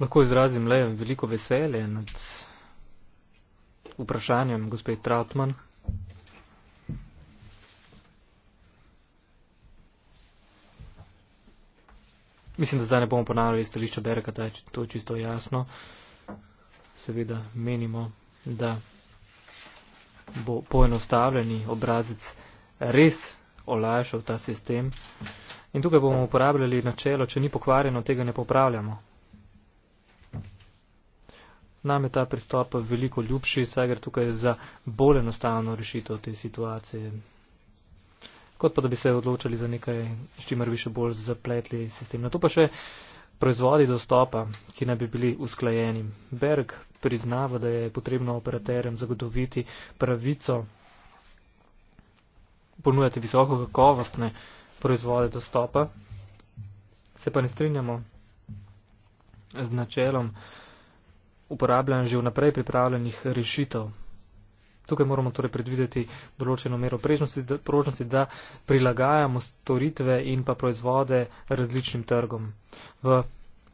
S4: Lahko izrazim le veliko veselje nad vprašanjem gospe Trautmann. mislim, da zdaj ne bomo ponavljali stališča Berka, da je to čisto jasno. Seveda menimo, da bo poenostavljeni obrazec res olajšal ta sistem. In tukaj bomo uporabljali načelo, če ni pokvarjeno, tega ne popravljamo. Nam je ta pristop veliko ljubši, saj gre tukaj za bolj enostavno rešitev te situacije kot pa da bi se odločili za nekaj, s čimer bi še bolj zapletli sistem. Na to pa še proizvodi dostopa, ki naj bi bili usklajeni. Berg priznava, da je potrebno operaterjem zagotoviti pravico ponujati visoko kakovostne proizvode dostopa. Se pa ne strinjamo z načelom uporabljanja že vnaprej pripravljenih rešitev. Tukaj moramo torej predvideti določeno mero prožnosti, da prilagajamo storitve in pa proizvode različnim trgom. V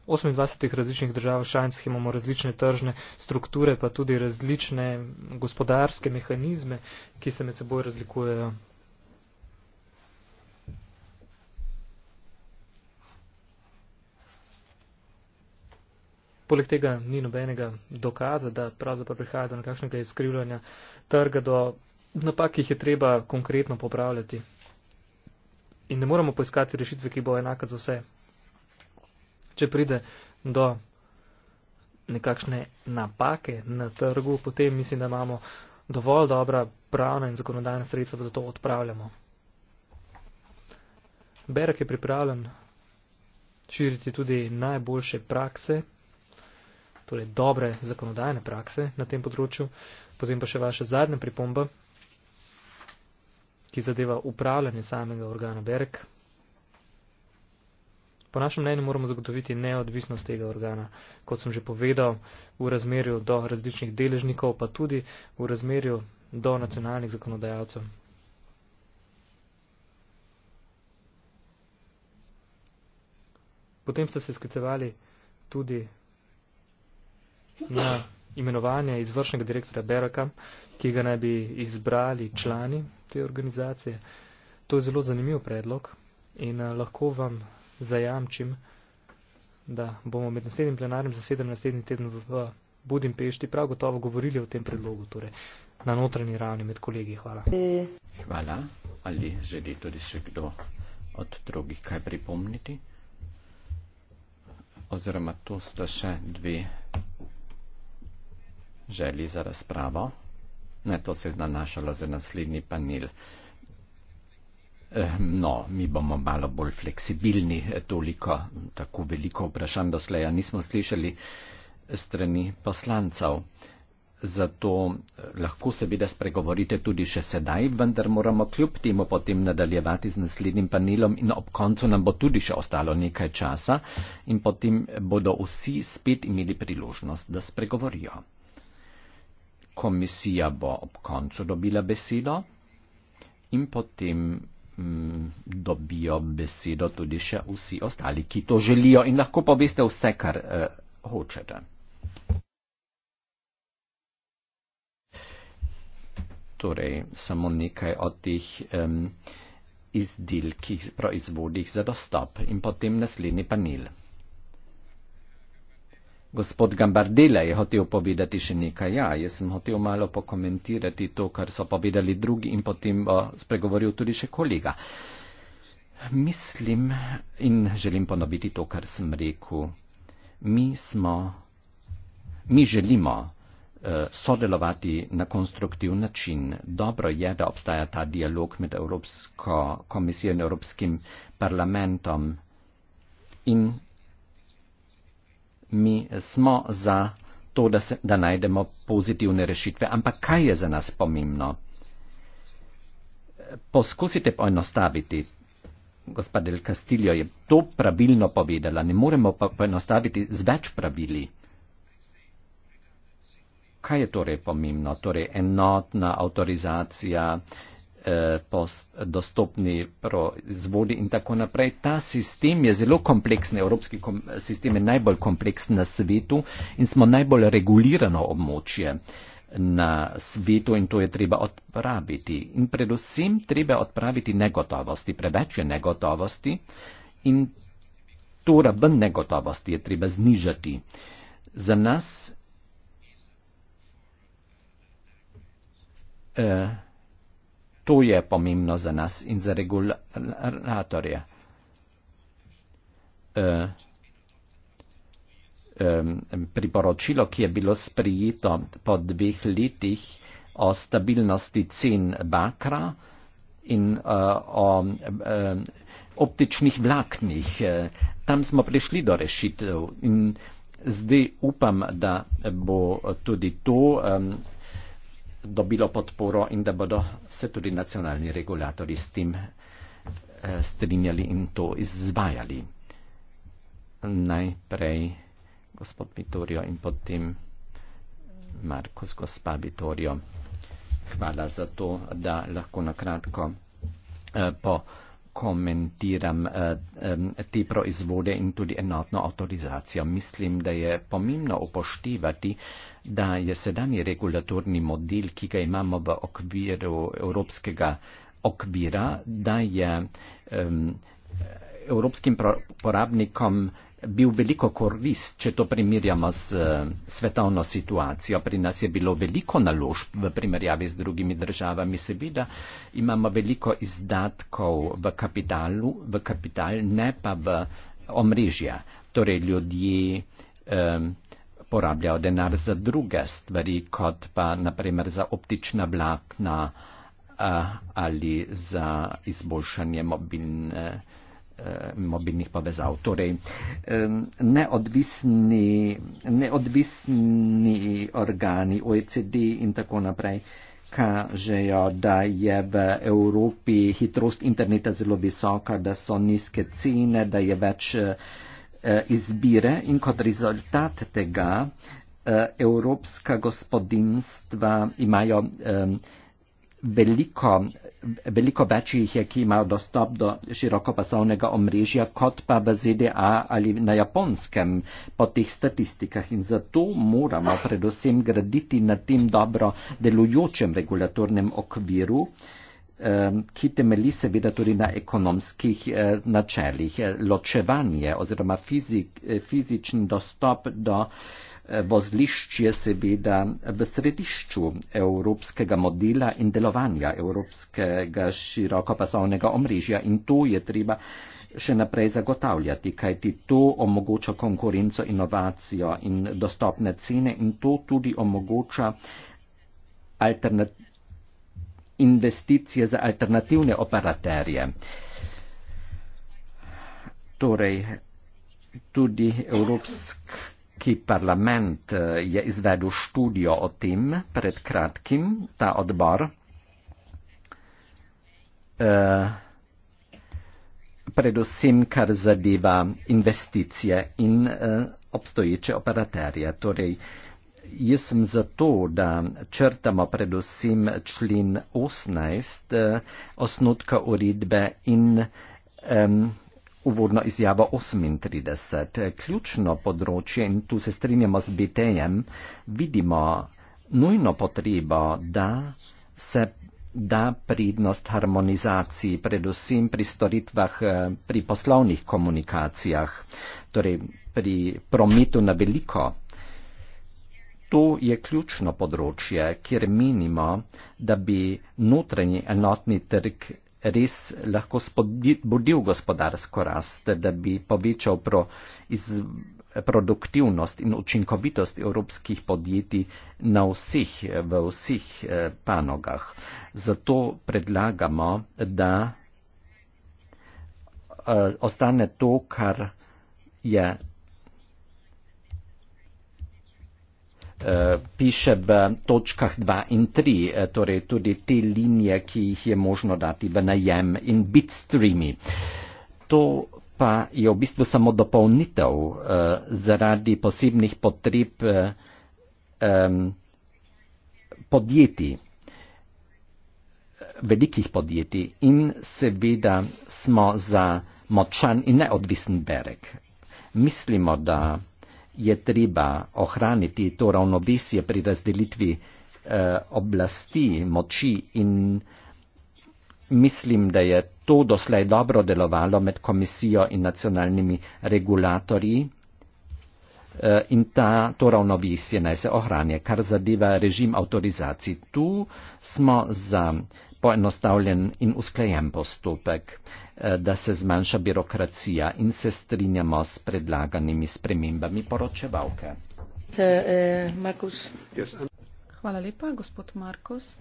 S4: 28 različnih državah šajncih imamo različne tržne strukture, pa tudi različne gospodarske mehanizme, ki se med seboj razlikujejo. Poleg tega ni nobenega dokaza, da pravzaprav prihaja do nekakšnega izkrivljanja trga, do napak, ki jih je treba konkretno popravljati. In ne moramo poiskati rešitve, ki bo enaka za vse. Če pride do nekakšne napake na trgu, potem mislim, da imamo dovolj dobra pravna in zakonodajna sredstva, da to odpravljamo. Berek je pripravljen širiti tudi najboljše prakse torej dobre zakonodajne prakse na tem področju. Potem pa še vaša zadnja pripomba, ki zadeva upravljanje samega organa BEREK. Po našem mnenju moramo zagotoviti neodvisnost tega organa, kot sem že povedal, v razmerju do različnih deležnikov, pa tudi v razmerju do nacionalnih zakonodajalcev. Potem ste se sklicevali tudi na imenovanje izvršnega direktora Beraka, ki ga naj bi izbrali člani te organizacije. To je zelo zanimiv predlog in eh, lahko vam zajamčim, da bomo med naslednjim plenarnim zasedanjem naslednji teden v Budimpešti prav gotovo govorili o tem predlogu, torej na notranji ravni med kolegi. Hvala.
S2: Hvala. Ali želi tudi še kdo od drugih kaj pripomniti? Oziroma, to sta še dve želji za razpravo. Ne, to se je nanašalo za naslednji panel. Eh, no, mi bomo malo bolj fleksibilni, eh, toliko, tako veliko vprašanj doslej, a nismo slišali strani poslancev. Zato eh, lahko seveda spregovorite tudi še sedaj, vendar moramo kljub temu potem nadaljevati z naslednjim panelom in ob koncu nam bo tudi še ostalo nekaj časa in potem bodo vsi spet imeli priložnost, da spregovorijo komisija bo ob koncu dobila besedo in potem mm, dobijo besedo tudi še vsi ostali, ki to želijo in lahko poveste vse, kar eh, hočete. Torej, samo nekaj o teh um, izdelkih, proizvodih za dostop in potem naslednji panel. Gospod Gambardela je hotel povedati še nekaj. Ja, jaz sem hotel malo pokomentirati to, kar so povedali drugi in potem bo spregovoril tudi še kolega. Mislim in želim ponoviti to, kar sem rekel. Mi smo, mi želimo uh, sodelovati na konstruktiv način. Dobro je, da obstaja ta dialog med Evropsko komisijo in Evropskim parlamentom. In mi smo za to, da, se, da najdemo pozitivne rešitve, ampak kaj je za nas pomembno? Poskusite poenostaviti. Gospod Del Castillo je to pravilno povedala, ne moremo pa poenostaviti z več pravili. Kaj je torej pomembno? Torej enotna avtorizacija, eh, Eh, dostopni proizvodi in tako naprej. Ta sistem je zelo kompleksen, evropski kom sistem je najbolj kompleksen na svetu in smo najbolj regulirano območje na svetu in to je treba odpraviti. In predvsem treba odpraviti negotovosti, preveč je negotovosti in to raven negotovosti je treba znižati. Za nas eh, To je pomembno za nas in za regulatorje. E, e, priporočilo, ki je bilo sprijeto po dveh letih o stabilnosti cen bakra in e, o e, optičnih vlaknih, e, tam smo prišli do rešitev in zdaj upam, da bo tudi to. E, dobilo podporo in da bodo se tudi nacionalni regulatori s tem eh, strinjali in to izvajali. Najprej gospod Vitorijo in potem Markus, gospa Vitorijo. Hvala za to, da lahko nakratko eh, pokomentiram eh, te proizvode in tudi enotno avtorizacijo. Mislim, da je pomembno upoštevati, da je sedanji regulatorni model, ki ga imamo v okviru evropskega okvira, da je um, evropskim porabnikom bil veliko korist, če to primerjamo s eh, svetovno situacijo. Pri nas je bilo veliko naložb v primerjavi z drugimi državami. Seveda imamo veliko izdatkov v kapitalu, v kapital, ne pa v omrežja. Torej ljudje, porabljal denar za druge stvari, kot pa naprimer za optična vlakna eh, ali za izboljšanje mobilne eh, mobilnih povezav. Torej, neodvisni, neodvisni organi OECD in tako naprej kažejo, da je v Evropi hitrost interneta zelo visoka, da so nizke cene, da je več uh, Eh, izbire in kot rezultat tega eh, evropska gospodinstva imajo eh, veliko, veliko več jih je, ki imajo dostop do širokopasovnega omrežja, kot pa v ZDA ali na japonskem po teh statistikah. In zato moramo predvsem graditi na tem dobro delujočem regulatornem okviru ki temelji seveda tudi na ekonomskih eh, načelih. Ločevanje oziroma fizik, fizični dostop do eh, vozlišč je seveda v središču evropskega modela in delovanja evropskega širokopasovnega omrežja in to je treba še naprej zagotavljati, kajti to omogoča konkurenco, inovacijo in dostopne cene in to tudi omogoča alternativne investicije za alternativne operaterje. Torej, tudi Evropski parlament eh, je izvedel študijo o tem pred kratkim, ta odbor. Uh, predvsem, kar zadeva investicije in uh, obstoječe operaterje. Torej, uh, Jaz sem zato, da črtamo predvsem člen 18 eh, osnotka uredbe in um, uvodno izjavo 38. Ključno področje, in tu se strinjamo z BT-jem, vidimo nujno potrebo, da se da prednost harmonizaciji, predvsem pri storitvah, eh, pri poslovnih komunikacijah, torej pri prometu na veliko To je ključno področje, kjer menimo, da bi notranji enotni trg res lahko spodbudil gospodarsko rast, da bi povečal pro iz, produktivnost in učinkovitost evropskih podjetij na vseh, v vseh eh, panogah. Zato predlagamo, da eh, ostane to, kar je Eh, piše v točkah 2 in 3, eh, torej tudi te linije, ki jih je možno dati v najem in bitstreami. To pa je v bistvu samo dopolnitev eh, zaradi posebnih potreb eh, podjetij, velikih podjetij in seveda smo za močan in neodvisen berek. Mislimo, da je treba ohraniti to ravnovesje pri razdelitvi eh, oblasti, moči in mislim, da je to doslej dobro delovalo med komisijo in nacionalnimi regulatorji eh, in ta, to ravnovesje naj se ohranje, kar zadeva režim avtorizacij. Tu smo za eh, poenostavljen in usklajen postopek, eh, da se zmanjša birokracija in se strinjamo s predlaganimi spremembami poročevalke.
S3: Eh, Hvala lepa, gospod Markus.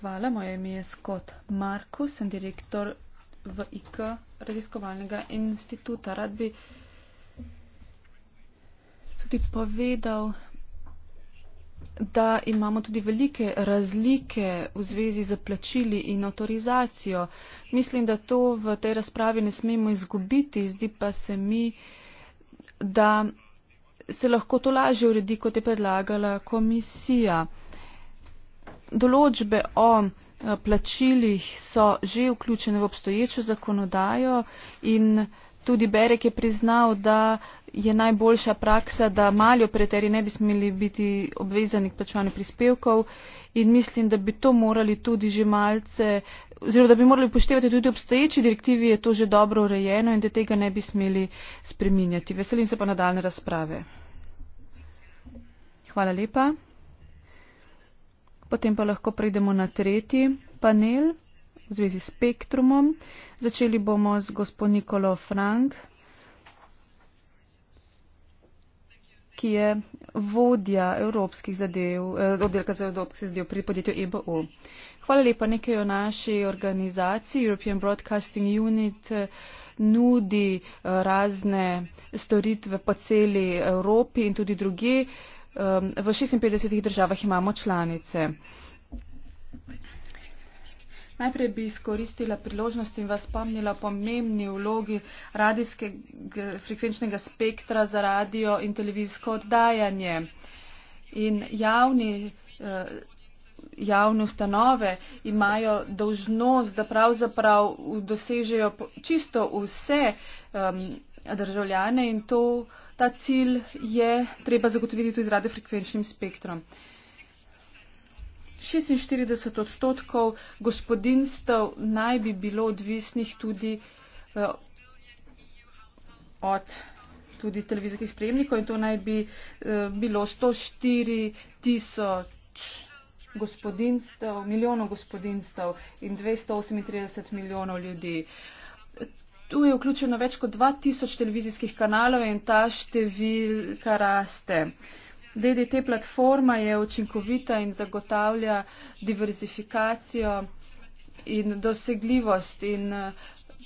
S3: Hvala, moje ime je Scott Markus, sem direktor v IK raziskovalnega instituta. Rad bi tudi povedal da imamo tudi velike razlike v zvezi z plačili in avtorizacijo. Mislim, da to v tej razpravi ne smemo izgubiti, zdi pa se mi, da se lahko to lažje uredi, kot je predlagala komisija. Določbe o eh, plačilih so že vključene v obstoječo zakonodajo in Tudi Berek je priznal, da je najboljša praksa, da mali operaterji ne bi smeli biti obvezani k plačovanju prispevkov in mislim, da bi to morali tudi že malce, oziroma da bi morali upoštevati tudi obstoječi direktivi, je to že dobro urejeno in da tega ne bi smeli spreminjati. Veselim se pa nadaljne razprave. Hvala lepa. Potem pa lahko prejdemo na tretji panel v zvezi s spektrumom. Začeli bomo z gospod Nikolo Frank, ki je vodja evropskih zadev, eh, oddelka za evropske zadev pri podjetju EBO. Hvala lepa nekaj o naši organizaciji European Broadcasting Unit nudi eh, razne storitve po celi Evropi in tudi druge. Eh, v 56 državah imamo članice. Najprej bi izkoristila priložnost in vas spomnila pomembni vlogi radijskega frekvenčnega spektra za radio in televizijsko oddajanje. In javni, eh, javne ustanove imajo dožnost, da pravzaprav dosežejo čisto vse um, državljane in to, ta cilj je treba zagotoviti tudi radiofrekvenčnim spektrom. Uh, 46 odstotkov gospodinstv naj bi bilo odvisnih tudi uh, od tudi televizijskih sprejemnikov in to naj bi uh, bilo 104 tisoč gospodinstv, milijonov gospodinstv in 238 milijonov ljudi. Tu je vključeno več kot 2000 televizijskih kanalov in ta številka raste. Uh, DDT platforma je učinkovita in zagotavlja diverzifikacijo in dosegljivost. In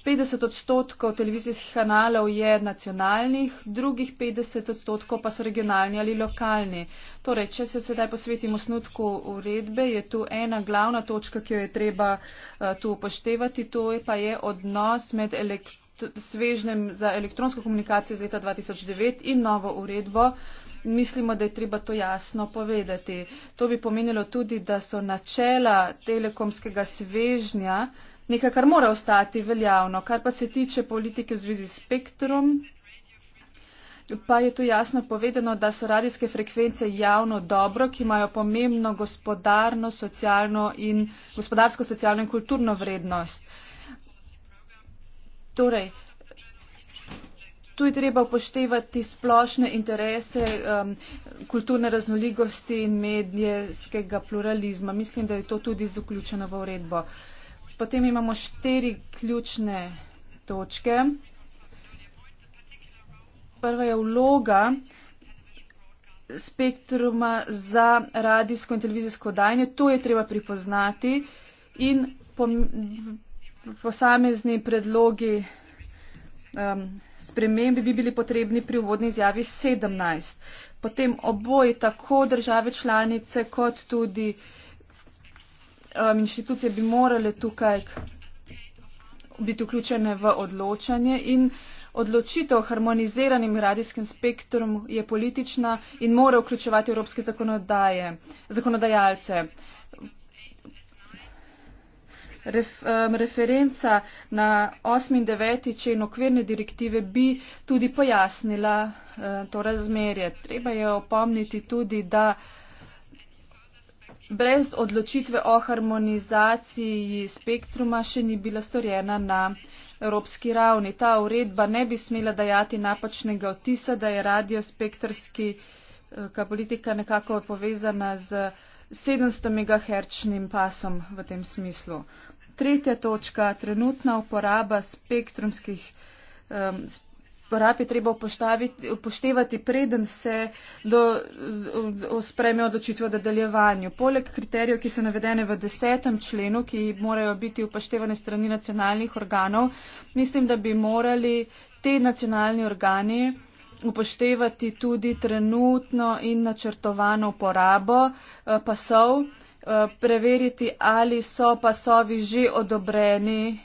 S3: 50 eh, odstotkov televizijskih kanalov je nacionalnih, drugih 50 odstotkov pa so regionalni ali lokalni. Torej, če se sedaj posvetimo snutku uredbe, je tu ena glavna točka, ki jo je treba eh, tu upoštevati, to je pa je odnos med elektronskim svežnem za elektronsko komunikacijo z leta 2009 in novo uredbo in mislimo, da je treba to jasno povedati. To bi pomenilo tudi, da so načela telekomskega svežnja nekaj, kar mora ostati veljavno. Kar pa se tiče politike v zvezi s spektrom, pa je tu jasno povedano, da so radijske frekvence javno dobro, ki imajo pomembno gospodarno, socialno in gospodarsko, socialno in kulturno vrednost. Torej, tu je treba upoštevati splošne interese um, kulturne raznolikosti in medijskega pluralizma. Mislim, da je to tudi zaključeno v uredbo. Potem imamo štiri ključne točke. Prva je vloga spektruma za radijsko in televizijsko dajanje. To je treba pripoznati in posamezni predlogi. Um, Spremembi bi bili potrebni pri uvodni izjavi 17. Potem oboji, tako države članice, kot tudi um, inštitucije, bi morale tukaj biti vključene v odločanje in odločitev o harmoniziranem radijskem spektrumu je politična in mora vključevati evropske zakonodaje, zakonodajalce ref, um, referenca na 8. in 9. člen okvirne direktive bi tudi pojasnila uh, to razmerje. Treba je opomniti tudi, da brez odločitve o harmonizaciji spektruma še ni bila storjena na evropski ravni. Ta uredba ne bi smela dajati napačnega vtisa, da je radiospektrski ka politika nekako povezana z 700 MHz pasom v tem smislu. Tretja točka, trenutna uporaba spektrumskih. Um, Porab je treba upoštevati, preden se sprejme odločitve o dodeljevanju. Poleg kriterijev, ki so navedene v desetem členu, ki morajo biti upoštevane strani nacionalnih organov, mislim, da bi morali te nacionalni organi upoštevati tudi trenutno in načrtovano uporabo eh, pasov. Eh, preveriti, ali so pasovi že odobreni,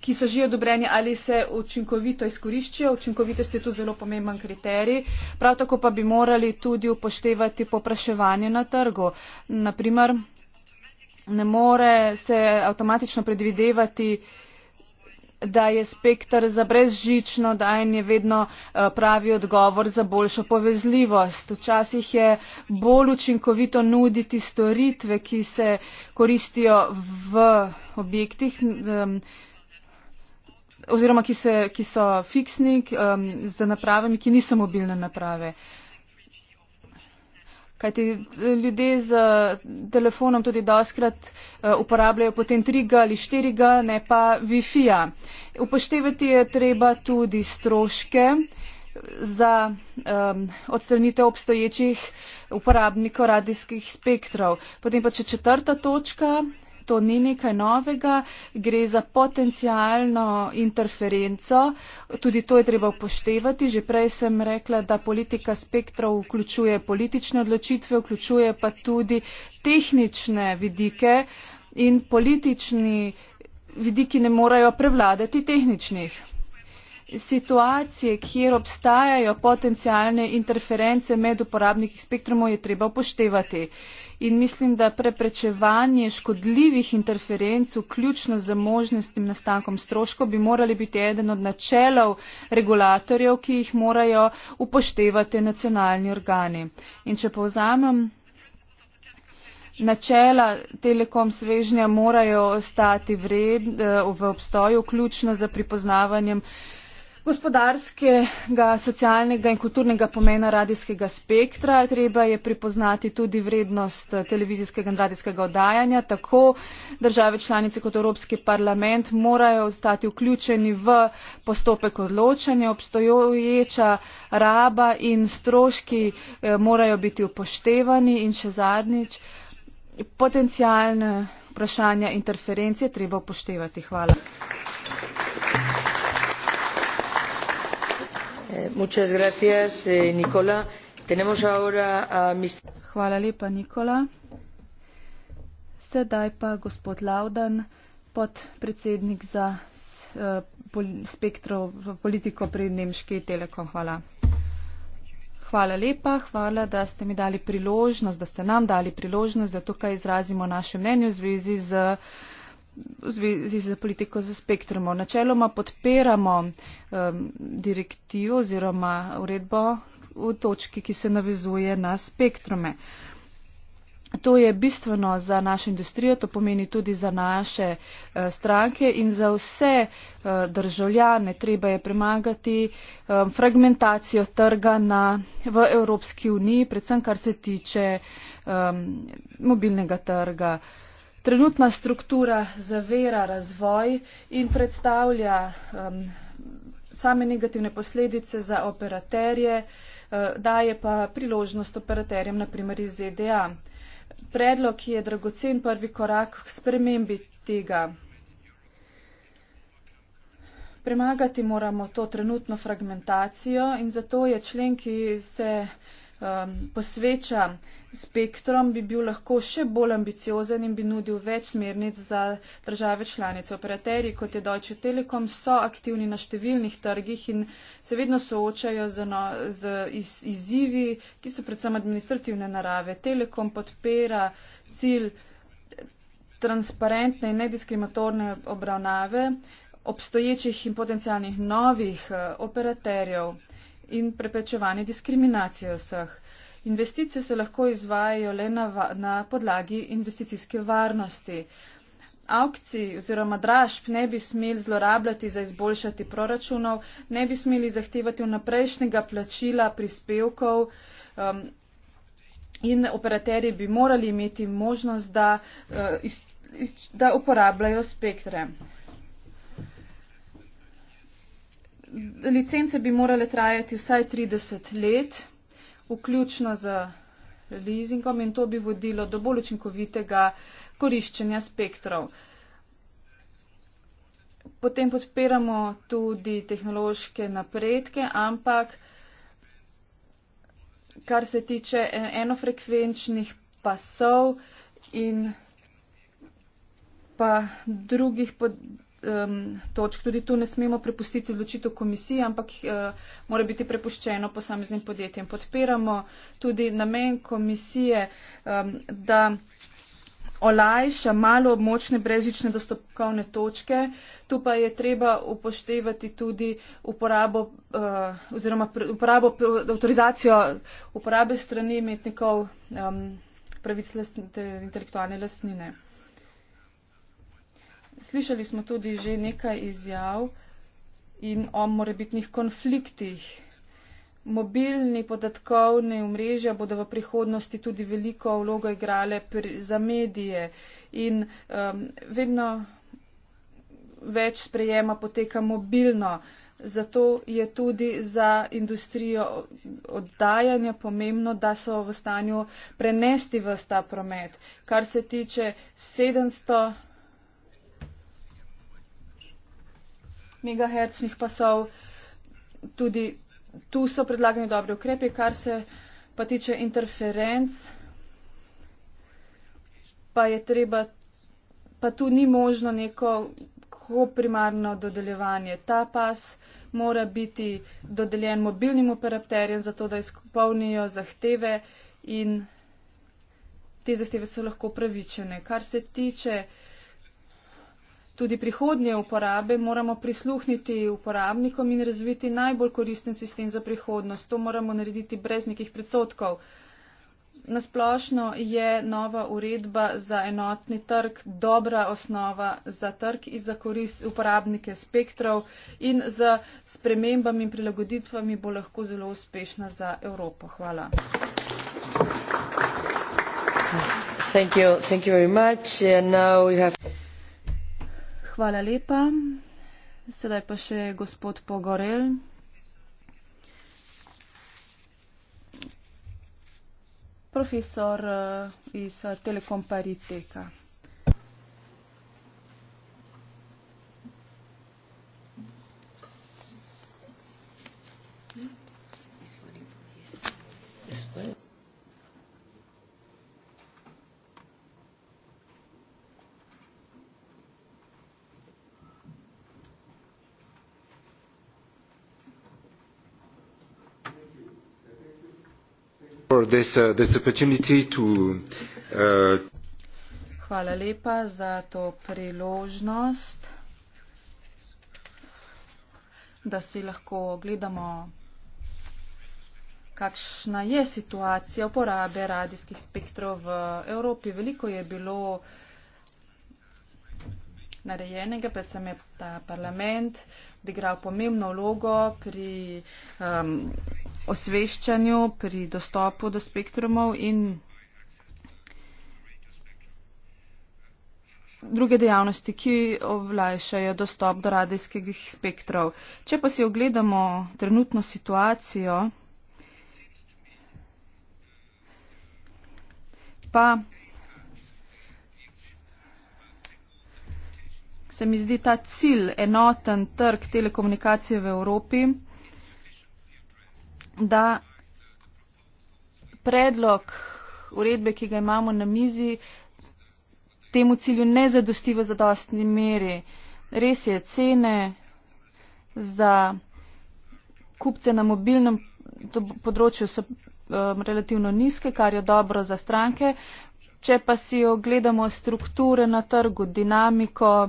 S3: ki so že odobreni, ali se učinkovito izkoriščajo. Učinkovitost je tu zelo pomemben kriterij. Prav tako pa bi morali tudi upoštevati popraševanje na trgu. Naprimer, ne more se avtomatično predvidevati, da je spektr za brezžično dajanje vedno eh, pravi odgovor za boljšo povezljivost. Včasih je bolj učinkovito nuditi storitve, ki se koristijo v objektih oziroma ki, se, ki so fiksni, ki, um, z napravami, ki niso mobilne naprave kajti eh, ljudje z telefonom tudi doskrat eh, uporabljajo potem 3G ali 4G, ne pa Wi-Fi-ja. Upoštevati je treba tudi stroške za um, odstranitev obstoječih uporabnikov radijskih spektrov. Potem pa če četrta točka, to ni nekaj novega, gre za potencijalno interferenco. Tudi to je treba upoštevati. Že prej sem rekla, da politika spektrov vključuje politične odločitve, vključuje pa tudi tehnične vidike in politični vidiki ne morejo prevladati tehničnih situacije, kjer obstajajo potencijalne interference med uporabniki spektrumov, je treba upoštevati. In mislim, da preprečevanje škodljivih interferenc, vključno z možnostim nastankom stroškov, bi morali biti eden od načelov regulatorjev, ki jih morajo upoštevati nacionalni organi. In če povzamem. Načela telekom svežnja morajo ostati vred, eh, v obstoju, vključno za pripoznavanjem uh, gospodarskega, socialnega in kulturnega pomena radijskega spektra. Treba je pripoznati tudi vrednost televizijskega in radijskega oddajanja. Tako države članice kot Evropski parlament morajo ostati vključeni v postopek odločanja. Obstoječa raba in stroški eh, morajo biti upoštevani in še zadnjič potencijalne vprašanja interferencije treba upoštevati. Hvala. Eh,
S1: eh, hvala lepa, Nikola.
S3: Sedaj pa gospod Laudan, podpredsednik za eh, spektrov v politiko pri Nemški Telekom. Hvala. Hvala lepa, hvala, da ste mi dali priložnost, da ste nam dali priložnost, da tukaj izrazimo naše mnenje v zvezi z v zvezi z politiko za spektrumo. Načeloma podpiramo um, direktivo oziroma uredbo v točki, ki se navezuje na spektrume. To je bistveno za našo industrijo, to pomeni tudi za naše eh, stranke in za vse eh, državljane. Treba je premagati eh, fragmentacijo trga na, v Evropski uniji, predvsem kar se tiče um, mobilnega trga. Um, trenutna struktura zavera razvoj in predstavlja um, same negativne posledice za operaterje, uh, daje pa priložnost operaterjem, naprimer iz ZDA. Predlog je dragocen prvi korak k spremembi tega. Premagati moramo to trenutno fragmentacijo in zato je člen, ki se um, posveča spektrom, bi bil lahko še bolj ambiciozen in bi nudil več smernic za države članice. Operaterji, kot je Deutsche Telekom, so aktivni na številnih trgih in se vedno soočajo z, no, z iz, izzivi, ki so predvsem administrativne narave. Telekom podpira cilj transparentne in nediskriminatorne obravnave obstoječih in potencijalnih novih uh, operaterjev in preprečevanje diskriminacije vseh. Investicije se lahko izvajajo le na, na podlagi investicijske varnosti. Aukcij oziroma dražb ne bi smeli zlorabljati za izboljšati proračunov, ne bi smeli zahtevati vnaprejšnjega plačila prispevkov um, in operaterji bi morali imeti možnost, da, uh, iz, iz, da uporabljajo spektre. licence bi morale trajati vsaj 30 let, vključno z leasingom in to bi vodilo do bolj učinkovitega koriščenja spektrov. Potem podpiramo tudi tehnološke napredke, ampak kar se tiče e-, enofrekvenčnih pasov in pa drugih podpirov, um, točk. Tudi tu ne smemo prepustiti odločitev komisiji, ampak uh, mora biti prepuščeno posameznim podjetjem. Podpiramo tudi namen komisije, um, da olajša malo močne brezične dostopkovne točke. Tu pa je treba upoštevati tudi uporabo uh, oziroma pre, uporabo, avtorizacijo uporabe strani imetnikov um, pravic intelektualne lastnine. Slišali smo tudi že nekaj izjav in o morebitnih konfliktih. Mobilni podatkovni omrežja bodo v prihodnosti tudi veliko vlogo igrale pri, za medije in um, vedno več sprejema poteka mobilno. Zato je tudi za industrijo oddajanja pomembno, da so v stanju prenesti v sta promet. Kar se tiče 700 megahercnih pasov. Tudi tu so predlagani dobre ukrepe, kar se pa tiče interferenc, pa je treba, pa tu ni možno neko primarno dodeljevanje. Ta pas mora biti dodeljen mobilnim operaterjem, zato da izpolnijo zahteve in te zahteve so lahko pravičene. Kar se tiče Tudi prihodnje uporabe moramo prisluhniti uporabnikom in razviti najbolj koristen sistem za prihodnost. To moramo narediti brez nekih predsotkov. Nasplošno je nova uredba za enotni trg dobra osnova za trg in za korist uporabnike spektrov in z spremembami in prilagoditvami bo lahko zelo uspešna za Evropo. Hvala.
S1: Thank you. Thank you
S3: Hvala lepa. Sedaj pa še gospod Pogorel. Profesor eh, iz eh, Telekom Pariteka.
S1: for this, uh, this opportunity to
S3: uh, lepa za to priložnost, da si lahko gledamo kakšna je situacija uporabe radijskih spektrov v Evropi. Veliko je bilo narejenega, predvsem je ta parlament odigral pomembno vlogo pri um, osveščanju, pri dostopu do spektrumov in druge dejavnosti, ki olajšajo dostop do radijskih spektrov. Če pa si ogledamo trenutno situacijo, pa se mi zdi ta cilj enoten trg telekomunikacije v Evropi, da predlog uredbe, ki ga imamo na mizi, temu cilju ne zadosti v zadostni meri. Res je, cene za kupce na mobilnem področju so um, relativno nizke, kar je dobro za stranke. Če pa si ogledamo strukture na trgu, dinamiko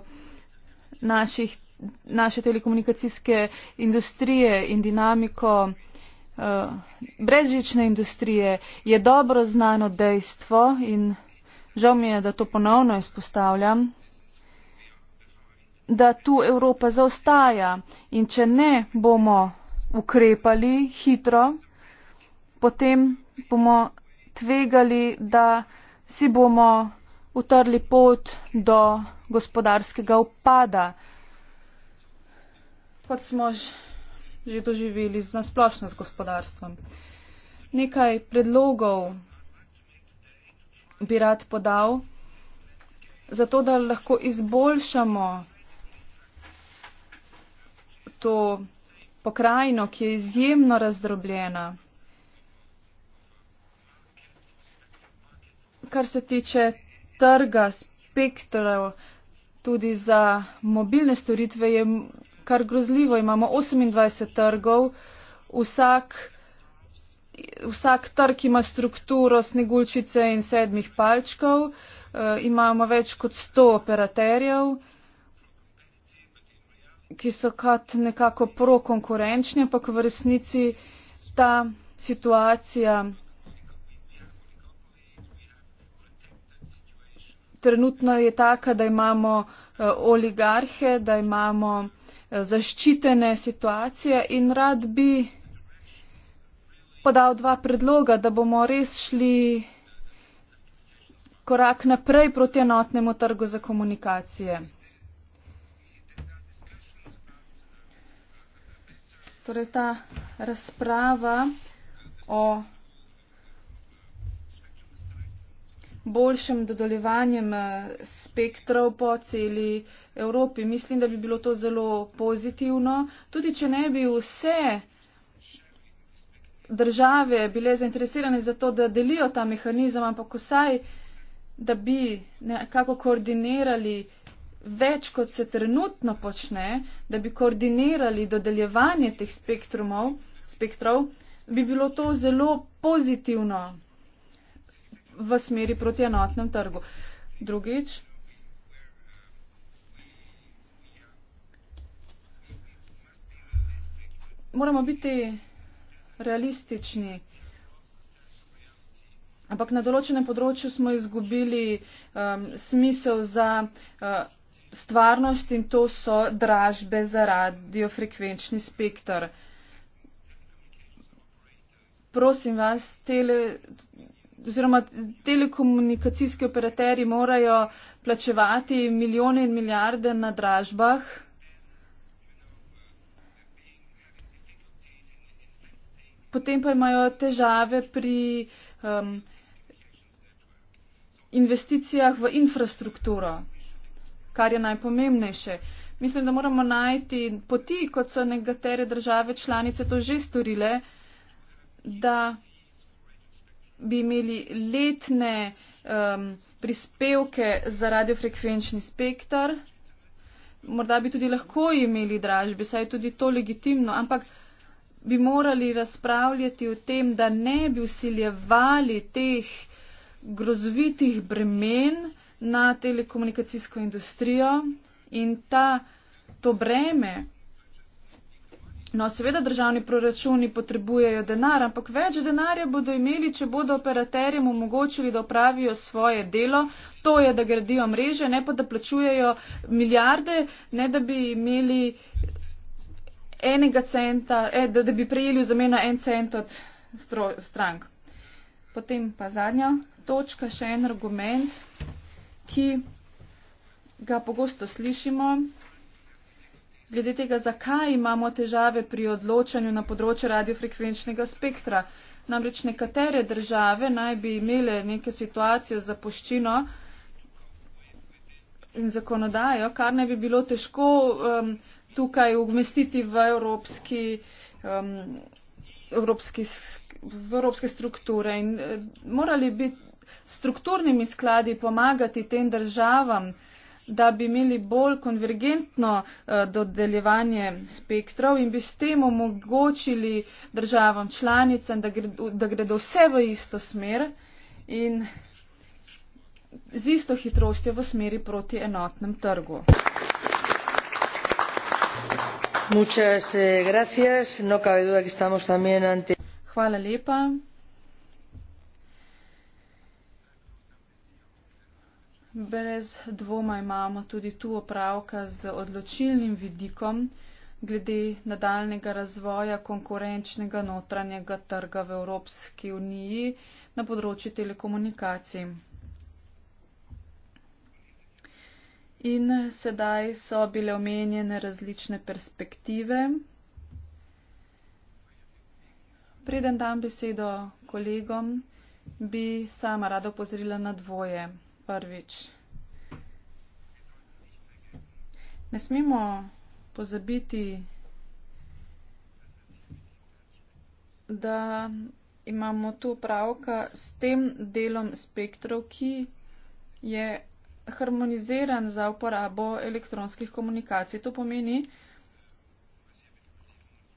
S3: naših, naše telekomunikacijske industrije in dinamiko Eh, brezžične industrije je dobro znano dejstvo in žal mi je, da to ponovno izpostavljam, da tu Evropa zaostaja in če ne bomo ukrepali hitro, potem bomo tvegali, da si bomo utrli pot do gospodarskega upada. Kot smo že doživeli z nasplošno z gospodarstvom. Nekaj predlogov bi rad podal, zato da lahko izboljšamo to pokrajino, ki je izjemno razdrobljena. Kar se tiče trga, spektra, tudi za mobilne storitve je kar grozljivo. Imamo 28 trgov, vsak, vsak trg ima strukturo sneguljčice in sedmih palčkov, eh, imamo več kot 100 operaterjev ki so kot nekako prokonkurenčni, ampak v resnici ta situacija trenutno je taka, da imamo eh, oligarhe, da imamo zaščitene situacije in rad bi podal dva predloga, da bomo res šli korak naprej proti enotnemu trgu za komunikacije. Torej ta razprava o boljšem dodeljevanjem eh, spektrov po celi uh, Evropi. Mislim, da bi bilo to zelo pozitivno, tudi če ne bi vse države bile zainteresirane za to, da delijo ta mehanizem, ampak vsaj, da bi nekako koordinirali več, kot se trenutno počne, da bi koordinirali dodeljevanje teh spektrov, bi bilo to zelo pozitivno v smeri proti enotnem trgu. Drugič, moramo biti realistični. Ampak na določenem področju smo izgubili um, smisel za uh, stvarnost in to so dražbe za radiofrekvenčni spektr. Prosim vas, tele, oziroma telekomunikacijski operateri morajo plačevati milijone in milijarde na dražbah. potem pa imajo težave pri um, investicijah v infrastrukturo, kar je najpomembnejše. Mislim, da moramo najti poti, kot so nekatere države članice to že storile, da bi imeli letne um, prispevke za radiofrekvenčni spektar. Morda bi tudi lahko imeli dražbe, saj je tudi to legitimno, ampak bi morali razpravljati o tem, da ne bi usiljevali teh grozovitih bremen na telekomunikacijsko industrijo in ta, to breme. No, seveda državni proračuni potrebujejo denar, ampak več denarja bodo imeli, če bodo operaterjem omogočili, da opravijo svoje delo, to je, da gradijo mreže, ne pa da plačujejo milijarde, ne da bi imeli enega centa, eh, da, da bi prejeli v zameno en cent od stro, strank. Potem pa zadnja točka, še en argument, ki ga pogosto slišimo. Glede tega, zakaj imamo težave pri odločanju na področju radiofrekvenčnega spektra. Namreč nekatere države naj bi imele neke situacije za poščino in zakonodajo, kar naj bi bilo težko um, tukaj umestiti v evropski, um, evropski, v evropske strukture. In eh, morali bi strukturnimi skladi pomagati tem državam, da bi imeli bolj konvergentno uh, dodeljevanje spektrov in bi s tem omogočili državam članicam, da, gre, da gredo vse v isto smer in z isto hitrostjo v smeri proti enotnem trgu.
S1: Eh, no
S3: Brez dvoma imamo tudi tu opravka z odločilnim vidikom glede nadaljnega razvoja konkurenčnega notranjega trga v Evropski uniji na področju telekomunikacij. In eh, sedaj so bile omenjene različne perspektive. Preden dam besedo kolegom, bi sama rada opozorila na dvoje. Prvič. Ne smemo pozabiti, da imamo tu pravka s tem delom spektrov, ki je harmoniziran za uporabo elektronskih komunikacij. To pomeni,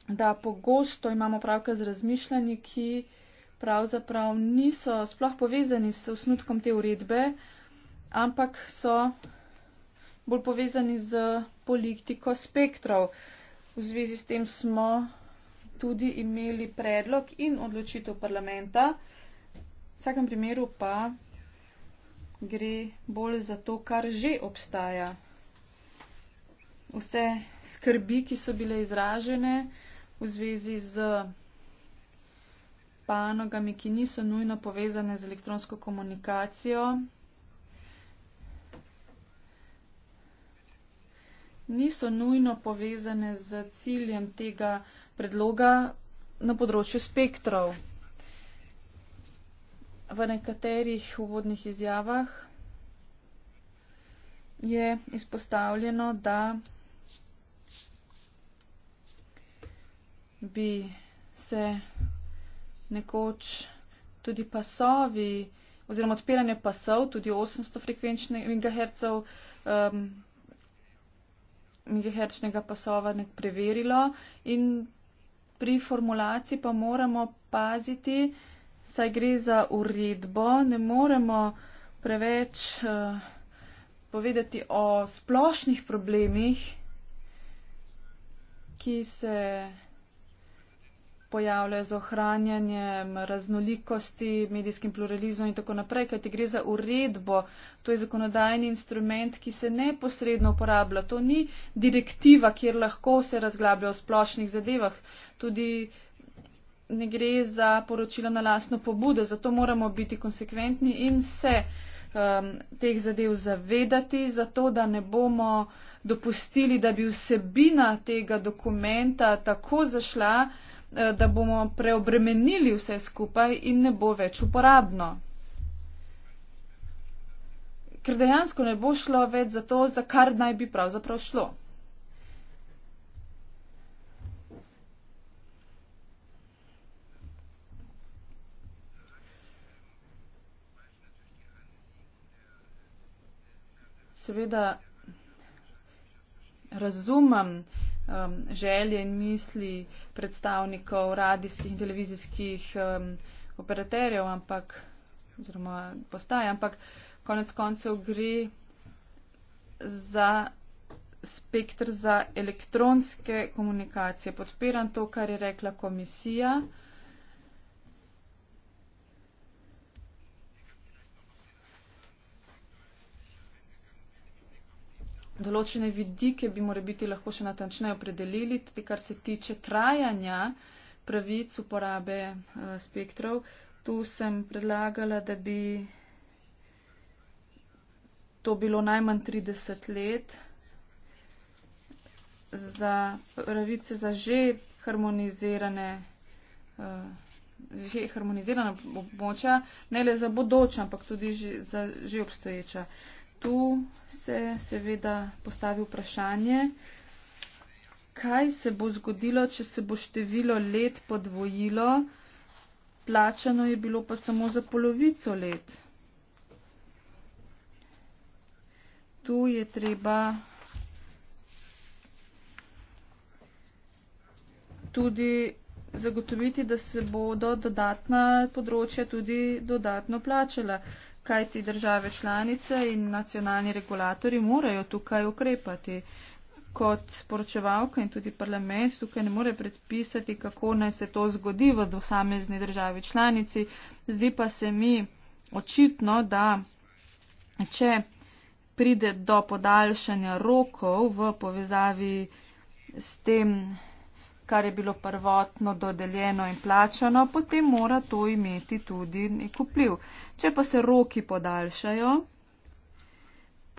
S3: da pogosto imamo pravka z razmišljanji, ki pravzaprav niso sploh povezani s osnutkom te uredbe, ampak so bolj povezani z politiko spektrov. V zvezi s tem smo tudi imeli predlog in odločitev parlamenta. V vsakem primeru pa gre bolj za to, kar že obstaja. Vse skrbi, ki so bile izražene v zvezi z panogami, ki niso nujno povezane z elektronsko komunikacijo, niso nujno povezane z ciljem tega predloga na področju spektrov v nekaterih uvodnih izjavah je izpostavljeno, da bi se nekoč tudi pasovi oziroma odpiranje pasov, tudi 800 frekvenčnih MHz um, MHz-nega pasova nek preverilo in pri formulaciji pa moramo paziti, saj gre za uredbo, ne moremo preveč uh, povedati o splošnih problemih, ki se pojavljajo z ohranjanjem raznolikosti, medijskim pluralizmom in tako naprej, kajti gre za uredbo, to je zakonodajni instrument, ki se neposredno uporablja. To ni direktiva, kjer lahko se razglablja o splošnih zadevah. Tudi ne gre za poročilo na lasno pobudo, zato moramo biti konsekventni in se um, teh zadev zavedati, zato da ne bomo dopustili, da bi vsebina tega dokumenta tako zašla, eh, da bomo preobremenili vse skupaj in ne bo več uporabno. Ker dejansko ne bo šlo več za to, za kar naj bi pravzaprav šlo. seveda razumem um, želje in misli predstavnikov radijskih in televizijskih um, operaterjev, ampak oziroma postaje, ampak konec koncev gre za spektr za elektronske komunikacije. Podpiram to, kar je rekla komisija. določene vidike bi morebiti lahko še natančneje opredelili, tudi kar se tiče trajanja pravic uporabe uh, spektrov. Tu sem predlagala, da bi to bilo najmanj 30 let za pravice za že harmonizirane. Uh, Že harmonizirana območja, ne le za bodoča, ampak tudi že, za že obstoječa. Uh, tu se seveda postavi vprašanje, kaj se bo zgodilo, če se bo število let podvojilo, plačano je bilo pa samo za polovico let. Tu je treba tudi zagotoviti, da se bodo dodatna področja tudi dodatno plačala kaj ti države članice in nacionalni regulatori morajo tukaj ukrepati. Kot poročevalka in tudi parlament tukaj ne more predpisati, kako naj se to zgodi v dosamezni državi članici. Zdi pa se mi očitno, da če pride do podaljšanja rokov v povezavi s tem kar je bilo prvotno dodeljeno in plačano, potem mora to imeti tudi nek vpliv. Če pa se roki podaljšajo,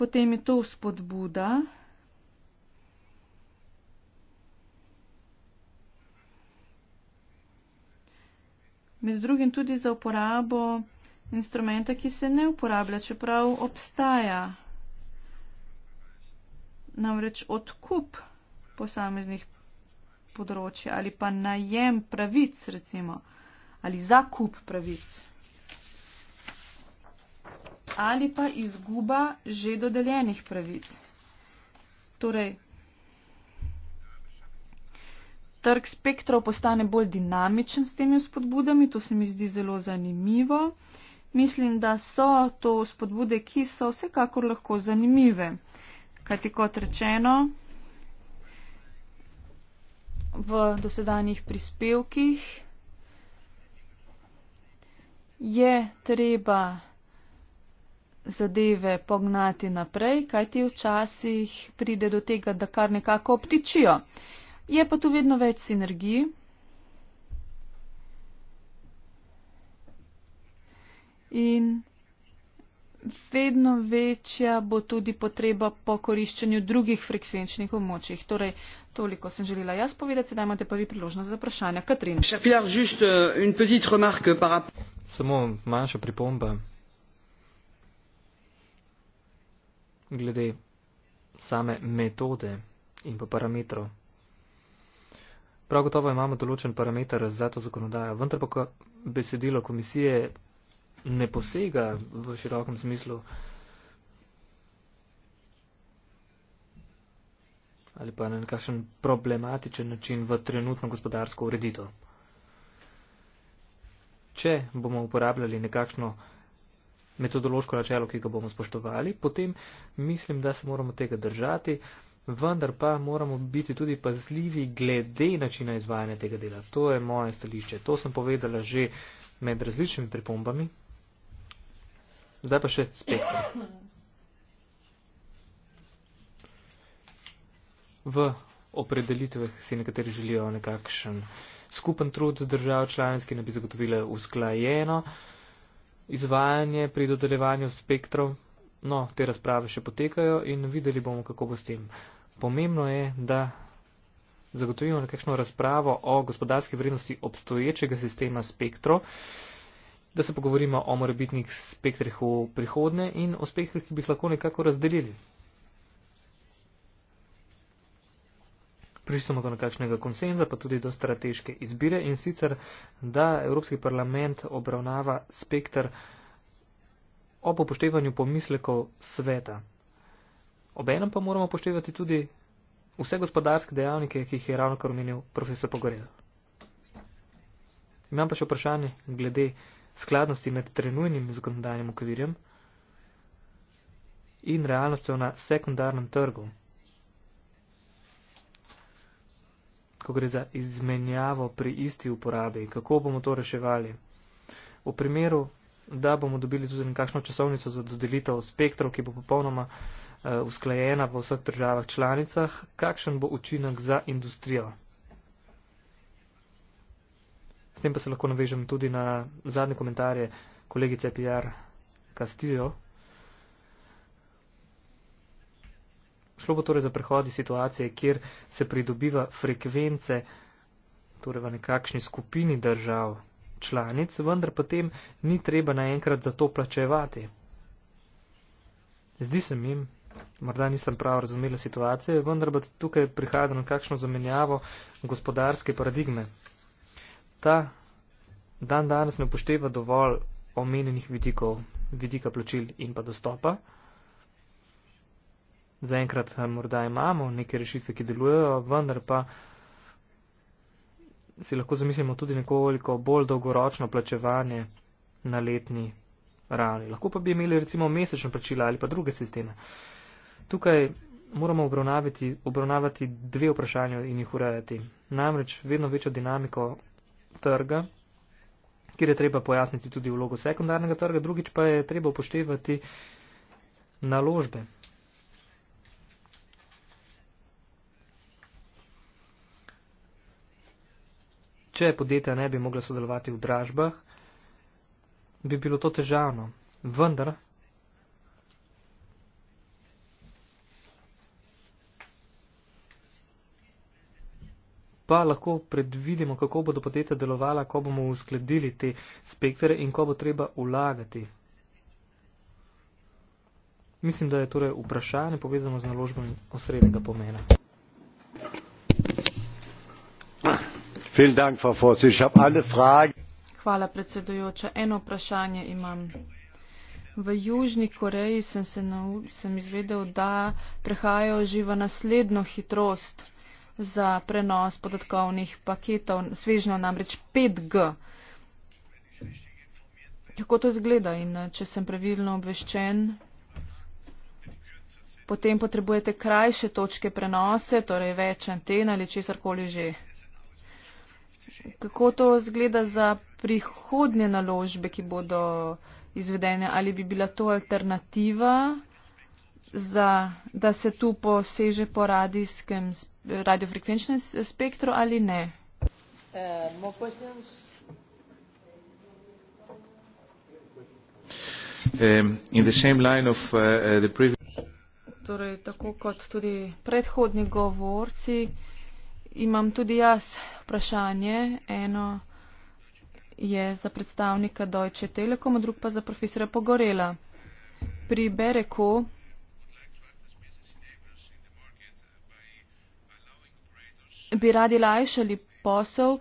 S3: potem je to vzpodbuda. Med drugim tudi za uporabo instrumenta, ki se ne uporablja, čeprav obstaja. Namreč odkup posameznih področje ali pa najem pravic, recimo, ali zakup pravic. Ali pa izguba že dodeljenih pravic. Torej, trg spektrov postane bolj dinamičen s temi spodbudami, to se mi zdi zelo zanimivo. Mislim, da so to spodbude, ki so vsekakor lahko zanimive. Kajti kot rečeno, v dosedanjih prispevkih, je treba zadeve pognati naprej, kaj ti včasih pride do tega, da kar nekako obtičijo. Je pa tu vedno več sinergij. In vedno večja bo tudi potreba po koriščenju drugih frekvenčnih območjih. Torej, toliko sem želela jaz povedati, sedaj imate pa vi priložnost za vprašanje. Katrin. Euh,
S4: Samo manjša pripomba glede same metode in pa parametrov. Prav gotovo imamo določen parameter za to zakonodajo, vendar pa besedilo komisije ne posega v širokem smislu. ali pa na nekakšen problematičen način v trenutno gospodarsko ureditev. Če bomo uporabljali nekakšno metodološko načelo, ki ga bomo spoštovali, potem mislim, da se moramo tega držati, vendar pa moramo biti tudi pazljivi glede načina izvajanja tega dela. To je moje stališče. To sem povedala že med različnimi pripombami, Zdaj pa še spektr. V opredelitveh si nekateri želijo nekakšen skupen trud držav članic, ki ne bi zagotovile usklajeno izvajanje pri dodeljevanju spektrov. No, te razprave še potekajo in videli bomo, kako bo s tem. Pomembno je, da zagotovimo nekakšno razpravo o gospodarski vrednosti obstoječega sistema spektrov da se pogovorimo o morebitnih spektrih v prihodnje in o spektrih, ki bi jih lahko nekako razdelili. Prišli smo do nekakšnega konsenza, pa tudi do strateške izbire in sicer, da Evropski parlament obravnava spektr ob upoštevanju pomislekov sveta. Obenem pa moramo upoštevati tudi vse gospodarske dejavnike, ki jih je ravno kar omenil profesor Pogorel. Imam pa še vprašanje glede skladnosti med trenujnim zakonodajnim okvirjem in realnostjo na sekundarnem trgu, ko gre za izmenjavo pri isti uporabi. Kako bomo to reševali? V primeru, da bomo dobili tudi nekakšno časovnico za dodelitev spektrov, ki bo popolnoma uh, usklajena v vseh državah članicah, kakšen bo učinek za industrijo? tem pa se lahko navežem tudi na zadnje komentarje kolegice PR Castillo. Šlo bo torej za prehodi situacije, kjer se pridobiva frekvence torej v nekakšni skupini držav članic, vendar potem ni treba naenkrat za to plačevati. Zdi se mi, morda nisem prav razumela situacije, vendar bo tukaj prihajalo na kakšno zamenjavo gospodarske paradigme ta dan danes ne upošteva dovolj omenjenih vidikov, vidika plačil in pa dostopa. Zaenkrat eh, morda imamo neke rešitve, ki delujejo, vendar pa si lahko zamislimo tudi nekoliko bolj dolgoročno plačevanje na letni ravni. Lahko pa bi imeli recimo mesečno plačila ali pa druge sisteme. Tukaj moramo obravnavati, obravnavati dve vprašanje in jih urejati. Namreč vedno večjo dinamiko trga, kjer je treba pojasniti tudi vlogo sekundarnega trga, drugič pa je treba upoštevati naložbe. Če podjetja ne bi mogla sodelovati v dražbah, bi bilo to težavno. Vendar pa lahko predvidimo, kako bodo podjetja delovala, ko bomo uskladili te spektre in ko bo treba vlagati. Mislim, da je torej vprašanje povezano z naložbami osrednjega pomena.
S3: Hvala, predsedujoča. Eno vprašanje imam. V Južni Koreji sem se na, sem izvedel, da prehajajo že v naslednjo hitrost za prenos podatkovnih paketov, svežno namreč 5G. Kako to izgleda in eh, če sem pravilno obveščen, potem potrebujete krajše točke prenose, torej več anten ali česarkoli že. Kako to izgleda za prihodnje naložbe, ki bodo izvedene, ali bi bila to alternativa? za, da se tu poseže po radijskem, radiofrekvenčnem spektru ali ne?
S1: Um, of, uh, uh
S3: torej, tako kot tudi predhodni govorci, imam tudi jaz vprašanje. Eno je za predstavnika Deutsche Telekom, drug pa za profesora Pogorela. Pri Bereku bi radi lajšali posel,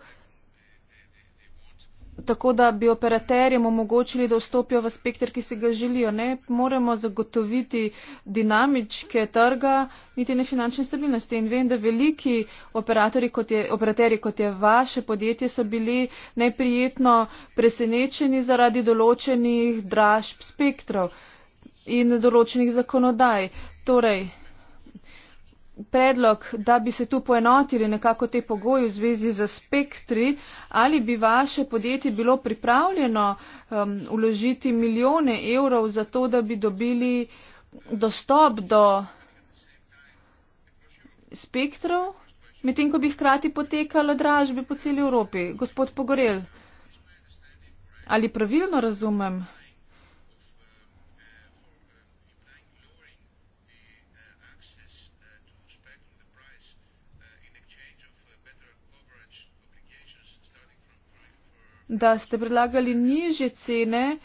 S3: tako da bi operaterjem omogočili, da vstopijo v spektr, ki si ga želijo. Ne moremo zagotoviti dinamičke trga, niti ne finančne stabilnosti. In vem, da veliki operatorji, kot je, operaterji, kot je vaše podjetje, so bili neprijetno presenečeni zaradi določenih dražb spektrov in določenih zakonodaj. Torej, predlog, da bi se tu poenotili nekako te pogoje v zvezi z spektri, ali bi vaše podjetje bilo pripravljeno um, uložiti milijone evrov za to, da bi dobili dostop do spektrov, medtem ko bi hkrati potekalo dražbe po celi Evropi. Gospod Pogorel, ali pravilno razumem? da ste predlagali niže cene,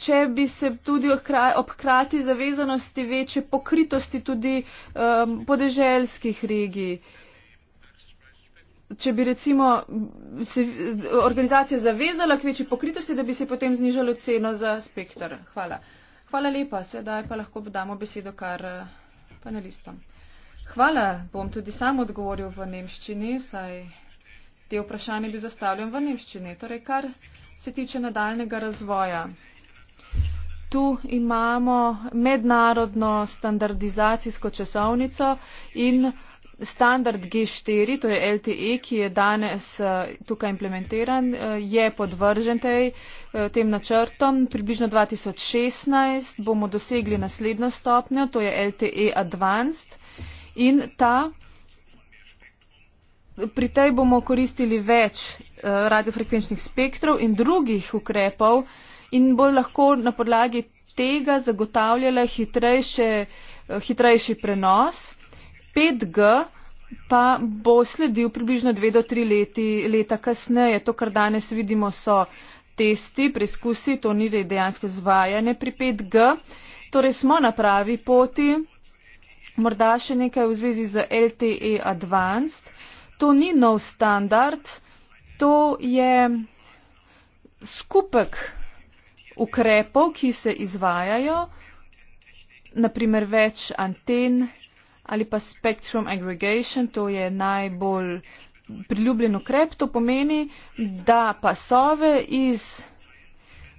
S3: če bi se tudi ob krati zavezanosti večje pokritosti tudi um, podeželskih regij. Če bi recimo se organizacija zavezala k večji pokritosti, da bi se potem znižalo ceno za spektr. Hvala. Hvala lepa. Sedaj pa lahko damo besedo kar panelistom. Hvala. Bom tudi sam odgovoril v nemščini, vsaj Te vprašanje bi zastavljal v nemščini. Torej, kar se tiče nadaljnega razvoja. Tu imamo mednarodno standardizacijsko časovnico in standard G4, to je LTE, ki je danes eh, tukaj implementiran, eh, je podvržen tej, eh, tem načrtom. Približno 2016 bomo dosegli naslednjo stopnjo, to je LTE Advanced. In ta pri tej bomo koristili več eh, radiofrekvenčnih spektrov in drugih ukrepov in bolj lahko na podlagi tega zagotavljala hitrejše, eh, hitrejši prenos. 5G pa bo sledil približno 2 do 3 leti, leta kasneje. To, kar danes vidimo, so testi, preizkusi, to ni dejansko zvajanje pri 5G. Torej smo na pravi poti. Morda še nekaj v zvezi z LTE Advanced to ni nov standard, to je skupek ukrepov, ki se izvajajo, naprimer več anten ali pa spectrum aggregation, to je najbolj priljubljen ukrep, to pomeni, da pasove iz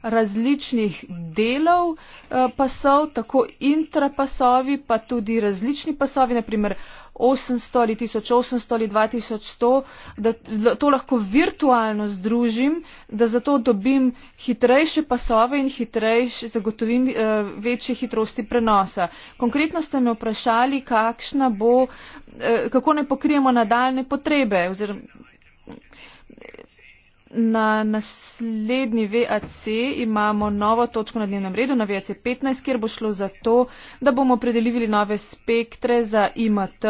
S3: različnih delov eh, pasov, tako intrapasovi, pa tudi različni pasovi, naprimer 800 ali 1800 ali 2100, da, da to lahko virtualno združim, da zato dobim hitrejše pasove in hitrejše, zagotovim eh, večje hitrosti prenosa. Konkretno ste me vprašali, bo, eh, kako ne pokrijemo nadaljne potrebe. Oziroma, Na naslednji VAC imamo novo točko na dnevnem redu, na VAC 15, kjer bo šlo za to, da bomo predelili nove spektre za IMT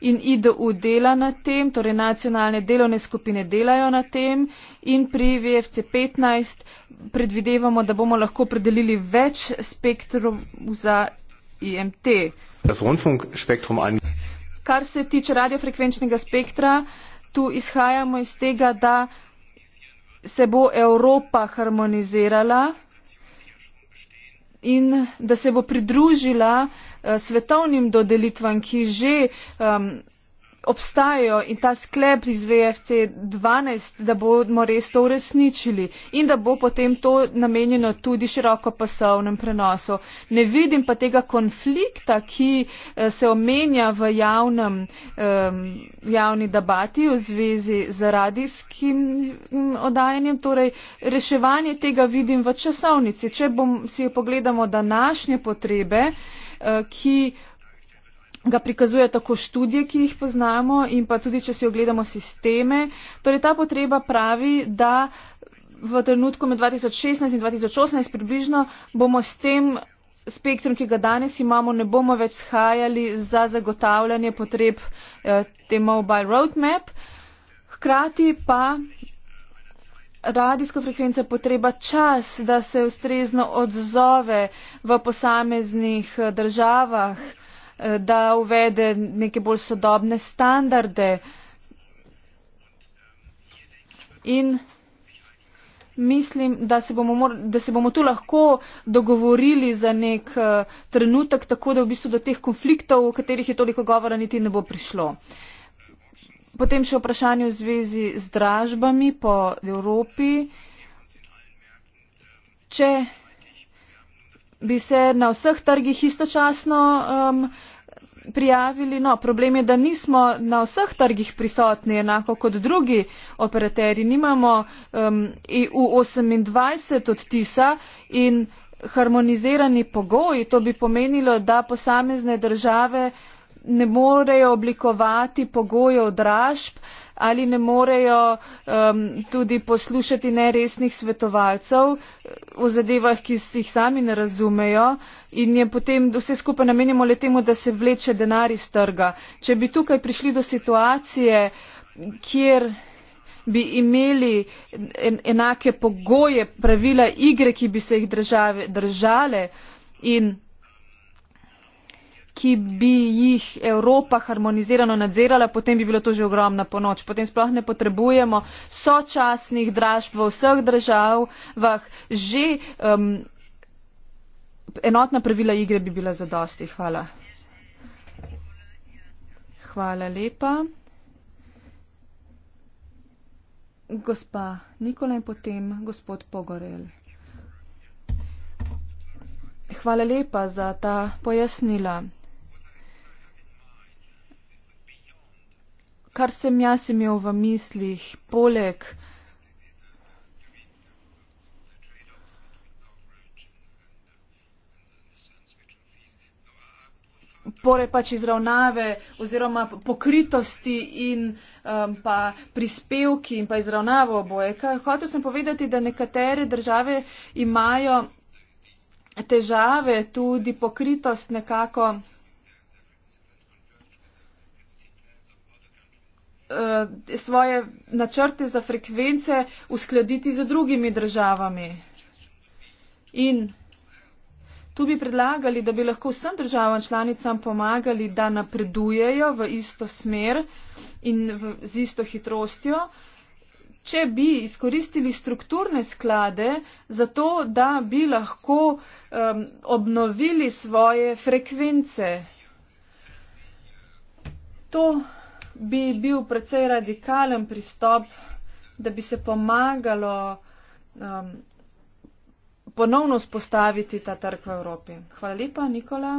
S3: in IDU dela na tem, torej nacionalne delovne skupine delajo na tem in pri VFC 15 predvidevamo, da bomo lahko predelili več spektrov za IMT. Kar se tiče radiofrekvenčnega spektra, tu izhajamo iz tega, da se bo Evropa harmonizirala in da se bo pridružila eh, svetovnim dodelitvam, ki že um, obstajajo in ta sklep iz VFC 12, da bomo res to uresničili in da bo potem to namenjeno tudi širokopasovnem prenosu. Ne vidim pa tega konflikta, ki eh, se omenja v javnem, javni debati v zvezi z radijskim mm, oddajanjem. Torej, reševanje tega vidim v časovnici. Če bom, si pogledamo današnje potrebe, eh, ki ga prikazuje tako študije, ki jih poznamo in pa tudi, če si ogledamo sisteme. Torej, ta potreba pravi, da v trenutku med 2016 in 2018 približno bomo s tem spektrom, ki ga danes imamo, ne bomo več shajali za zagotavljanje potreb eh, te mobile roadmap. Hkrati pa radijska frekvenca potreba čas, da se ustrezno odzove v posameznih eh, državah Eh, da uvede neke bolj sodobne standarde. In mislim, da se, bomo, da se bomo tu lahko dogovorili za nek eh, trenutek, tako da v bistvu do teh konfliktov, o katerih je toliko govora, niti ne bo prišlo. Potem še vprašanje v zvezi z dražbami po Evropi. Če bi se na vseh trgih istočasno um, prijavili. No, problem je, da nismo na vseh trgih prisotni, enako kot drugi operateri. Nimamo um, EU28 odtisa in harmonizirani pogoji. To bi pomenilo, da posamezne države ne morejo oblikovati pogojev dražb ali ne morejo um, tudi poslušati neresnih svetovalcev o uh, zadevah, ki jih sami ne razumejo in je potem vse skupaj namenjamo le temu, da se vleče denar iz trga. Če bi tukaj prišli do situacije, kjer bi imeli en, enake pogoje, pravila igre, ki bi se jih države držale in ki bi jih Evropa harmonizirano nadzirala, potem bi bilo to že ogromna ponoč. Potem sploh ne potrebujemo sočasnih dražb v vseh državah, že um, enotna pravila igre bi bila zadosti. Hvala. Hvala lepa. Gospa Nikola in potem gospod Pogorel. Hvala lepa za ta pojasnila. kar sem jaz imel v mislih, poleg pore pač izravnave oziroma pokritosti in um, pa prispevki in pa izravnavo oboje. Hotel sem povedati, da nekatere države imajo težave tudi pokritost nekako. uh, svoje načrte za frekvence uskladiti z drugimi državami. In tu bi predlagali, da bi lahko vsem državam članicam pomagali, da napredujejo v isto smer in v, z isto hitrostjo, če bi izkoristili strukturne sklade za to, da bi lahko um, obnovili svoje frekvence. To bi bil precej radikalen pristop, da bi se pomagalo um, ponovno spostaviti ta trg v Evropi. Hvala lepa, Nikola.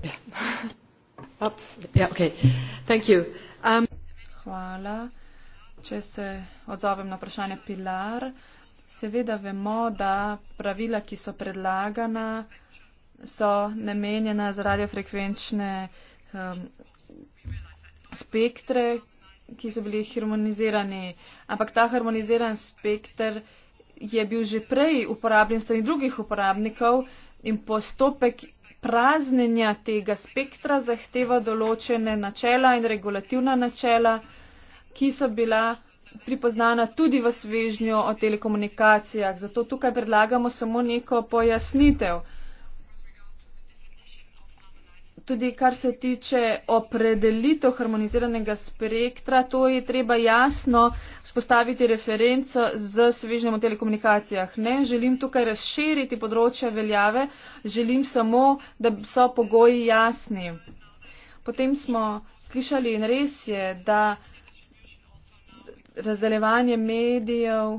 S3: Yeah, ja. ja, okay. um, Hvala. Če se odzovem na vprašanje Pilar, seveda vemo, da pravila, ki so predlagana, so namenjena za radiofrekvenčne. Um, spektre, ki so bili harmonizirani. Ampak ta harmoniziran spekter je bil že prej uporabljen strani drugih uporabnikov in postopek praznenja tega spektra zahteva določene načela in regulativna načela, ki so bila pripoznana tudi v svežnju o telekomunikacijah. Zato tukaj predlagamo samo neko pojasnitev tudi kar se tiče opredelitev harmoniziranega spektra, to je treba jasno spostaviti referenco z svežnjem o telekomunikacijah. Ne želim tukaj razširiti področja veljave, želim samo, da so pogoji jasni. Potem smo slišali in res je, da razdelevanje medijev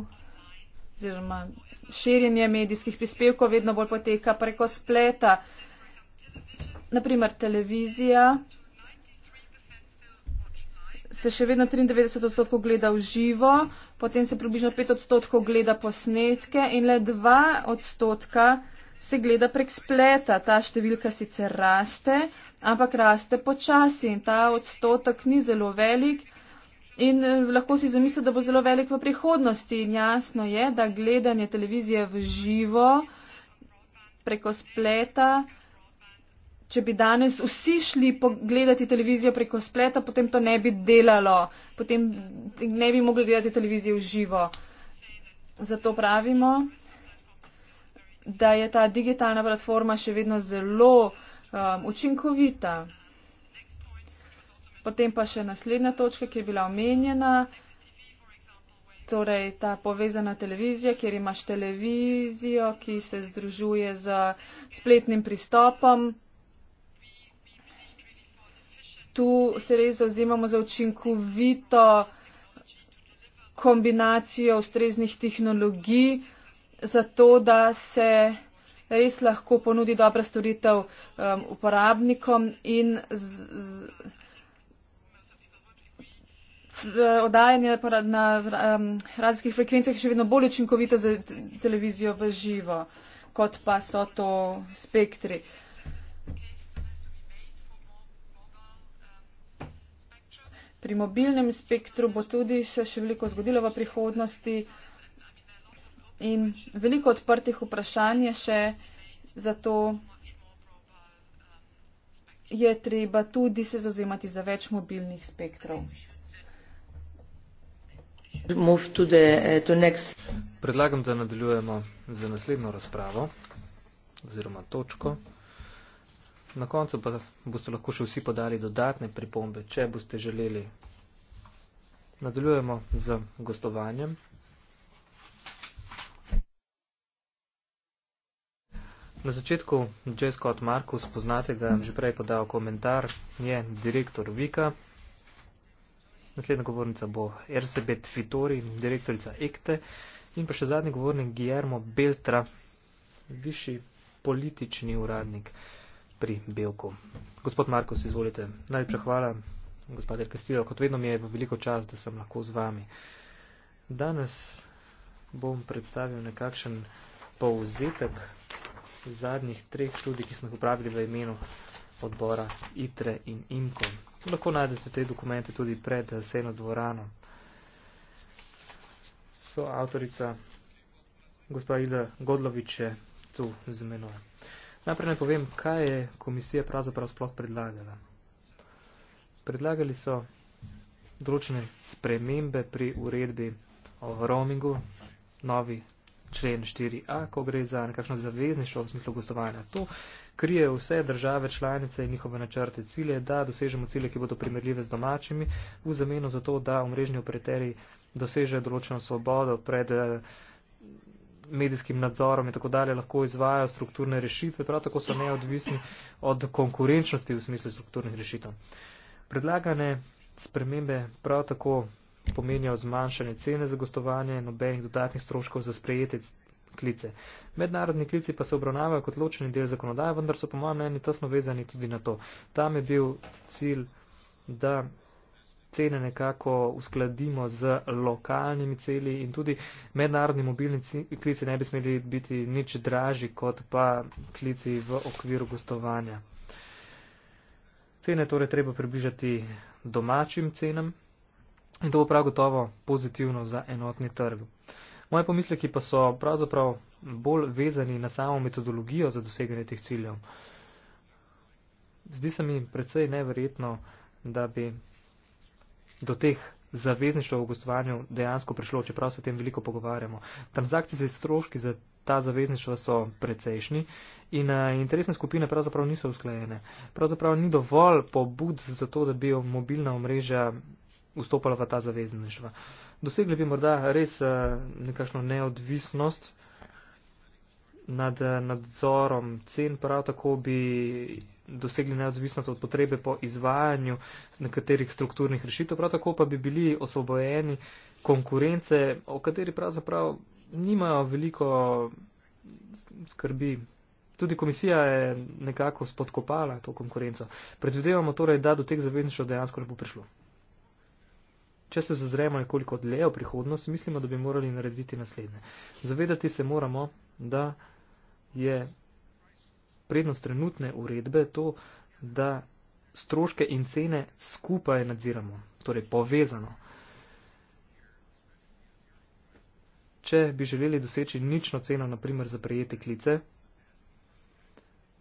S3: oziroma širjenje medijskih prispevkov vedno bolj poteka preko spleta naprimer televizija se še vedno 93 odstotkov gleda v živo, potem se približno 5 odstotkov gleda posnetke in le 2 odstotka se gleda prek spleta. Ta številka sicer raste, ampak raste počasi in ta odstotek ni zelo velik in eh, lahko si zamislite, da bo zelo velik v prihodnosti in jasno je, da gledanje televizije v živo preko spleta če bi danes vsi šli pogledati televizijo preko spleta, potem to ne bi delalo, potem ne bi mogli gledati televizijo v živo. Zato pravimo, da je ta digitalna platforma še vedno zelo um, učinkovita. Potem pa še naslednja točka, ki je bila omenjena, torej ta povezana televizija, kjer imaš televizijo, ki se združuje z spletnim pristopom tu se res zauzemamo za učinkovito kombinacijo ustreznih tehnologij, zato da se res lahko ponudi dobra storitev um, uporabnikom in z, z, eh, Odajanje na radijskih um, frekvencah je še vedno bolj učinkovito za televizijo v živo, kot pa so to spektri. Uh, pri mobilnem spektru bo tudi še, še veliko zgodilo v prihodnosti in veliko odprtih vprašanj je še, zato je treba tudi se zauzemati za več mobilnih spektrov.
S1: Eh,
S4: Predlagam, da nadaljujemo z naslednjo razpravo oziroma točko. Na koncu pa boste lahko še vsi podali dodatne pripombe, če boste želeli. Nadaljujemo z gostovanjem. Na začetku J. Scott Markus, poznate ga, že prej podal komentar, je direktor Vika. Naslednja govornica bo RCB Tvitori, direktorica Ekte. In pa še zadnji govornik Guillermo Beltra, višji politični uradnik. Mm pri Belku. Gospod Markus, izvolite. Najlepša hvala, gospod Erkestilo. Kot vedno mi je v veliko čas, da sem lahko z vami. Danes bom predstavil nekakšen povzetek zadnjih treh študij, ki smo jih upravili v imenu odbora ITRE in IMKO. Lahko najdete te dokumente tudi pred seno dvorano. So avtorica gospod Ida Godlović je tu z menoj. Najprej ne povem, kaj je komisija pravzaprav sploh predlagala. Predlagali so določene spremembe pri uredbi o roamingu, novi člen 4a, ko gre za nekakšno zavezništvo v smislu gostovanja. To krije vse države članice in njihove načrte cilje, da dosežemo cilje, ki bodo primerljive z domačimi, v zameno za to, da omrežni operaterji dosežejo določeno svobodo pred. Eh, medijskim nadzorom in tako dalje lahko izvajajo strukturne rešitve, prav tako so neodvisni od konkurenčnosti v smislu strukturnih rešitev. Predlagane spremembe prav tako pomenijo zmanjšanje cene za gostovanje in nobenih dodatnih stroškov za sprejete klice. Mednarodni klici pa se obravnavajo kot ločeni del zakonodaje, vendar so po mojem mnenju tesno vezani tudi na to. Tam je bil cilj, da cene nekako uskladimo z lokalnimi celi in tudi mednarodni mobilni klici ne bi smeli biti nič dražji kot pa klici v okviru gostovanja. Cene torej treba približati domačim cenam in to bo prav gotovo pozitivno za enotni trg. Moje pomisleki pa so pravzaprav bolj vezani na samo metodologijo za doseganje teh ciljev. Zdi se mi precej neverjetno, da bi do teh zavezništev v gostovanju dejansko prišlo, čeprav se o tem veliko pogovarjamo. Transakcije z stroški za ta zavezništva so precejšnji in uh, interesne skupine pravzaprav niso usklajene. Pravzaprav ni dovolj pobud za to, da bi mobilna omrežja vstopala v ta zavezništva. Dosegli bi morda res uh, nekakšno neodvisnost nad uh, nadzorom cen, prav tako bi dosegli neodvisnost od potrebe po izvajanju nekaterih strukturnih rešitev, prav tako pa bi bili osvobojeni konkurence, o kateri pravzaprav nimajo veliko skrbi. Tudi komisija je nekako spodkopala to konkurenco. Predvidevamo torej, da do teh zavezništev dejansko ne bo prišlo. Če se zazremo nekoliko dlje v prihodnost, mislimo, da bi morali narediti naslednje. Zavedati se moramo, da je prednost trenutne uredbe to, da stroške in cene skupaj nadziramo, torej povezano. Če bi želeli doseči nično ceno, naprimer za prejete klice,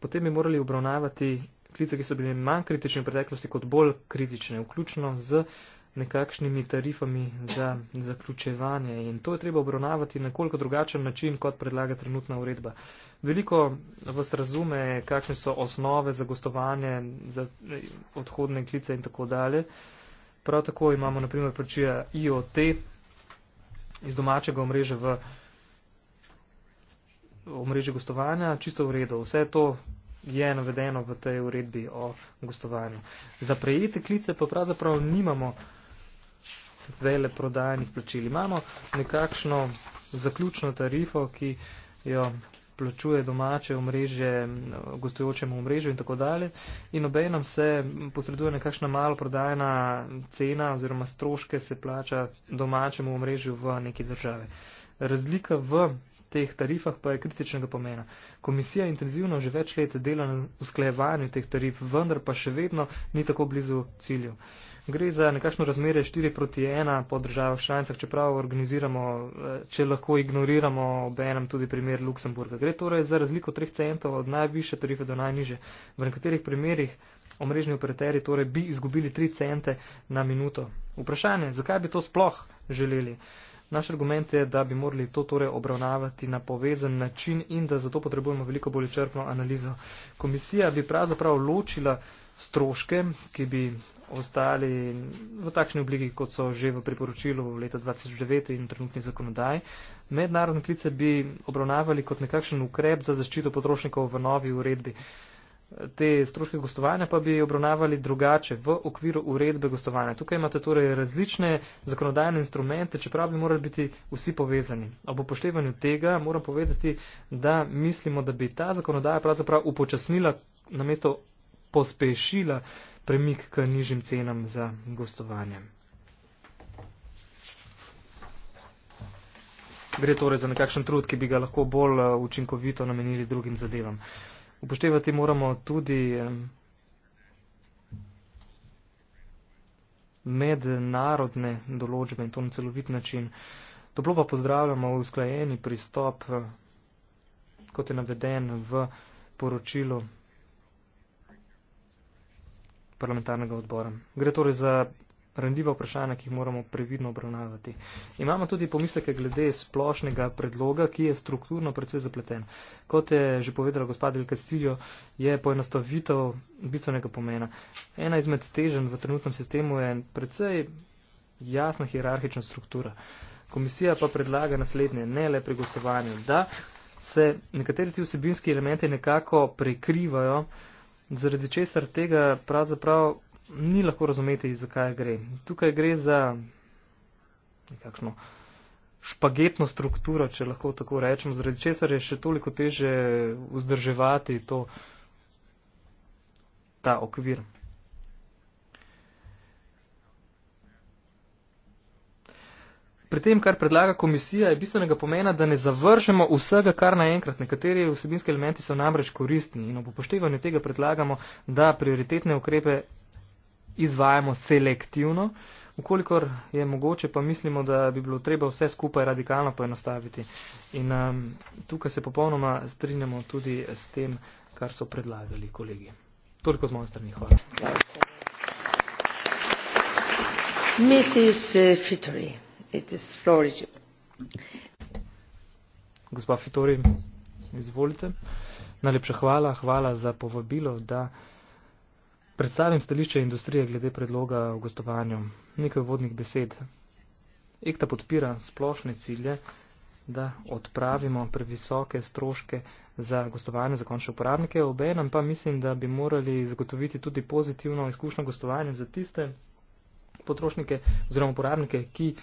S4: potem bi morali obravnavati klice, ki so bili manj kritični v preteklosti kot bolj kritične, vključno z nekakšnimi tarifami za zaključevanje in to je treba obravnavati na koliko drugačen način, kot predlaga trenutna uredba. Veliko vas razume, kakšne so osnove za gostovanje, za eh, odhodne klice in tako dalje. Prav tako imamo naprimer pričija IOT iz domačega omreže v omreže gostovanja, čisto v redu. Vse to je navedeno v tej uredbi o gostovanju. Za prejete klice pa pravzaprav nimamo vele prodajnih plačil. Imamo nekakšno zaključno tarifo, ki jo plačuje domače omrežje, gostujočemu omrežju in tako dalje. In obenem se posreduje nekakšna malo prodajna cena oziroma stroške se plača domačemu omrežju v neki države. Razlika v teh tarifah pa je kritičnega pomena. Komisija intenzivno že več let dela na usklejevanju teh tarif, vendar pa še vedno ni tako blizu cilju. Gre za nekakšno razmerje 4 proti 1 po državah članicah, čeprav organiziramo, eh, če lahko ignoriramo ob enem tudi primer Luksemburga. Gre torej za razliko 3 centov od najviše tarife do najniže. V nekaterih primerjih omrežni operateri torej bi izgubili 3 cente na minuto. Vprašanje, zakaj bi to sploh želeli? Naš argument je, da bi morali to torej obravnavati na povezan način in da zato potrebujemo veliko bolj črpno analizo. Komisija bi pravzaprav ločila stroške, ki bi ostali v takšni obliki, kot so že v priporočilu v leta 2009 in trenutni zakonodaj. Mednarodne klice bi obravnavali kot nekakšen ukrep za zaščito potrošnikov v novi uredbi. Uh, te stroške gostovanja pa bi obravnavali drugače v okviru uredbe gostovanja. Tukaj imate torej različne zakonodajne instrumente, čeprav bi morali biti vsi povezani. Ob upoštevanju tega moram povedati, da mislimo, da bi ta zakonodaja pravzaprav upočasnila namesto pospešila premik k nižjim cenam za gostovanje. Gre torej za nekakšen trud, ki bi ga lahko bolj eh, učinkovito namenili drugim zadevam upoštevati moramo tudi mednarodne določbe in to na celovit način. Toplo pa pozdravljamo usklajeni pristop, kot je naveden v poročilu parlamentarnega odbora. Gre torej za randljiva vprašanja, ki jih moramo previdno obravnavati. Imamo tudi pomisleke glede splošnega predloga, ki je strukturno predvsej zapleten. Kot je že povedala gospod Del Castillo, je poenostavitev bistvenega pomena. Ena izmed težen v trenutnem sistemu je predvsej jasna hierarhična struktura. Komisija pa predlaga naslednje, ne le pri gostovanju, da se nekateri ti vsebinski elementi nekako prekrivajo, zaradi česar tega pravzaprav ni lahko razumeti, zakaj gre. Tukaj gre za nekakšno špagetno strukturo, če lahko tako rečem, zaradi česar je še toliko teže vzdrževati to, ta okvir. Pri tem, kar predlaga komisija, je bistvenega pomena, da ne zavržemo vsega, kar naenkrat. Nekateri vsebinski elementi so namreč koristni in ob upoštevanju tega predlagamo, da prioritetne ukrepe izvajamo selektivno, ukolikor je mogoče, pa mislimo, da bi bilo treba vse skupaj radikalno poenostaviti. In um, tukaj se popolnoma strinjamo tudi s tem, kar so predlagali kolegi. Toliko z moje strani. Hvala.
S1: Mrs. Eh, Fittori, it is floor is
S4: Gospa Fittori, izvolite. Najlepša hvala, hvala za povabilo, da predstavim stališče industrije glede predloga o gostovanju. Nekaj vodnih besed. Ekta podpira splošne cilje, da odpravimo previsoke stroške za gostovanje za končne uporabnike. Obenem pa mislim, da bi morali zagotoviti tudi pozitivno izkušnjo gostovanja za tiste potrošnike oziroma uporabnike, ki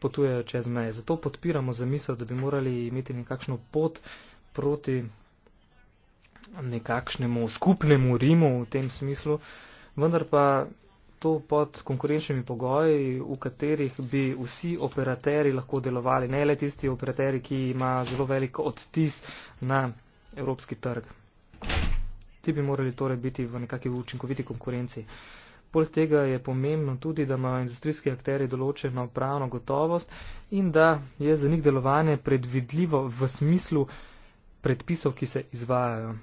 S4: potujejo čez meje. Zato podpiramo zamisel, da bi morali imeti nekakšno pot proti nekakšnemu skupnemu Rimu v tem smislu, vendar pa to pod konkurenčnimi pogoji, v katerih bi vsi operateri lahko delovali, ne le tisti operateri, ki ima zelo velik odtis na evropski trg. Ti bi morali torej biti v nekakšni učinkoviti konkurenci. Poleg tega je pomembno tudi, da imajo industrijski akteri določeno pravno gotovost in da je za njih delovanje predvidljivo v smislu predpisov, ki se izvajajo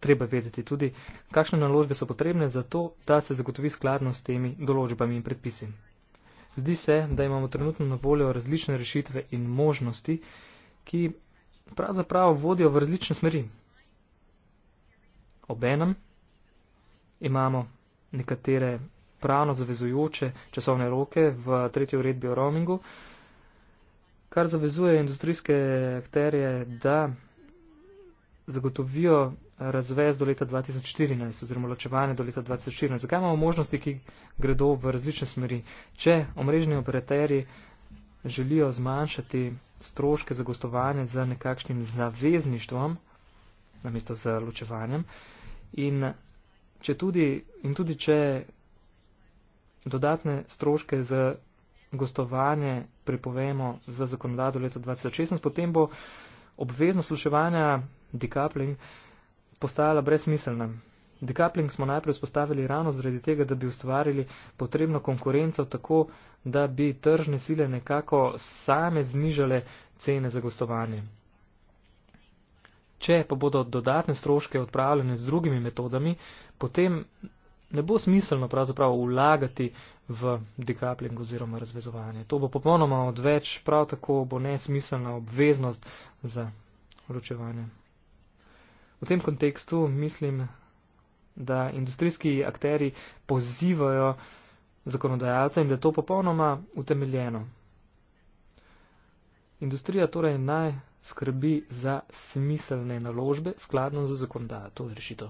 S4: treba vedeti tudi, kakšne naložbe so potrebne za to, da se zagotovi skladno s temi določbami in predpisi. Zdi se, da imamo trenutno na voljo različne rešitve in možnosti, ki pravzaprav vodijo v različne smeri. Obenem imamo nekatere pravno zavezujoče časovne roke v tretji uredbi o roamingu, kar zavezuje industrijske akterje, da zagotovijo razvez do leta 2014 oziroma ločevanje do leta 2014. Zakaj imamo možnosti, ki gredo v različne smeri? Če omrežni operaterji želijo zmanjšati stroške za gostovanje z nekakšnim zavezništvom, namesto z ločevanjem, in, če tudi, in tudi če dodatne stroške za gostovanje pripovemo za zakonodajo do leta 2016, potem bo obveznost ločevanja decoupling postajala brezmiselna. Decoupling smo najprej spostavili ravno zaradi tega, da bi ustvarili potrebno konkurenco tako, da bi tržne sile nekako same znižale cene za gostovanje. Če pa bodo dodatne stroške odpravljene z drugimi metodami, potem ne bo smiselno pravzaprav vlagati v decoupling oziroma razvezovanje. To bo popolnoma odveč, prav tako bo nesmiselna obveznost za ločevanje. V tem kontekstu mislim, da industrijski akteri pozivajo zakonodajalca in da je to popolnoma utemeljeno. Industrija torej naj skrbi za smiselne naložbe skladno z zakonodajo, to je rešitev.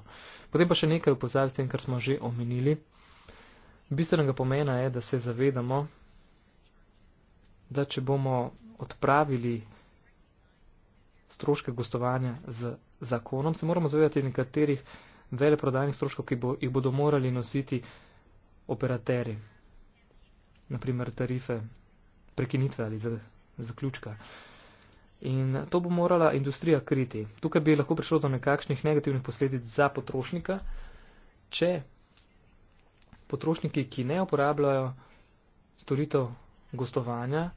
S4: Potem pa še nekaj upozorj s tem, kar smo že omenili. Bistvenega pomena je, da se zavedamo, da če bomo odpravili stroške gostovanja z zakonom, se moramo zavedati nekaterih veleprodajnih stroškov, ki bo, jih bodo morali nositi operateri, naprimer tarife, prekinitve ali zaključka. In to bo morala industrija kriti. Tukaj bi lahko prišlo do nekakšnih negativnih posledic za potrošnika, če potrošniki, ki ne uporabljajo storitev gostovanja,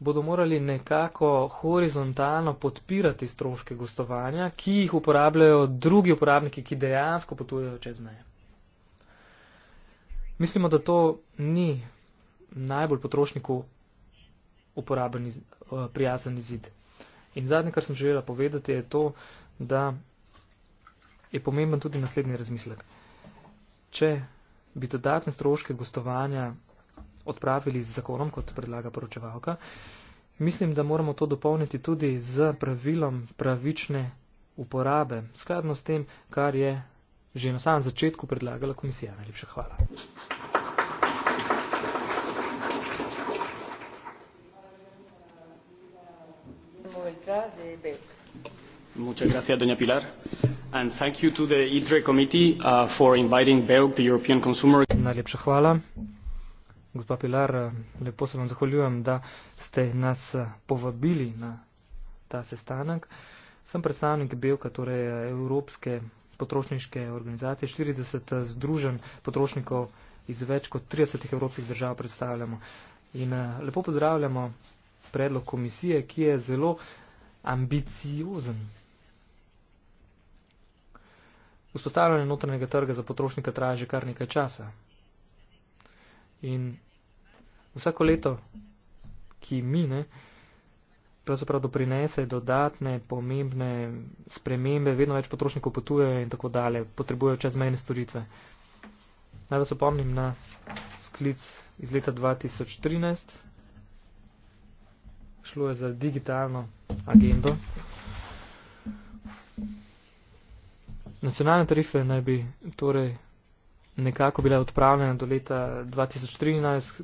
S4: bodo morali nekako horizontalno podpirati stroške gostovanja, ki jih uporabljajo drugi uporabniki, ki dejansko potujejo čez meje. Mislimo, da to ni najbolj potrošniku uporaben eh, prijazen izid. In zadnje, kar sem želela povedati, je to, da je pomemben tudi naslednji razmislek. Če bi dodatne stroške gostovanja odpravili z zakonom, kot predlaga poročevalka. Mislim, da moramo to dopolniti tudi z pravilom pravične uporabe, skladno s tem, kar je že na samem začetku predlagala komisija. Najlepša hvala.
S2: Muchas gracias, Doña Pilar.
S4: And thank you to the ITRE committee uh, for inviting BELG, the European Consumer. Najlepša hvala. Gospa Pilar, lepo se vam zahvaljujem, da ste nas eh, povabili na ta sestanek. Sem predstavnik Belka, torej eh, Evropske potrošniške organizacije, 40 eh, združen potrošnikov iz več kot 30 evropskih držav predstavljamo. In lepo pozdravljamo predlog komisije, ki je zelo ambiciozen. Vzpostavljanje notranjega trga za potrošnika traja že kar nekaj časa. In vsako leto, ki mine, pravzaprav doprinese dodatne, pomembne spremembe, vedno več potrošnikov potuje in tako dalje, potrebujejo čezmejne storitve. Naj vas opomnim na sklic iz leta 2013. Šlo je za digitalno agendo. Nacionalne tarife naj bi torej nekako bile odpravljene do leta 2013,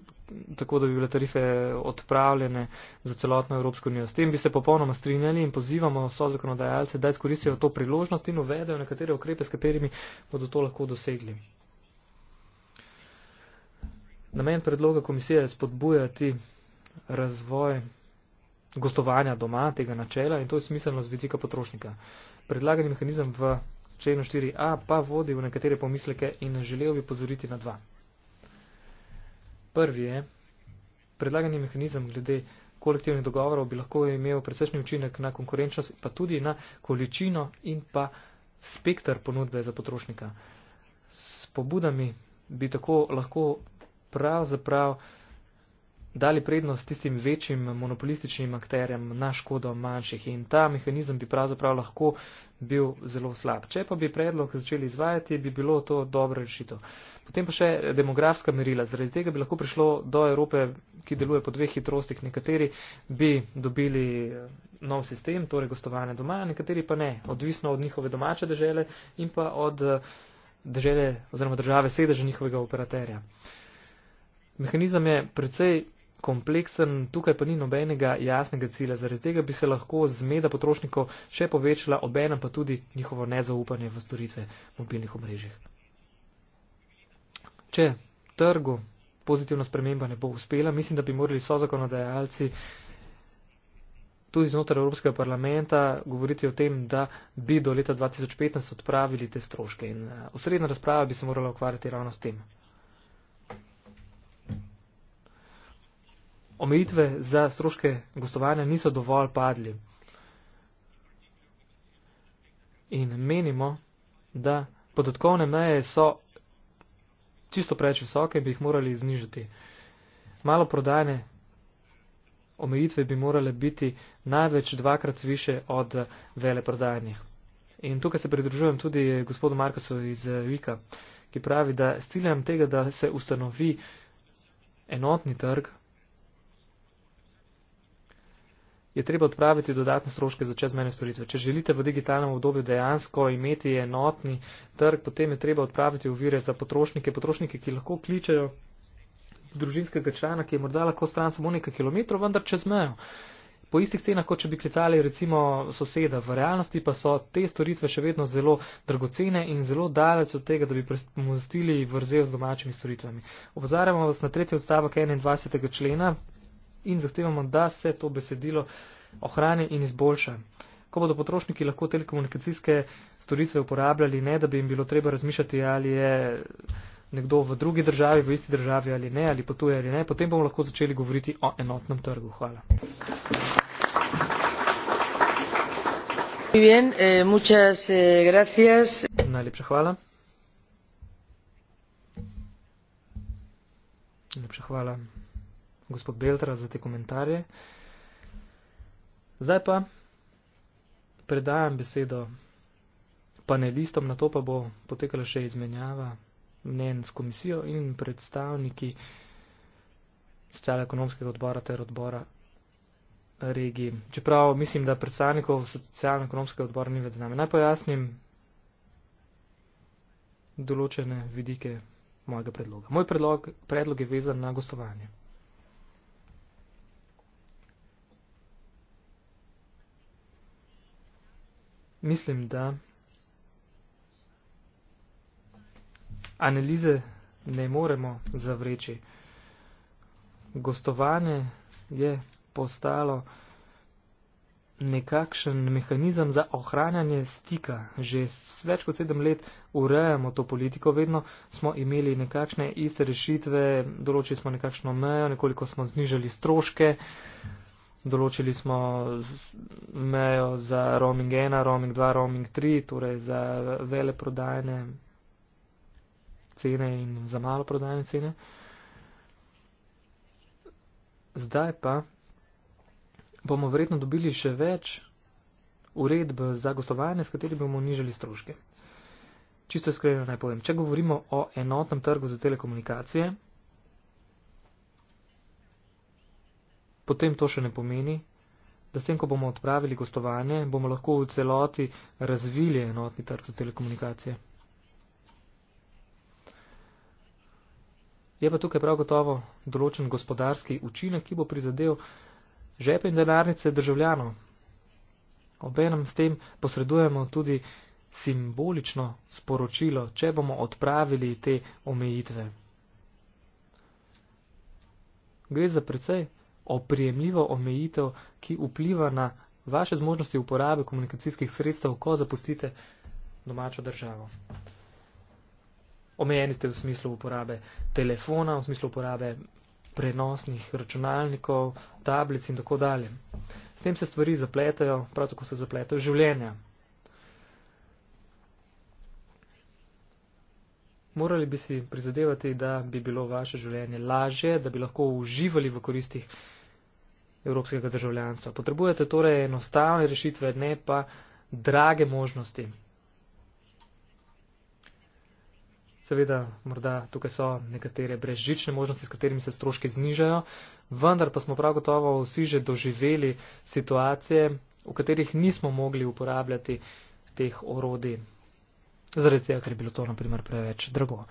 S4: tako da bi bile tarife odpravljene za celotno Evropsko unijo. S tem bi se popolnoma strinjali in pozivamo so zakonodajalce, da izkoristijo to priložnost in uvedejo nekatere ukrepe, s katerimi bodo to lahko dosegli. Namen predloga komisije je spodbujati razvoj gostovanja doma tega načela in to je smiselno z vidika potrošnika. Predlagani mehanizem v členu 4a pa vodi v nekatere pomisleke in želel bi pozoriti na dva. Prvi je, predlagani mehanizem glede kolektivnih dogovorov bi lahko imel precejšnji učinek na konkurenčnost, pa tudi na količino in pa spektr ponudbe za potrošnika. S pobudami bi tako lahko pravzaprav prav dali prednost tistim večjim monopolističnim akterjem na škodo manjših in ta mehanizem bi pravzaprav lahko bil zelo slab. Če pa bi predlog začeli izvajati, bi bilo to dobro rešito. Potem pa še demografska merila. Zaradi tega bi lahko prišlo do Evrope, ki deluje po dveh hitrostih. Nekateri bi dobili eh, nov sistem, torej gostovanje doma, nekateri pa ne, odvisno od njihove domače države in pa od eh, države, države sedeža njihovega operaterja. Mehanizem je precej kompleksen, tukaj pa ni nobenega jasnega cilja, zaradi tega bi se lahko zmeda potrošnikov še povečala, obenem pa tudi njihovo nezaupanje v storitve mobilnih omrežjih. Če trgu pozitivna sprememba ne bo uspela, mislim, da bi morali so zakonodajalci tudi znotraj Evropskega parlamenta govoriti o tem, da bi do leta 2015 odpravili te stroške. In eh, osrednja razprava bi se morala ukvarjati ravno s tem. omejitve za stroške gostovanja niso dovolj padli. In menimo, da podatkovne meje so čisto preč visoke, bi jih morali znižati. Malo prodajne omejitve bi morale biti največ dvakrat više od vele prodajnih. In tukaj se pridružujem tudi gospodu Markasu iz Vika, ki pravi, da s ciljem tega, da se ustanovi enotni trg, je treba odpraviti dodatne stroške za čezmene storitve. Če želite v digitalnem obdobju dejansko imeti enotni trg, potem je treba odpraviti uvire za potrošnike, potrošnike, ki lahko kličejo družinskega člana, ki je morda lahko stran samo nekaj kilometrov, vendar čez mejo. Po istih cenah, kot če bi klicali recimo soseda, v realnosti pa so te storitve še vedno zelo dragocene in zelo daleč od tega, da bi pomostili vrzel z domačimi storitvami. Opozarjamo vas na tretji odstavek 21. člena, in zahtevamo, da se to besedilo ohrani in izboljša. Ko bodo potrošniki lahko telekomunikacijske storitve uporabljali, ne da bi jim bilo treba razmišljati, ali je nekdo v drugi državi, v isti državi ali ne, ali potuje ali ne, potem bomo lahko začeli govoriti o enotnem trgu. Hvala.
S1: Bien, eh, muchas, eh,
S4: Najlepša hvala. Najlepša hvala gospod Beltra, za te komentarje. Zdaj pa predajam besedo panelistom, na to pa bo potekala še izmenjava mnen s komisijo in predstavniki socialno-ekonomskega odbora ter odbora regiji. Čeprav mislim, da predstavnikov socialno-ekonomskega odbora ni več z nami. Naj pojasnim določene vidike mojega predloga. Moj predlog, predlog je vezan na gostovanje. mislim, da analize ne moremo zavreči. Gostovanje je postalo nekakšen mehanizem za ohranjanje stika. Že s več kot sedem let urejamo to politiko, vedno smo imeli nekakšne iste rešitve, določili smo nekakšno mejo, nekoliko smo znižali stroške. Uh, določili smo mejo za roaming 1, roaming 2, roaming 3, torej za vele prodajne cene in za malo prodajne cene. Zdaj pa bomo verjetno dobili še več uredb za gostovanje, s katerimi bomo nižali stroške. Čisto iskreno naj povem, če govorimo o enotnem trgu za telekomunikacije, potem to še ne pomeni, da s tem, ko bomo odpravili gostovanje, bomo lahko v celoti razvili enotni trg za telekomunikacije. Je pa tukaj prav gotovo določen gospodarski učinek, ki bo prizadel žepe in denarnice državljanov. Obenem s tem posredujemo tudi simbolično sporočilo, če bomo odpravili te omejitve. Gre za precej oprijemljivo omejitev, ki vpliva na vaše zmožnosti uporabe komunikacijskih sredstev, ko zapustite domačo državo. Omejeni ste v smislu uporabe telefona, v smislu uporabe prenosnih računalnikov, tablic in tako dalje. S tem se stvari zapletajo, prav tako se zapletajo življenja. Morali bi si prizadevati, da bi bilo vaše življenje lažje, da bi lahko uživali v koristih evropskega državljanstva. Potrebujete torej enostavne rešitve, ne pa drage možnosti. Seveda, morda tukaj so nekatere brezžične možnosti, s katerimi se stroški znižajo, vendar pa smo prav gotovo vsi že doživeli situacije, v katerih nismo mogli uporabljati teh orodij. Zaradi tega, ker je bilo to naprimer preveč drago.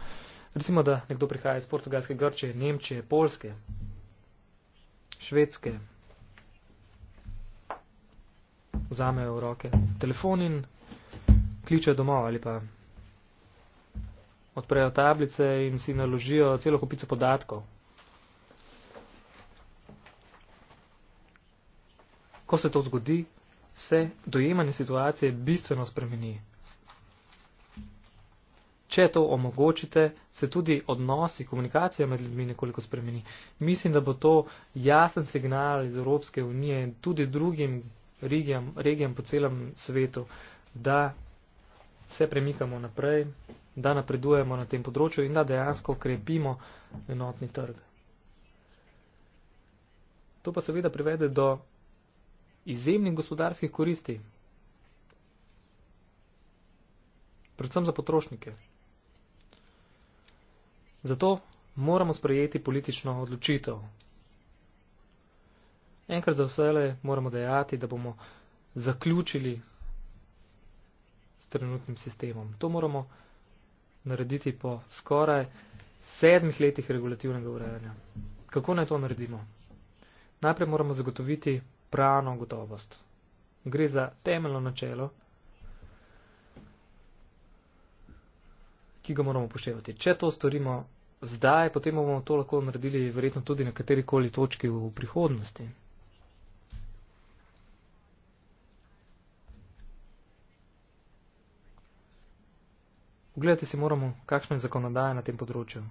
S4: Recimo, da nekdo prihaja iz Portugalske, Grčije, Nemčije, Polske, Švedske, vzamejo v roke telefon in kličejo domov ali pa odprejo tablice in si naložijo celo kopico podatkov. Ko se to zgodi, se dojemanje situacije bistveno spremeni. Če to omogočite, se tudi odnosi, komunikacija med ljudmi nekoliko spremeni. Mislim, da bo to jasen signal iz Evropske unije tudi drugim regijam, regijam po celem svetu, da se premikamo naprej, da napredujemo na tem področju in da dejansko krepimo enotni trg. To pa seveda privede do izjemnih gospodarskih koristi, predvsem za potrošnike. Zato moramo sprejeti politično odločitev, enkrat za vsele moramo dejati, da bomo zaključili s trenutnim sistemom. To moramo narediti po skoraj sedmih letih regulativnega urejanja. Kako naj to naredimo? Najprej moramo zagotoviti pravno gotovost. Gre za temeljno načelo, ki ga moramo poštevati. Če to storimo zdaj, potem bomo to lahko naredili verjetno tudi na kateri koli točki v prihodnosti. Ugledati si moramo, kakšna je zakonodaja na tem področju.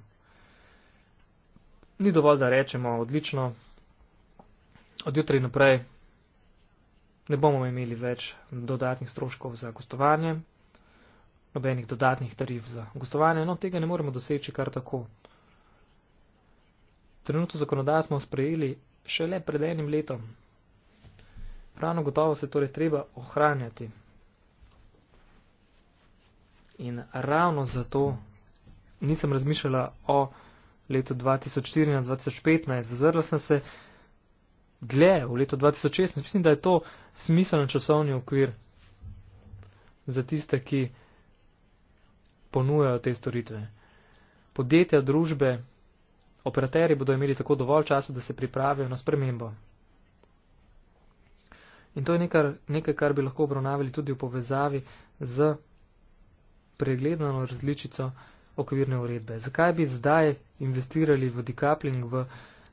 S4: Ni dovolj, da rečemo odlično, odjutraj naprej ne bomo imeli več dodatnih stroškov za gostovanje, nobenih dodatnih tarif za gostovanje, no tega ne moremo doseči kar tako. Trenutno zakonodaj smo sprejeli šele pred enim letom. Pravno gotovo se torej treba ohranjati. In ravno zato nisem razmišljala o letu 2014-2015, zazrla sem se dlje v letu 2016. Mislim, da je to smiselen časovni okvir za tiste, ki ponujajo te storitve. Podjetja, družbe, operaterji bodo imeli tako dovolj časa, da se pripravijo na spremembo. In to je nekaj, nekaj kar bi lahko obravnavali tudi v povezavi z pregledano različico okvirne uredbe. Zakaj bi zdaj investirali v decoupling, v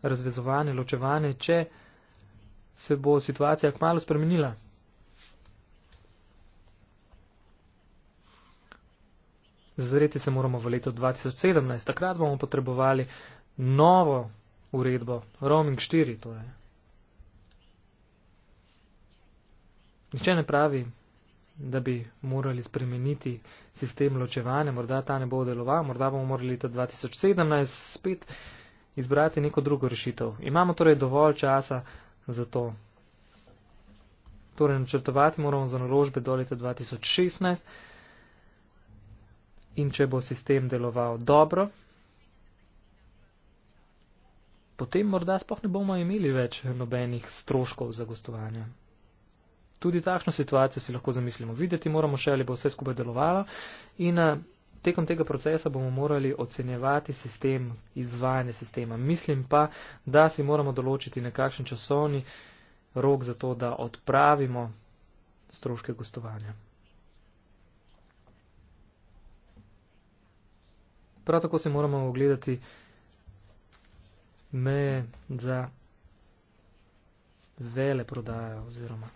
S4: razvezovanje, ločevanje, če se bo situacija kmalo spremenila? Zazreti se moramo v leto 2017. Takrat bomo potrebovali novo uredbo, roaming 4. Torej. Nihče ne pravi, da bi morali spremeniti sistem ločevanja, morda ta ne bo deloval, morda bomo morali leta 2017 spet izbrati neko drugo rešitev. Imamo torej dovolj časa za to. Torej, načrtovati moramo za naložbe do leta 2016 in če bo sistem deloval dobro, potem morda spoh ne bomo imeli več nobenih stroškov za gostovanje tudi takšno situacijo si lahko zamislimo. Videti moramo še, ali bo vse skupaj delovalo in eh, tekom tega procesa bomo morali ocenjevati sistem, izvajanje sistema. Mislim pa, da si moramo določiti nekakšen časovni rok za to, da odpravimo stroške gostovanja. Prav tako si moramo ogledati meje za vele prodaje oziroma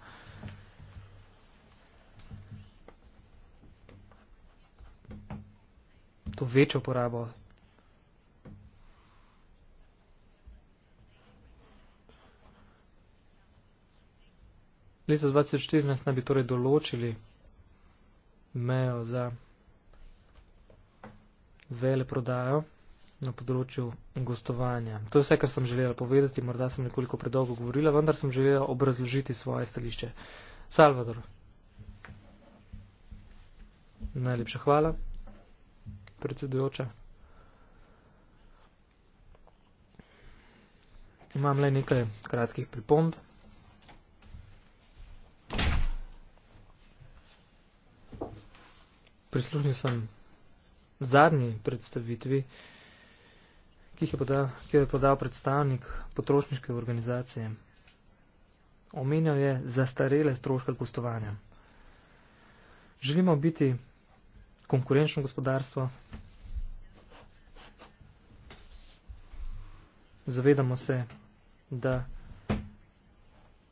S4: to večjo porabo. Leto 2014 naj bi torej določili mejo za vele prodajo na področju gostovanja. To je vse, kar sem želela povedati, morda sem nekoliko predolgo govorila, vendar sem želela obrazložiti svoje stališče. Salvador, najlepša hvala predsedujoča. Imam le nekaj kratkih pripomb. Prisluhnil sem zadnji predstavitvi, ki jo je, podal, je podal predstavnik potrošniške organizacije. Omenjal je zastarele stroške gostovanja. Želimo biti konkurenčno gospodarstvo. Zavedamo se, da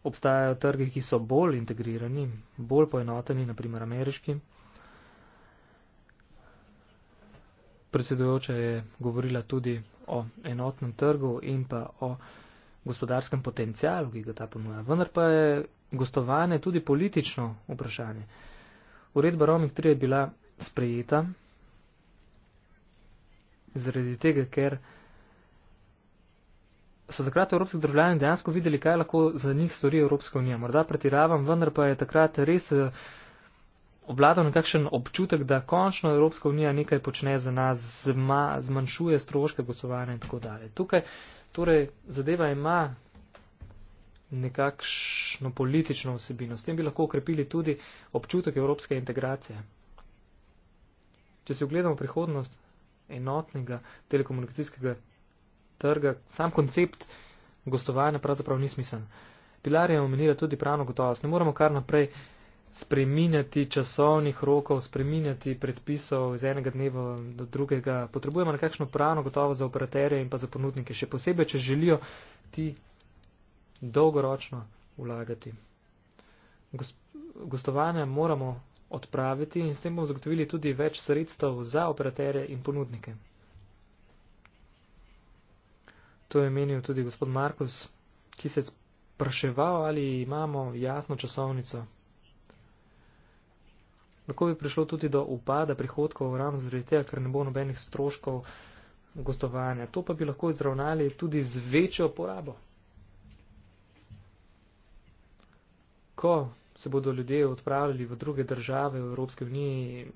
S4: obstajajo trge, ki so bolj integrirani, bolj poenoteni, naprimer ameriški. Predsedujoča je govorila tudi o enotnem trgu in pa o gospodarskem potencijalu, ki ga ta ponuja. Vendar pa je gostovanje tudi politično vprašanje. Uredba Romih 3 je bila sprejeta, zaradi tega, ker so takrat evropski državljani dejansko videli, kaj lahko za njih stori Evropska unija. Morda pretiravam, vendar pa je takrat res eh, obladal nekakšen občutek, da končno Evropska unija nekaj počne za nas, zma, zmanjšuje stroške glasovanja in tako dalje. Tukaj torej zadeva ima nekakšno politično vsebino. S tem bi lahko okrepili tudi občutek evropske integracije. Če se ogledamo prihodnost enotnega telekomunikacijskega trga, sam koncept gostovanja pravzaprav ni smisen. Pilar je omenila tudi pravno gotovost. Ne moramo kar naprej spreminjati časovnih rokov, spreminjati predpisov iz enega dneva do drugega. Potrebujemo nekakšno pravno gotovost za operaterje in pa za ponudnike, še posebej, če želijo ti dolgoročno vlagati. Gostovanja moramo odpraviti in s tem bomo zagotovili tudi več sredstev za operatere in ponudnike. To je menil tudi gospod Markus, ki se je spraševal, ali imamo jasno časovnico. Lahko bi prišlo tudi do upada prihodkov ravno zaradi tega, ker ne bo nobenih stroškov gostovanja. To pa bi lahko izravnali tudi z večjo porabo. Ko se bodo ljudje odpravili v druge države v Evropske unije,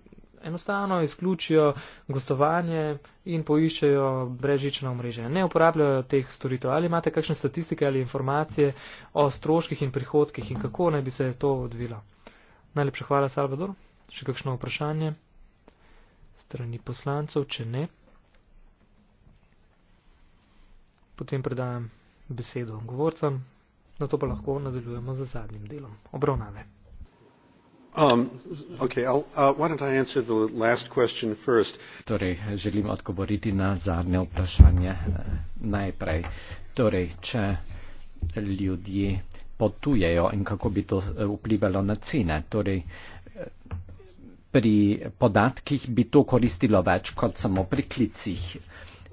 S4: enostavno izključijo gostovanje in poiščejo brežična omrežja. Ne uporabljajo teh storitev. Ali imate kakšne statistike ali informacije o stroških in prihodkih in kako naj bi se to odvilo? Najlepša hvala, Salvador. Še kakšno vprašanje strani poslancev, če ne? Potem predajam besedo govorcem na to pa lahko nadaljujemo z zadnjim delom obravnave.
S2: Um, okay, uh, torej, želim odgovoriti na zadnje vprašanje uh, najprej. Torej, če ljudje potujejo in kako bi to uh, vplivalo na cene. Torej, uh, pri podatkih bi to koristilo več kot samo pri klicih.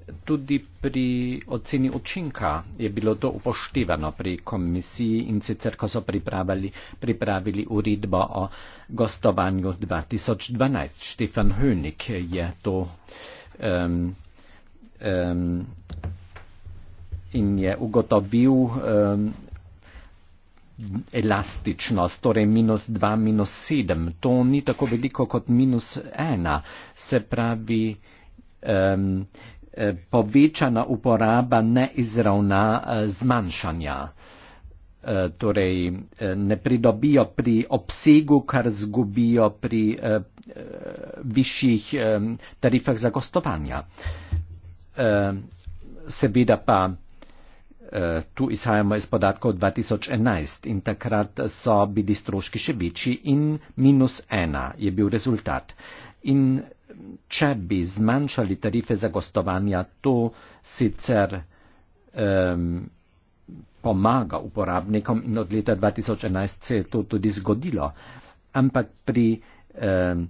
S2: Tudi pri oceni učinka je bilo to upoštevano pri komisiji in sicer, ko so pripravili, pripravili uredbo o gostovanju 2012. Štefan Hönig je to um, um, in je ugotovil um, elastičnost, torej minus 2, minus 7. To ni tako veliko kot minus 1. Se pravi. Um, Eh, povečana uporaba ne izravna eh, zmanjšanja. Eh, torej ne pridobijo pri obsegu, kar zgubijo pri višjih tarifah za gostovanja. Seveda pa tu izhajamo iz podatkov 2011 in takrat so bili stroški še večji in minus ena je bil rezultat. In če bi zmanjšali tarife za gostovanja, to sicer um, pomaga uporabnikom in od leta 2011 se je to tudi zgodilo. Ampak pri um,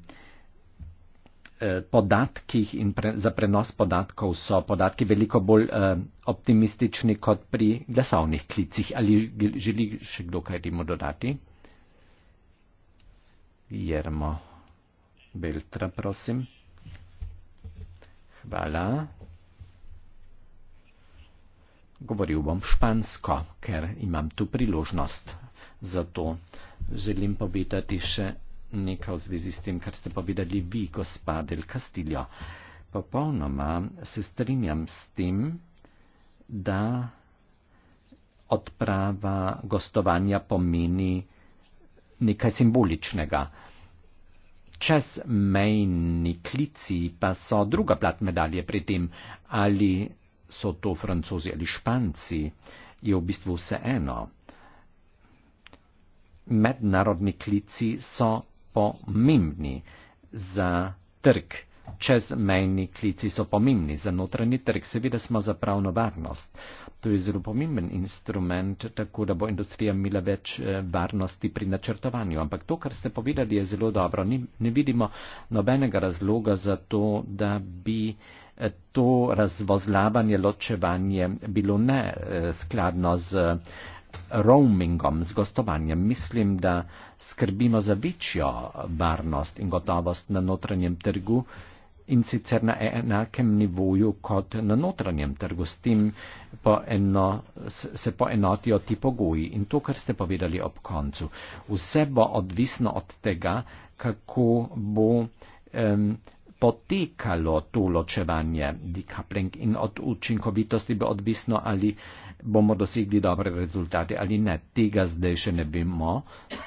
S2: podatkih in pre, za prenos podatkov so podatki veliko bolj uh, optimistični kot pri glasovnih klicih. Ali želi še kdo kaj temu dodati? Jermo Beltra, prosim. Hvala. Govoril bom špansko, ker imam tu priložnost za to. Želim povedati še nekaj v zvezi s tem, kar ste povedali vi, gospa Del Castillo. Popolnoma se strinjam s tem, da odprava gostovanja pomeni nekaj simboličnega. Čez mejni klici pa so druga plat medalje pri tem, ali so to francozi ali španci, je v bistvu vseeno. Mednarodni klici so pomembni za trg čezmejni klici so pomembni za notranji trg, seveda smo za pravno varnost. To je zelo pomemben instrument, tako da bo industrija imela več eh, varnosti pri načrtovanju. Ampak to, kar ste povedali, je zelo dobro. Ni, ne vidimo nobenega razloga za to, da bi eh, to razvozlavanje, ločevanje bilo ne eh, skladno z roamingom, z gostovanjem. Mislim, da skrbimo za večjo varnost in gotovost na notranjem trgu, in sicer na enakem nivoju kot na notranjem trgu, s tem po eno, se poenotijo ti pogoji in to, kar ste povedali ob koncu. Vse bo odvisno od tega, kako bo. Um, potekalo tu ločevanje decoupling in od učinkovitosti bo odvisno, ali bomo dosegli dobre rezultate ali ne. Tega zdaj še ne vemo,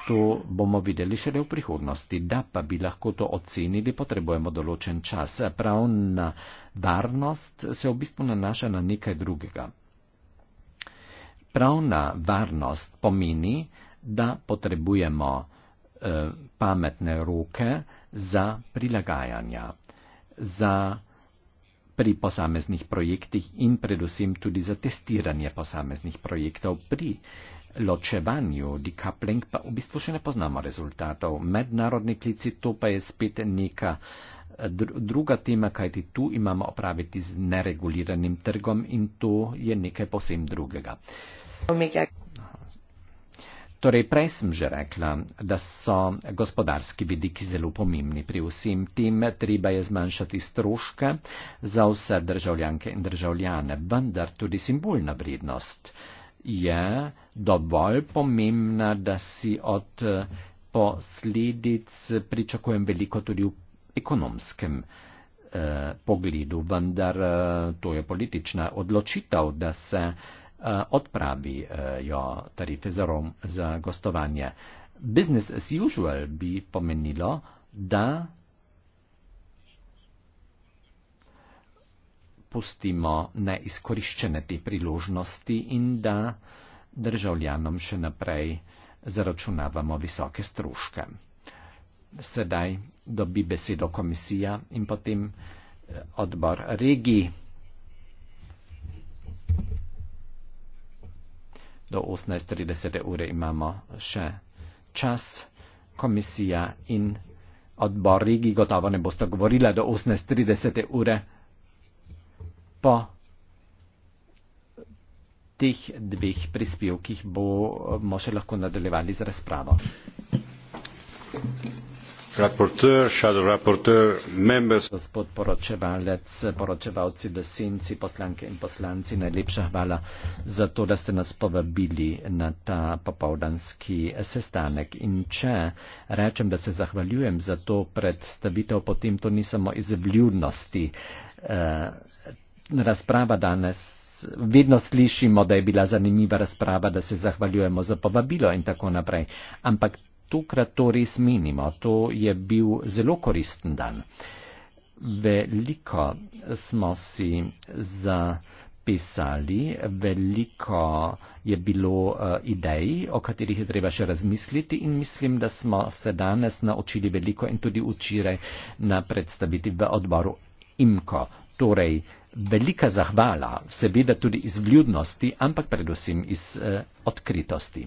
S2: to bomo videli šele v prihodnosti. Da pa bi lahko to ocenili, potrebujemo določen čas. Prav na varnost se v bistvu nanaša na nekaj drugega. Pravna varnost pomeni, da potrebujemo eh, pametne roke za prilagajanja za, pri posameznih projektih in predvsem tudi za testiranje posameznih projektov pri ločevanju decoupling pa v bistvu še ne poznamo rezultatov. Mednarodni klici to pa je spet neka druga tema, kajti tu imamo opraviti z nereguliranim trgom in to je nekaj posebnega. Torej, prej sem že rekla, da so gospodarski vidiki zelo pomembni pri vsem tem, treba je zmanjšati stroške za vse državljanke in državljane, vendar tudi simbolna vrednost je dovolj pomembna, da si od posledic pričakujem veliko tudi v ekonomskem eh, pogledu, vendar eh, to je politična odločitev, da se eh, Eh, odpravi eh, jo tarifezorom za gostovanje. Business as usual bi pomenilo, da pustimo neizkoriščene te priložnosti in da državljanom še naprej zaračunavamo visoke stroške. Sedaj dobi besedo komisija in potem eh, odbor regij. do 18.30 ure imamo še čas, komisija in odborigi gotovo ne boste govorila do 18.30 ure po teh dveh prispevkih bomo še lahko nadaljevali z razpravo.
S1: Rapporteur, shadow rapporteur,
S2: members. Gospod poročevalec, poročevalci, desinci, poslanke in poslanci, najlepša hvala za to, da ste nas povabili na ta popovdanski sestanek. In če rečem, da se zahvaljujem za to predstavitev, potem to ni samo iz vljudnosti. Eh, razprava danes. Vedno slišimo, da je bila zanimiva razprava, da se zahvaljujemo za povabilo in tako naprej. Ampak tokrat to res menimo. To je bil zelo koristen dan. Veliko smo si za. Pisali. Veliko je bilo uh, idej, o katerih je treba še razmisliti in mislim, da smo se danes naučili veliko in tudi včeraj na predstaviti v odboru IMKO. Torej, velika zahvala, seveda tudi iz vljudnosti, ampak predvsem iz uh, odkritosti.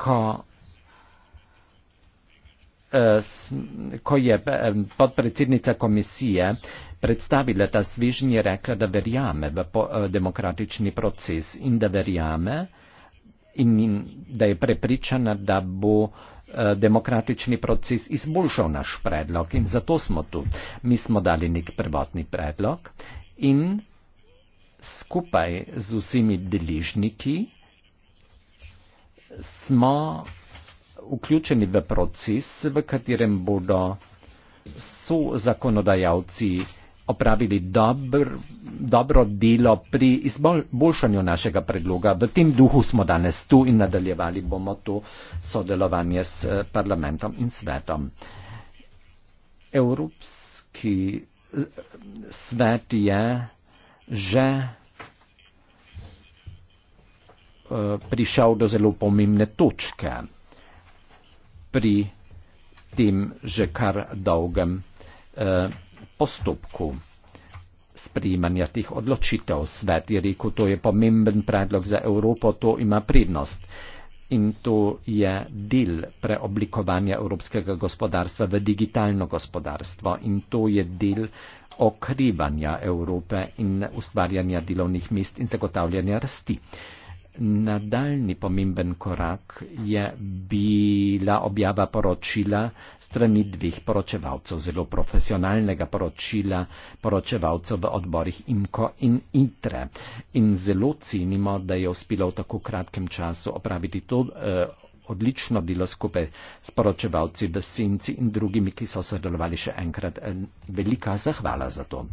S2: Ko Eh, ko je podpredsednica komisije predstavila ta svižnj, je rekla, da verjame v eh, demokratični proces in da verjame in da je prepričana, da bo eh, demokratični proces izboljšal naš predlog in zato smo tu. Mi smo dali nek prvotni predlog in skupaj z vsemi deližniki smo vključeni v proces, v katerem bodo so zakonodajalci opravili dobr, dobro delo pri izboljšanju našega predloga. V tem duhu smo danes tu in nadaljevali bomo to sodelovanje s eh, parlamentom in svetom. Evropski eh, svet je že eh, prišel do zelo pomembne točke pri tem že kar dolgem eh, postopku sprejemanja teh odločitev. Svet je rekel, to je pomemben predlog za Evropo, to ima prednost. In to je del preoblikovanja evropskega gospodarstva v digitalno gospodarstvo. In to je del okrevanja Evrope in ustvarjanja delovnih mest in zagotavljanja rasti. Eh, nadaljni pomemben korak je bila objava poročila strani dveh poročevalcev, zelo profesionalnega poročila poročevalcev v odborih IMKO in ITRE. In zelo cenimo, da je uspelo v tako kratkem času opraviti to eh, odlično delo skupaj s poročevalci v Senci in drugimi, ki so sodelovali še enkrat. Eh, velika zahvala za to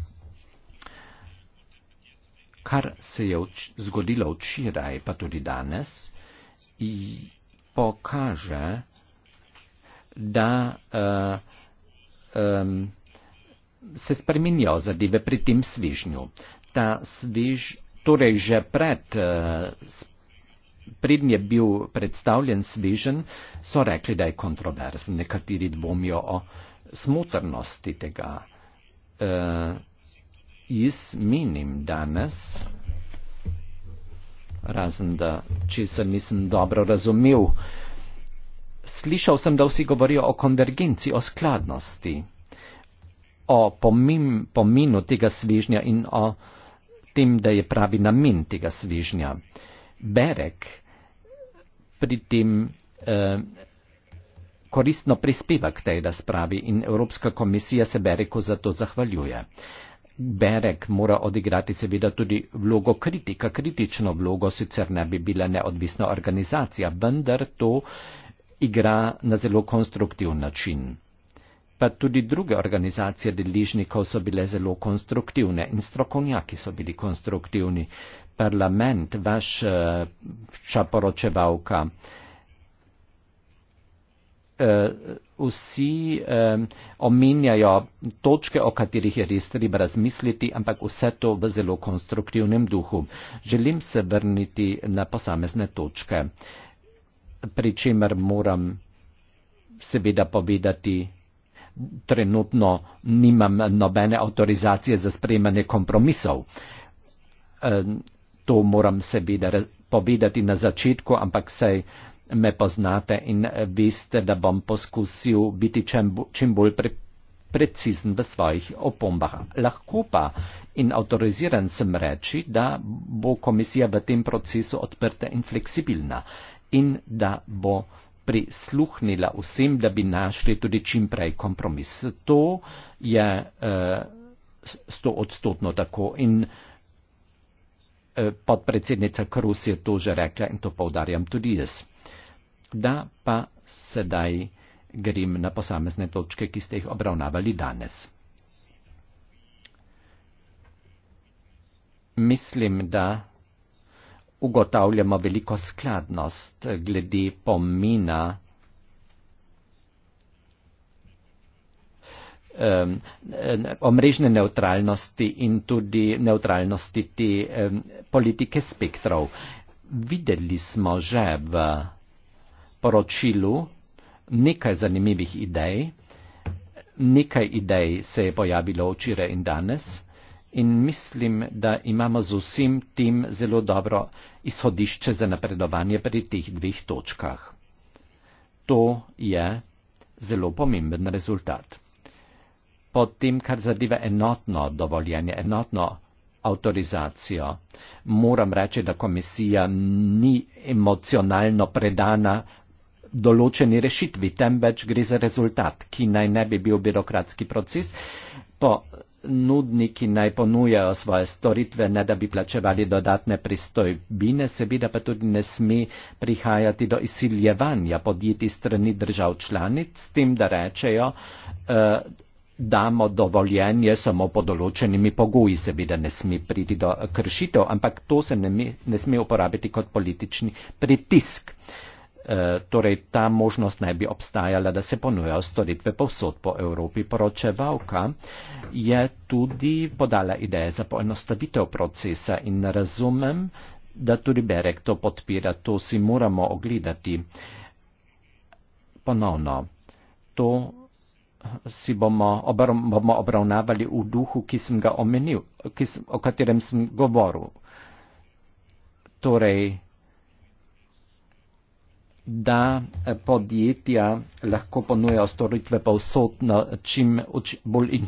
S2: kar se je vč, zgodilo včeraj, pa tudi danes, pokaže, da uh, um, se spremenijo zadeve pri tem svižnju. Ta svež, torej že pred, uh, eh, prednje je bil predstavljen svežen, so rekli, da je kontroverzen. Nekateri dvomijo o smotrnosti tega. Uh, jaz menim danes, razen da česar nisem dobro razumel, slišal sem, da vsi govorijo o konvergenci, o skladnosti, o pomim, pomenu tega svežnja in o tem, da je pravi namen tega svežnja. Berek pri tem eh, koristno prispeva k tej razpravi in Evropska komisija se Bereku za to zahvaljuje. Berek mora odigrati seveda tudi vlogo kritika, kritično vlogo, sicer ne bi bila neodvisna organizacija, vendar to igra na zelo konstruktiv način. Pa tudi druge organizacije deližnikov so bile zelo konstruktivne in strokovnjaki so bili konstruktivni. Parlament, vaša poročevalka, uh, Eh, vsi eh, omenjajo točke, o katerih je res treba razmisliti, ampak vse to v zelo konstruktivnem duhu. Želim se vrniti na posamezne točke, pri čemer moram seveda povedati, trenutno nimam nobene avtorizacije za sprejmanje kompromisov. Eh, to moram seveda povedati na začetku, ampak sej me poznate in eh, veste, da bom poskusil biti čem, čim bolj pre, precizen v svojih opombah. Lahko pa in avtoriziran sem reči, da bo komisija v tem procesu odprta in fleksibilna in da bo prisluhnila vsem, da bi našli tudi čim prej kompromis. To je eh, stoodstotno uh, tako in uh, podpredsednica Krus je to že rekla in to povdarjam tudi jaz da pa sedaj grem na posamezne točke, ki ste jih obravnavali danes. Mislim, da ugotavljamo veliko skladnost glede pomena omrežne neutralnosti in tudi neutralnosti te politike spektrov. Videli smo že v poročilu nekaj zanimivih idej, nekaj idej se je pojavilo včeraj in danes in mislim, da imamo z vsem tem zelo dobro izhodišče za napredovanje pri teh dveh točkah. To je zelo pomemben rezultat. Po tem, kar zadeva enotno dovoljenje, enotno avtorizacijo, moram reči, da komisija ni emocionalno predana določeni rešitvi, temveč gre za rezultat, ki naj ne bi bil birokratski proces. Po nudniki naj ponujajo svoje storitve, ne da bi plačevali dodatne pristojbine, seveda pa tudi ne sme prihajati do izsiljevanja podjetij strani držav članic, s tem, da rečejo, eh, damo dovoljenje samo pod določenimi pogoji, seveda ne sme priti do kršitev, ampak to se ne, ne sme uporabiti kot politični pritisk. Eh, Eh, torej ta možnost naj bi obstajala, da se ponujajo storitve povsod po Evropi. Poročevalka je tudi podala ideje za poenostavitev procesa in razumem, da tudi Berek to podpira. To si moramo ogledati ponovno. To si bomo, obr bomo obravnavali v duhu, ki sem ga omenil, ki sem, o katerem sem govoril. Torej, da eh, podjetja lahko ponujajo storitve povsod na čim bolj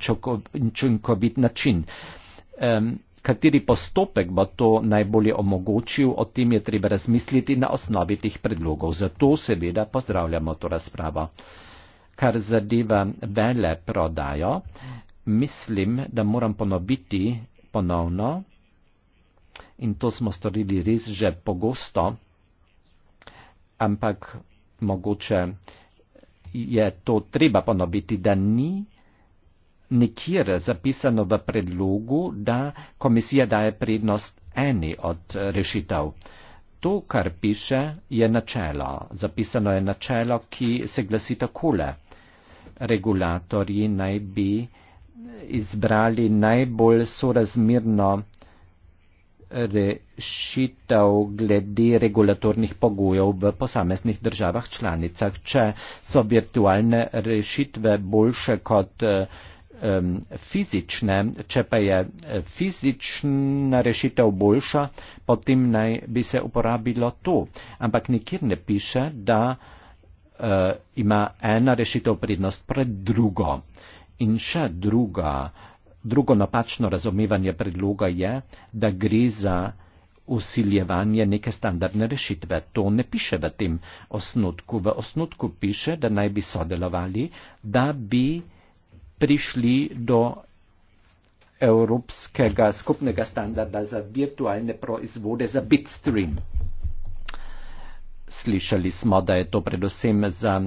S2: učinkovit način. Kateri postopek bo to najbolje omogočil, o tem je treba razmisliti na osnovi teh predlogov. Zato seveda pozdravljamo to razpravo. Kar zadeva vele prodajo, mislim, da moram ponoviti ponovno, in to smo storili res že pogosto, ampak mogoče je to treba ponoviti, da ni nikjer zapisano v predlogu, da komisija daje prednost eni od rešitev. To, kar piše, je načelo. Zapisano je načelo, ki se glasi takole. Regulatorji naj bi izbrali najbolj sorazmirno rešitev glede regulatornih pogojev v posameznih državah članicah. Če so virtualne rešitve boljše kot um, fizične, če pa je eh, fizična rešitev boljša, potem naj bi se uporabilo to. Ampak nikjer ne piše, da uh, ima ena rešitev prednost pred drugo. In še druga. Drugo napačno razumevanje predloga je, da gre za usiljevanje neke standardne rešitve. To ne piše v tem osnutku. V osnutku piše, da naj bi sodelovali, da bi prišli do evropskega skupnega standarda za virtualne proizvode za bitstream. Slišali smo, da je to predvsem za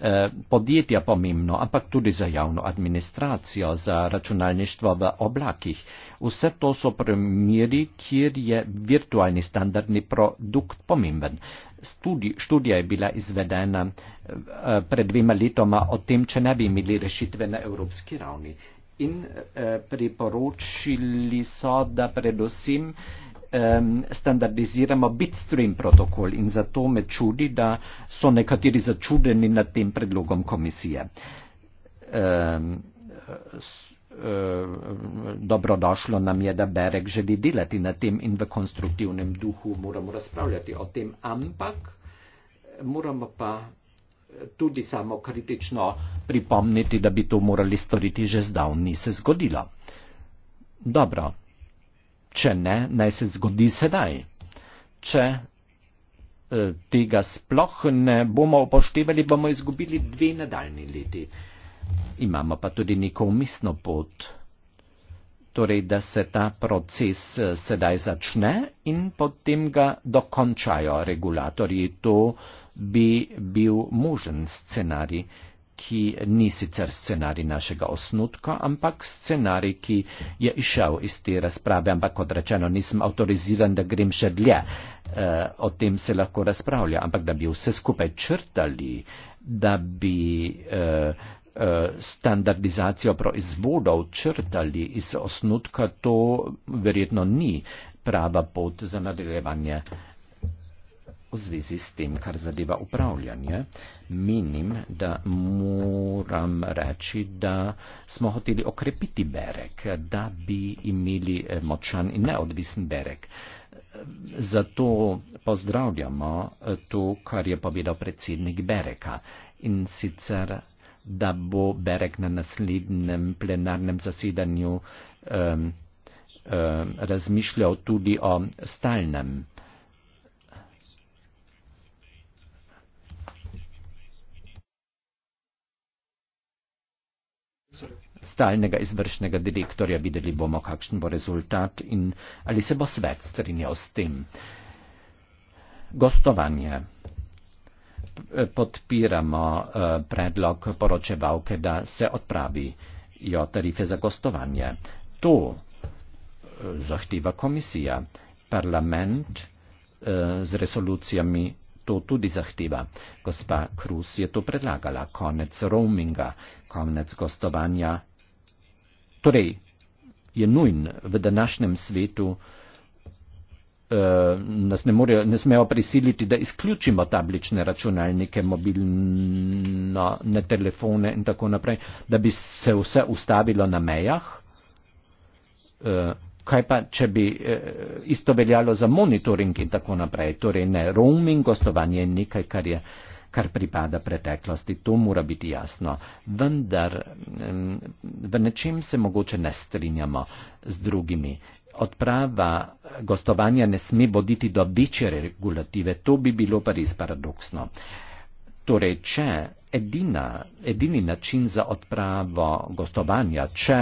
S2: Eh, podjetja pomembno, ampak tudi za javno administracijo, za računalništvo v oblakih. Vse to so primeri, kjer je virtualni standardni produkt pomemben. Studi, študija je bila izvedena eh, pred dvema letoma o tem, če ne bi imeli rešitve na evropski ravni. In eh, priporočili so, da predvsem um, standardiziramo bitstream protokol in zato me čudi, da so nekateri začudeni nad tem predlogom komisije. Um, dobrodošlo nam je, da Berek želi delati na tem in v konstruktivnem duhu moramo razpravljati o tem, ampak moramo pa tudi samo kritično pripomniti, da bi to morali storiti že zdavni se zgodilo. Dobro. Če ne, naj se zgodi sedaj. Če eh, tega sploh ne bomo upoštevali, bomo izgubili dve nadaljni leti. Imamo pa tudi neko umisno pot, torej da se ta proces eh, sedaj začne in potem ga dokončajo regulatorji. To bi bil možen scenarij ki ni sicer scenarij našega osnutka, ampak scenarij, ki je išel iz te razprave, ampak kot rečeno nisem avtoriziran, da grem še dlje. E, o tem se lahko razpravlja, ampak da bi vse skupaj črtali, da bi. E, standardizacijo proizvodov črtali iz osnutka, to verjetno ni prava pot za nadaljevanje eh, v zvezi s tem, kar zadeva upravljanje, menim, da moram reči, da smo hoteli okrepiti berek, da bi imeli eh, močan in neodvisen berek. Zato pozdravljamo eh, to, kar je povedal predsednik bereka in sicer, da bo berek na naslednjem plenarnem zasedanju um, um, razmišljal tudi o stalnem. stalnega izvršnega direktorja, videli bomo, kakšen bo rezultat in ali se bo svet strinjal s tem. Gostovanje. Podpiramo eh, predlog poročevalke, da se odpravijo tarife za gostovanje. To eh, zahteva komisija. Parlament eh, z resolucijami to tudi zahteva. Gospa Krus je to predlagala. Konec roaminga, konec gostovanja Torej, je nujen v današnjem svetu, eh, nas ne, more, ne smejo prisiliti, da izključimo tablične računalnike, mobilne telefone in tako naprej, da bi se vse ustavilo na mejah. Eh, kaj pa, če bi eh, isto veljalo za monitoring in tako naprej? Torej, ne, roaming, gostovanje je nekaj, kar je kar pripada preteklosti, to mora biti jasno. Vendar v nečem se mogoče ne strinjamo z drugimi. Odprava gostovanja ne sme voditi do večje regulative, to bi bilo pa res paradoksno. Torej, če edina, edini način za odpravo gostovanja, če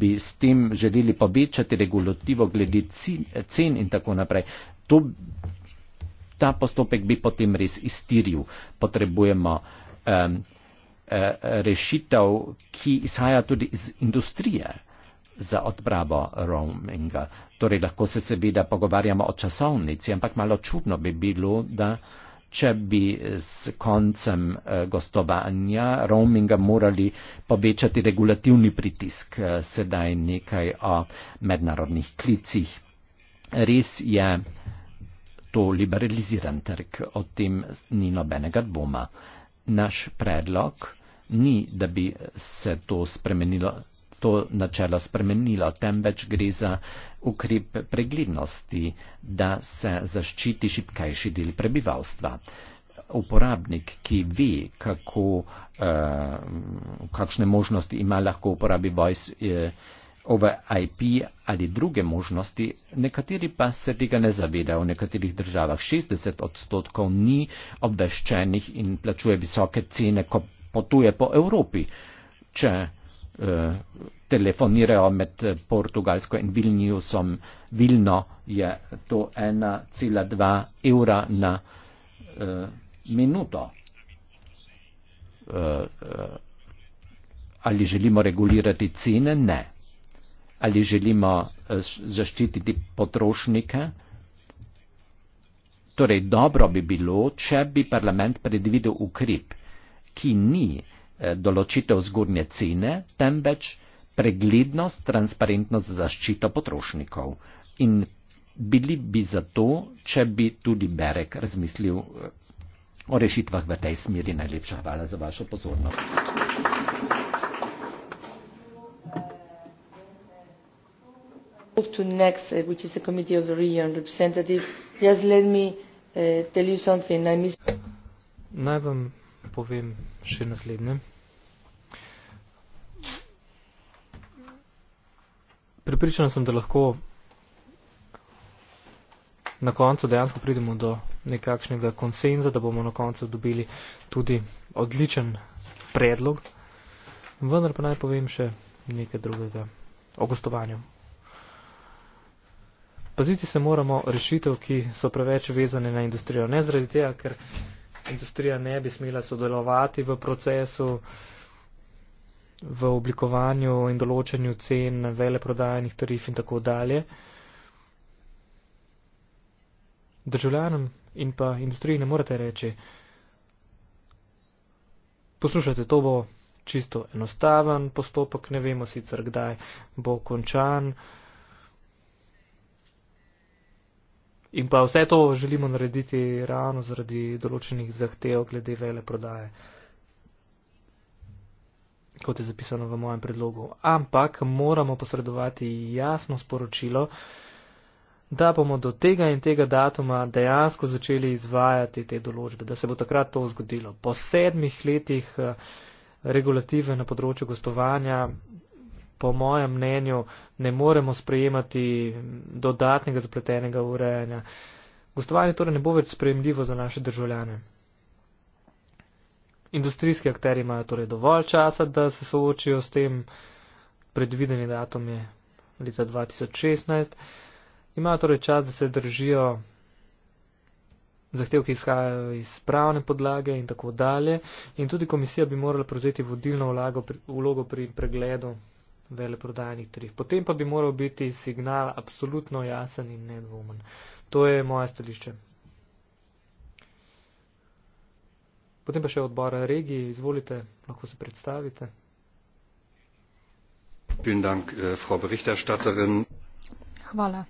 S2: bi s tem želeli povečati regulativo glede cen in tako naprej, to ta postopek bi potem res iztiril. Potrebujemo um, rešitev, ki izhaja tudi iz industrije za odpravo roaminga. Torej lahko se seveda pogovarjamo o časovnici, ampak malo čudno bi bilo, da če bi s koncem e, gostovanja roaminga morali povečati regulativni pritisk, e, sedaj nekaj o mednarodnih klicih. Res je, to liberaliziran trg, o tem ni nobenega dvoma. Naš predlog ni, da bi se to spremenilo to načelo spremenilo, temveč gre za ukrep preglednosti, da se zaščiti šipkejši del prebivalstva. Uporabnik, ki ve, kako, eh, kakšne možnosti ima lahko uporabi Voice eh, v IP ali druge možnosti, nekateri pa se tega ne zavedajo. V nekaterih državah 60 odstotkov ni obveščenih in plačuje visoke cene, ko potuje po Evropi. Če eh, telefonirajo med Portugalsko in Vilniusom. Vilno je to 1,2 evra na eh, minuto. Eh, eh, ali želimo regulirati cene? Ne ali želimo eh, zaščititi potrošnike. Torej, dobro bi bilo, če bi parlament predvidel ukrep, ki ni eh, določitev zgornje cene, temveč preglednost, transparentnost zaščito potrošnikov. In bili bi zato, če bi tudi Berek razmislil eh, o rešitvah v tej smeri. Najlepša hvala za vašo pozornost.
S1: move to next uh, which is the committee of the region representative just let me uh, tell you something i miss
S4: naj vam povem še naslednje pripričan sem da lahko na koncu dejansko pridemo do nekakšnega konsenza da bomo na koncu dobili tudi odličen predlog vendar pa naj povem še nekaj drugega o gostovanju paziti se moramo rešitev, ki so preveč vezane na industrijo. Ne zaradi tega, ker industrija ne bi smela sodelovati v procesu, v oblikovanju in določanju cen, veleprodajnih tarif in tako dalje. Državljanom in pa industriji ne morete reči, poslušajte, to bo čisto enostaven postopek, ne vemo sicer, kdaj bo končan. In pa vse to želimo narediti ravno zaradi določenih zahtev glede vele prodaje, kot je zapisano v mojem predlogu. Ampak moramo posredovati jasno sporočilo, da bomo do tega in tega datuma dejansko začeli izvajati te določbe, da se bo takrat to zgodilo. Po sedmih letih eh, regulative na področju gostovanja po mojem mnenju ne moremo sprejemati dodatnega zapletenega urejanja. Gostovanje torej ne bo več sprejemljivo za naše državljane. Industrijski akteri imajo torej dovolj časa, da se soočijo s tem predvideni datum je leta 2016. Imajo torej čas, da se držijo zahtev, ki izhajajo iz pravne podlage in tako dalje. In tudi komisija bi morala prevzeti vodilno vlogo pri pregledu veleprodajnih trih. Potem pa bi moral biti signal absolutno jasen in nedvomen. To je moje stališče. Potem pa še odbor regiji, izvolite, lahko se predstavite.
S1: Eh,
S3: Hvala.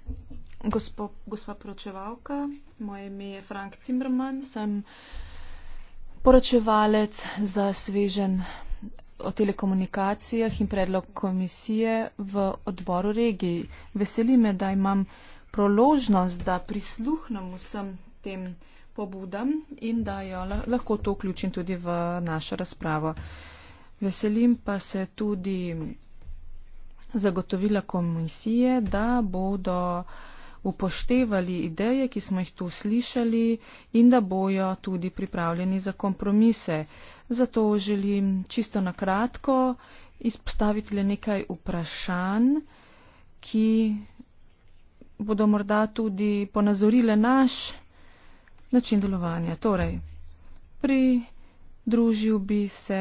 S3: Gospo, gospa poročevalka, moje ime je Frank Zimmermann, sem poročevalec za svežen o telekomunikacijah in predlog komisije v odboru regiji. Veseli me, da imam proložnost, da prisluhnem vsem tem pobudam in da jo lahko to vključim tudi v našo razpravo. Veselim pa se tudi zagotovila komisije, da bodo upoštevali ideje, ki smo jih tu slišali in da bojo tudi pripravljeni za kompromise. Uh, Zato želim čisto na kratko izpostaviti le nekaj vprašanj, ki bodo morda tudi ponazorile naš način delovanja. Torej, pridružil bi se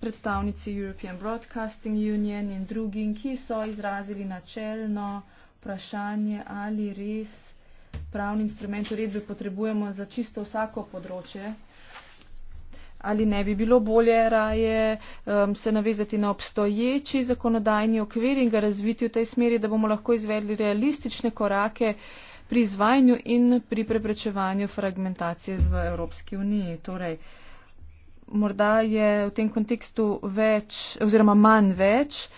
S3: predstavnici European Broadcasting Union in drugim, ki so izrazili načelno vprašanje, ali res pravni instrument uredbe potrebujemo za čisto vsako področje ali ne bi bilo bolje raje um, se navezati na obstoječi zakonodajni okvir in ga razviti v tej smeri, da bomo lahko izvedli realistične korake pri izvajanju in pri preprečevanju fragmentacije v Evropski uniji. Torej, morda je v tem kontekstu več oziroma manj več,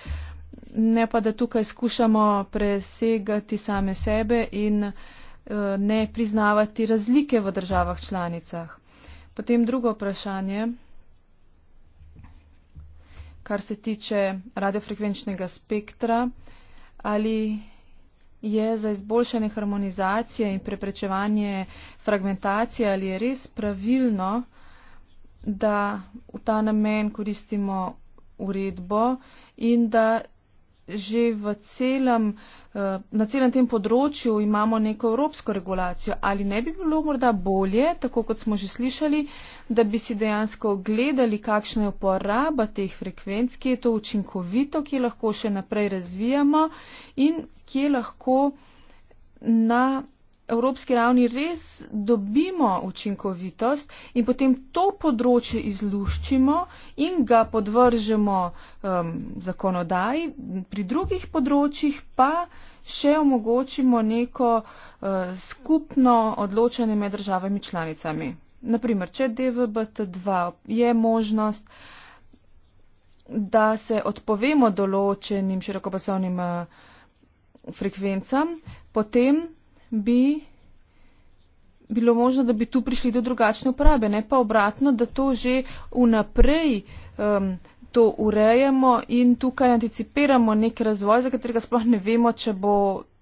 S3: ne pa da tukaj skušamo presegati same sebe in uh, ne priznavati razlike v državah članicah. Potem drugo vprašanje, kar se tiče radiofrekvenčnega spektra. Ali je za izboljšanje harmonizacije in preprečevanje fragmentacije, ali je res pravilno, da v ta namen koristimo uredbo in da že v celem, eh, na celem tem področju imamo neko evropsko regulacijo. Ali ne bi bilo morda bolje, tako kot smo že slišali, da bi si dejansko gledali, kakšna je uporaba teh frekvenc, ki je to učinkovito, ki lahko še naprej razvijamo in ki lahko na evropski ravni res dobimo učinkovitost in potem to področje izluščimo in ga podvržemo um, zakonodaji, pri drugih področjih pa še omogočimo neko uh, skupno odločanje med državami članicami. Naprimer, če DVBT2 je možnost, da se odpovemo določenim širokopasovnim uh, frekvencam, potem bi bilo možno, da bi tu prišli do drugačne uporabe, ne pa obratno, da to že vnaprej um, to urejamo in tukaj anticipiramo nek razvoj, za katerega sploh ne vemo, če bo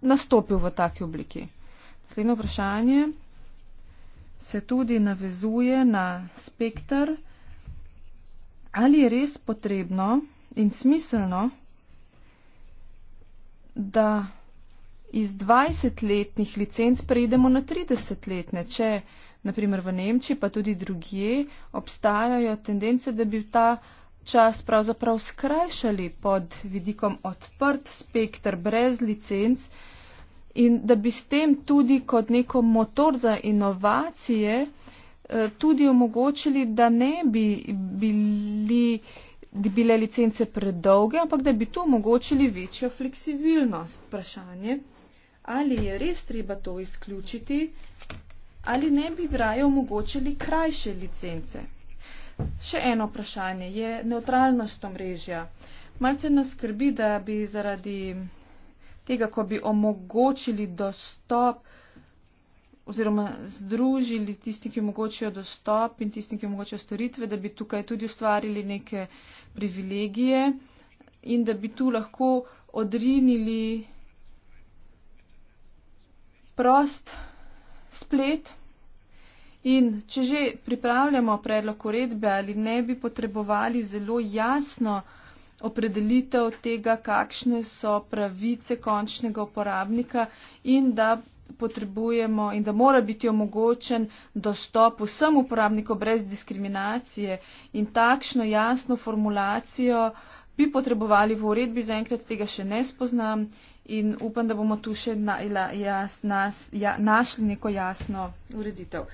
S3: nastopil v taki obliki. Naslednje vprašanje se tudi navezuje na spektr, ali je res potrebno in smiselno, da iz 20-letnih licenc prejdemo na 30-letne, če naprimer v Nemčiji, pa tudi drugje, obstajajo tendence, da bi ta čas pravzaprav skrajšali pod vidikom odprt spektr brez licenc in da bi s tem tudi kot neko motor za inovacije eh, tudi omogočili, da ne bi bili, da bile licence predolge, ampak da bi tu omogočili večjo fleksibilnost. Vprašanje ali je res treba to izključiti, ali ne bi raje omogočili krajše licence. Še eno vprašanje je neutralnost omrežja. Malce nas skrbi, da bi zaradi tega, ko bi omogočili dostop oziroma združili tisti, ki omogočajo dostop in tisti, ki omogočajo storitve, da bi tukaj tudi ustvarili neke privilegije in da bi tu lahko odrinili prost splet in če že pripravljamo predlog uredbe ali ne bi potrebovali zelo jasno opredelitev tega, kakšne so pravice končnega uporabnika in da potrebujemo in da mora biti omogočen dostop vsem uporabnikom brez diskriminacije in takšno jasno formulacijo bi potrebovali v uredbi, zaenkrat tega še ne spoznam in upam, da bomo tu še na, jas, nas, ja, našli neko jasno ureditev.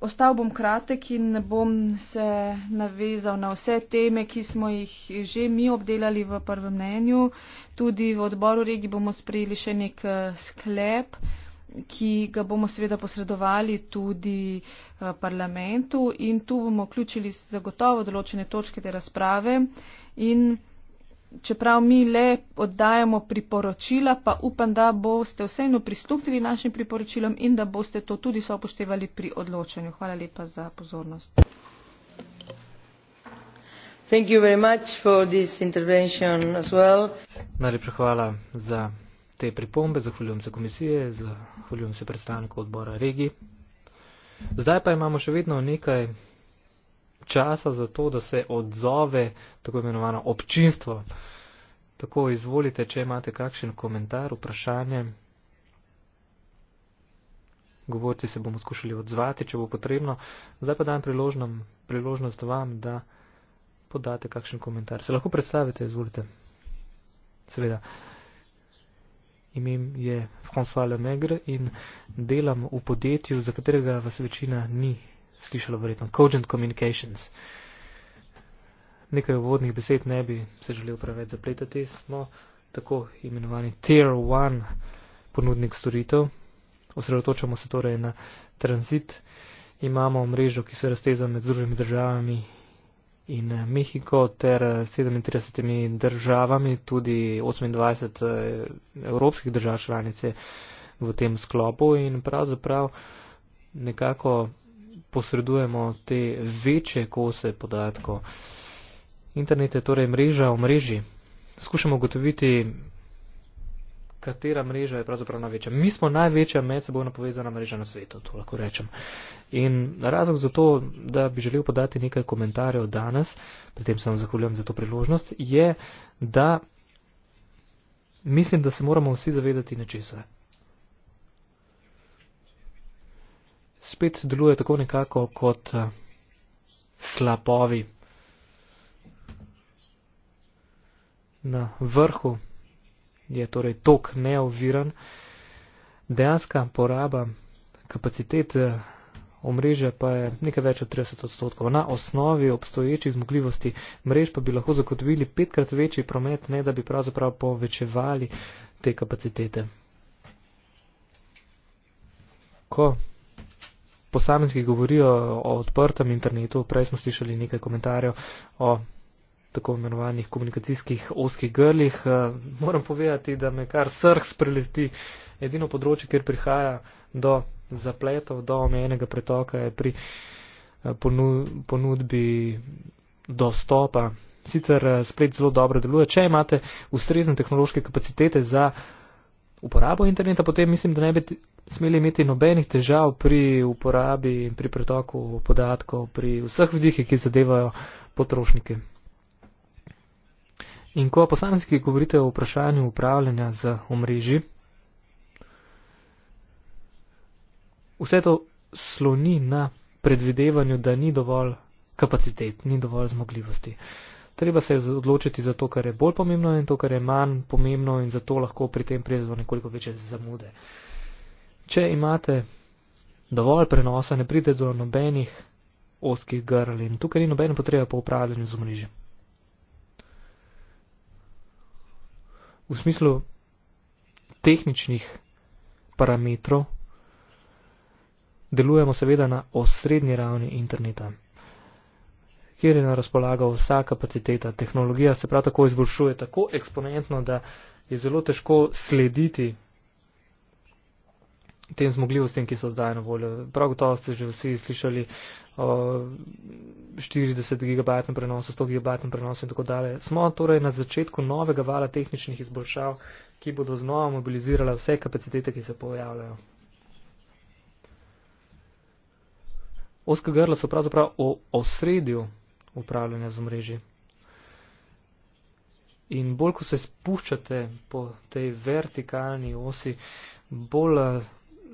S3: Ostal bom kratek in ne bom se navezal na vse teme, ki smo jih že mi obdelali v prvem mnenju. Tudi v odboru regi bomo sprejeli še nek eh, sklep, ki ga bomo seveda posredovali tudi eh, parlamentu in tu bomo vključili zagotovo določene točke te razprave in čeprav mi le oddajamo priporočila, pa upam, da boste vseeno pristupili našim priporočilom in da boste to tudi soopoštevali pri odločanju. Hvala lepa za pozornost.
S1: Well.
S4: Najlepša hvala za te pripombe, zahvaljujem se komisije, zahvaljujem se predstavniku odbora regiji. Zdaj pa imamo še vedno nekaj časa za to, da se odzove tako imenovano občinstvo. Tako izvolite, če imate kakšen komentar, vprašanje. Govorci se bomo skušali odzvati, če bo potrebno. Zdaj pa dajem priložnost, priložnost vam, da podate kakšen komentar. Se lahko predstavite, izvolite. Seveda. Imem je François Lemegre in delam v podjetju, za katerega vas večina ni slišalo verjetno Cogent Communications. Nekaj uvodnih besed ne bi se želel preveč zapletati, smo tako imenovani Tier 1 ponudnik storitev. Osredotočamo se torej na tranzit. Imamo mrežo, ki se razteza med Združenimi državami in eh, Mehiko ter 37 eh, državami, tudi 28 eh, evropskih držav članice v tem sklopu in pravzaprav nekako posredujemo te večje kose podatkov. Internet je torej mreža v mreži. Skušamo ugotoviti, katera mreža je pravzaprav največja. Mi smo največja medsebojno povezana mreža na svetu, to lahko rečem. In razlog za to, da bi želel podati nekaj komentarjev danes, pri tem se vam zahvaljujem za to priložnost, je, da mislim, da se moramo vsi zavedati nečesa. spet deluje tako nekako kot eh, slapovi na vrhu je torej tok neoviran. Dejanska poraba kapacitet eh, omrežja pa je nekaj več od 30 odstotkov. Na osnovi obstoječih zmogljivosti mrež pa bi lahko zagotovili petkrat večji promet, ne da bi pravzaprav povečevali te kapacitete. Ko posamezniki govorijo o odprtem internetu, prej smo slišali nekaj komentarjev o tako imenovanih komunikacijskih oskih grlih. Eh, moram povedati, da me kar srh spreleti. Edino področje, kjer prihaja do zapletov, do omejenega pretoka, je pri eh, ponudbi dostopa. Sicer eh, splet zelo dobro deluje, če imate ustrezne tehnološke kapacitete za uporabo interneta, potem mislim, da ne bi smeli imeti nobenih težav pri uporabi in pri pretoku podatkov, pri vseh vidih, ki zadevajo potrošnike. In ko posamezniki govorite o vprašanju upravljanja z omrežji, vse to sloni na predvidevanju, da ni dovolj kapacitet, ni dovolj zmogljivosti. Uh, treba se je odločiti za to, kar je bolj pomembno in to, kar je manj pomembno in zato lahko pri tem prijezdo nekoliko večje zamude. Če imate dovolj prenosa, ne pride do nobenih oskih grl in tukaj ni nobene potrebe po upravljanju z mrežjem. V smislu tehničnih parametrov delujemo seveda na osrednji ravni interneta kjer je na razpolago vsa kapaciteta. Tehnologija se prav tako izboljšuje tako eksponentno, da je zelo težko slediti tem zmogljivostem, ki so zdaj na voljo. Prav gotovo ste že vsi slišali o 40 GB prenosu, 100 GB prenosu in tako dalje. Smo torej na začetku novega vala tehničnih izboljšav, ki bodo znova mobilizirale vse kapacitete, ki se pojavljajo. Oskar Grlo so pravzaprav v osredju upravljanja z mreži. In bolj, ko se spuščate po tej vertikalni osi, bolj eh,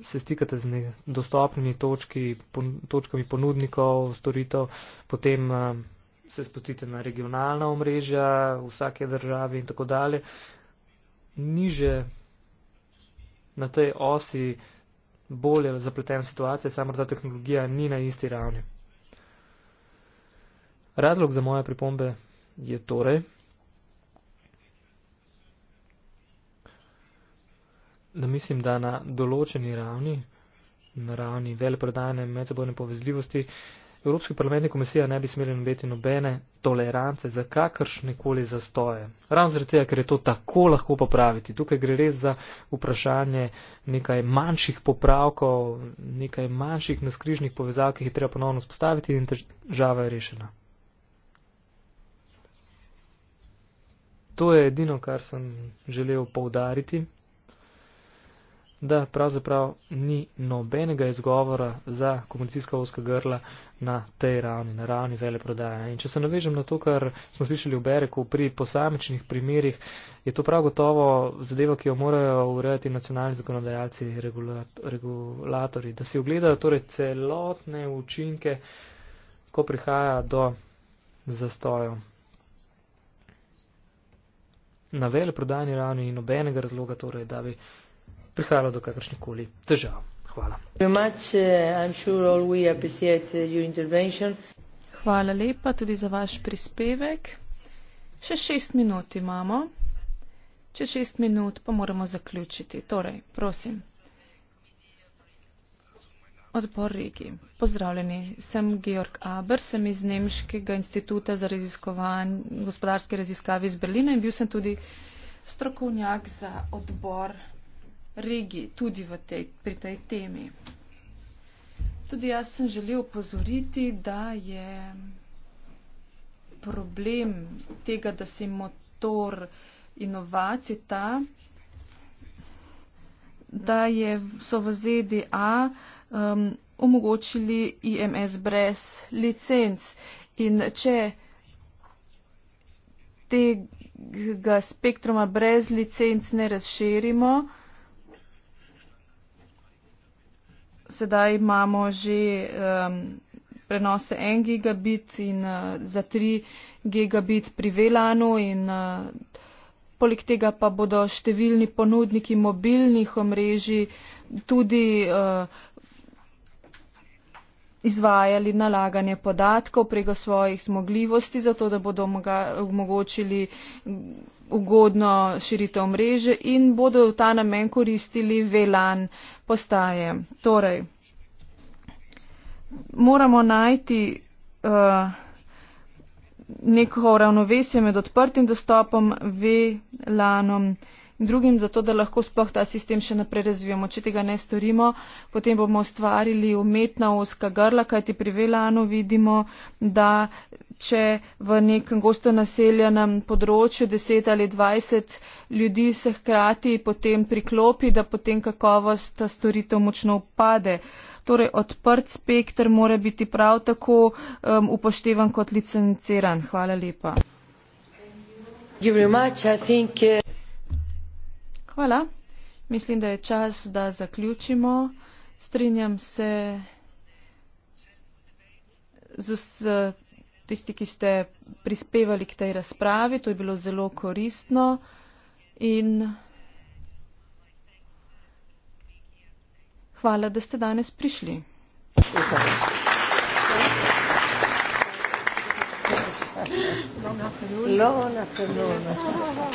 S4: se stikate z dostopnimi točki, pon, točkami ponudnikov, storitev, potem eh, se spustite na regionalna omrežja vsake države in tako dalje. Niže na tej osi bolje zapletena situacija, samo da tehnologija ni na isti ravni. Razlog za moje pripombe je torej, da mislim, da na določeni ravni, na ravni veleprodajne medsebojne povezljivosti, Evropski parlament in komisija ne bi smeli imeti nobene tolerance za kakršne koli zastoje. Ravno zaradi tega, ker je to tako lahko popraviti. Tukaj gre res za vprašanje nekaj manjših popravkov, nekaj manjših naskrižnih povezav, ki jih je treba ponovno spostaviti in težava je rešena. to je edino, kar sem želel povdariti, da pravzaprav ni nobenega izgovora za komunicijska oska grla na tej ravni, na ravni veleprodaje. In če se navežem na to, kar smo slišali v Bereku pri posamičnih primerjih, je to prav gotovo zadeva, ki jo morajo urejati nacionalni zakonodajalci, regulatori, da si ogledajo torej celotne učinke, ko prihaja do zastojev na veleprodajni ravni in nobenega razloga, torej, da bi prihajalo do kakršnih koli težav. Hvala.
S1: Eh,
S3: eh, Hvala lepa tudi za vaš prispevek. Še šest minut imamo. Če šest minut, pa moramo zaključiti. Torej, prosim. Odpor regij. Pozdravljeni, sem Georg Aber, sem iz Nemškega instituta za gospodarske raziskave iz Berlina in bil sem tudi strokovnjak za odbor regij, tudi tej, pri tej temi. Tudi jaz sem želel upozoriti, da je problem tega, da si motor inovacij ta, da je, so v ZDA, um, omogočili IMS brez licenc. In če tega spektroma brez licenc ne razširimo, sedaj imamo že um, prenose 1 gigabit in uh, za 3 gigabit pri Velanu in uh, poleg tega pa bodo številni ponudniki mobilnih omrežij tudi uh, izvajali nalaganje podatkov prego svojih zmogljivosti, zato da bodo omogočili ugodno širitev mreže in bodo v ta namen koristili VLAN postaje. Torej, moramo najti uh, neko ravnovesje med odprtim dostopom VLANom drugim, zato da lahko sploh ta sistem še naprej razvijamo. Če tega ne storimo, potem bomo ustvarili umetna oska grla, kaj ti pri Velano vidimo, da če v nekem gosto naseljenem področju 10 ali 20 ljudi se hkrati potem priklopi, da potem kakovost storitev močno upade. Torej, odprt spektr mora biti prav tako um, upoštevan kot licenciran. Hvala lepa. Hvala. Mislim, da je čas, da zaključimo. Strinjam se z tisti, ki ste prispevali k tej razpravi. To je bilo zelo koristno in hvala, da ste danes prišli. Lona,
S1: Lona, Lona.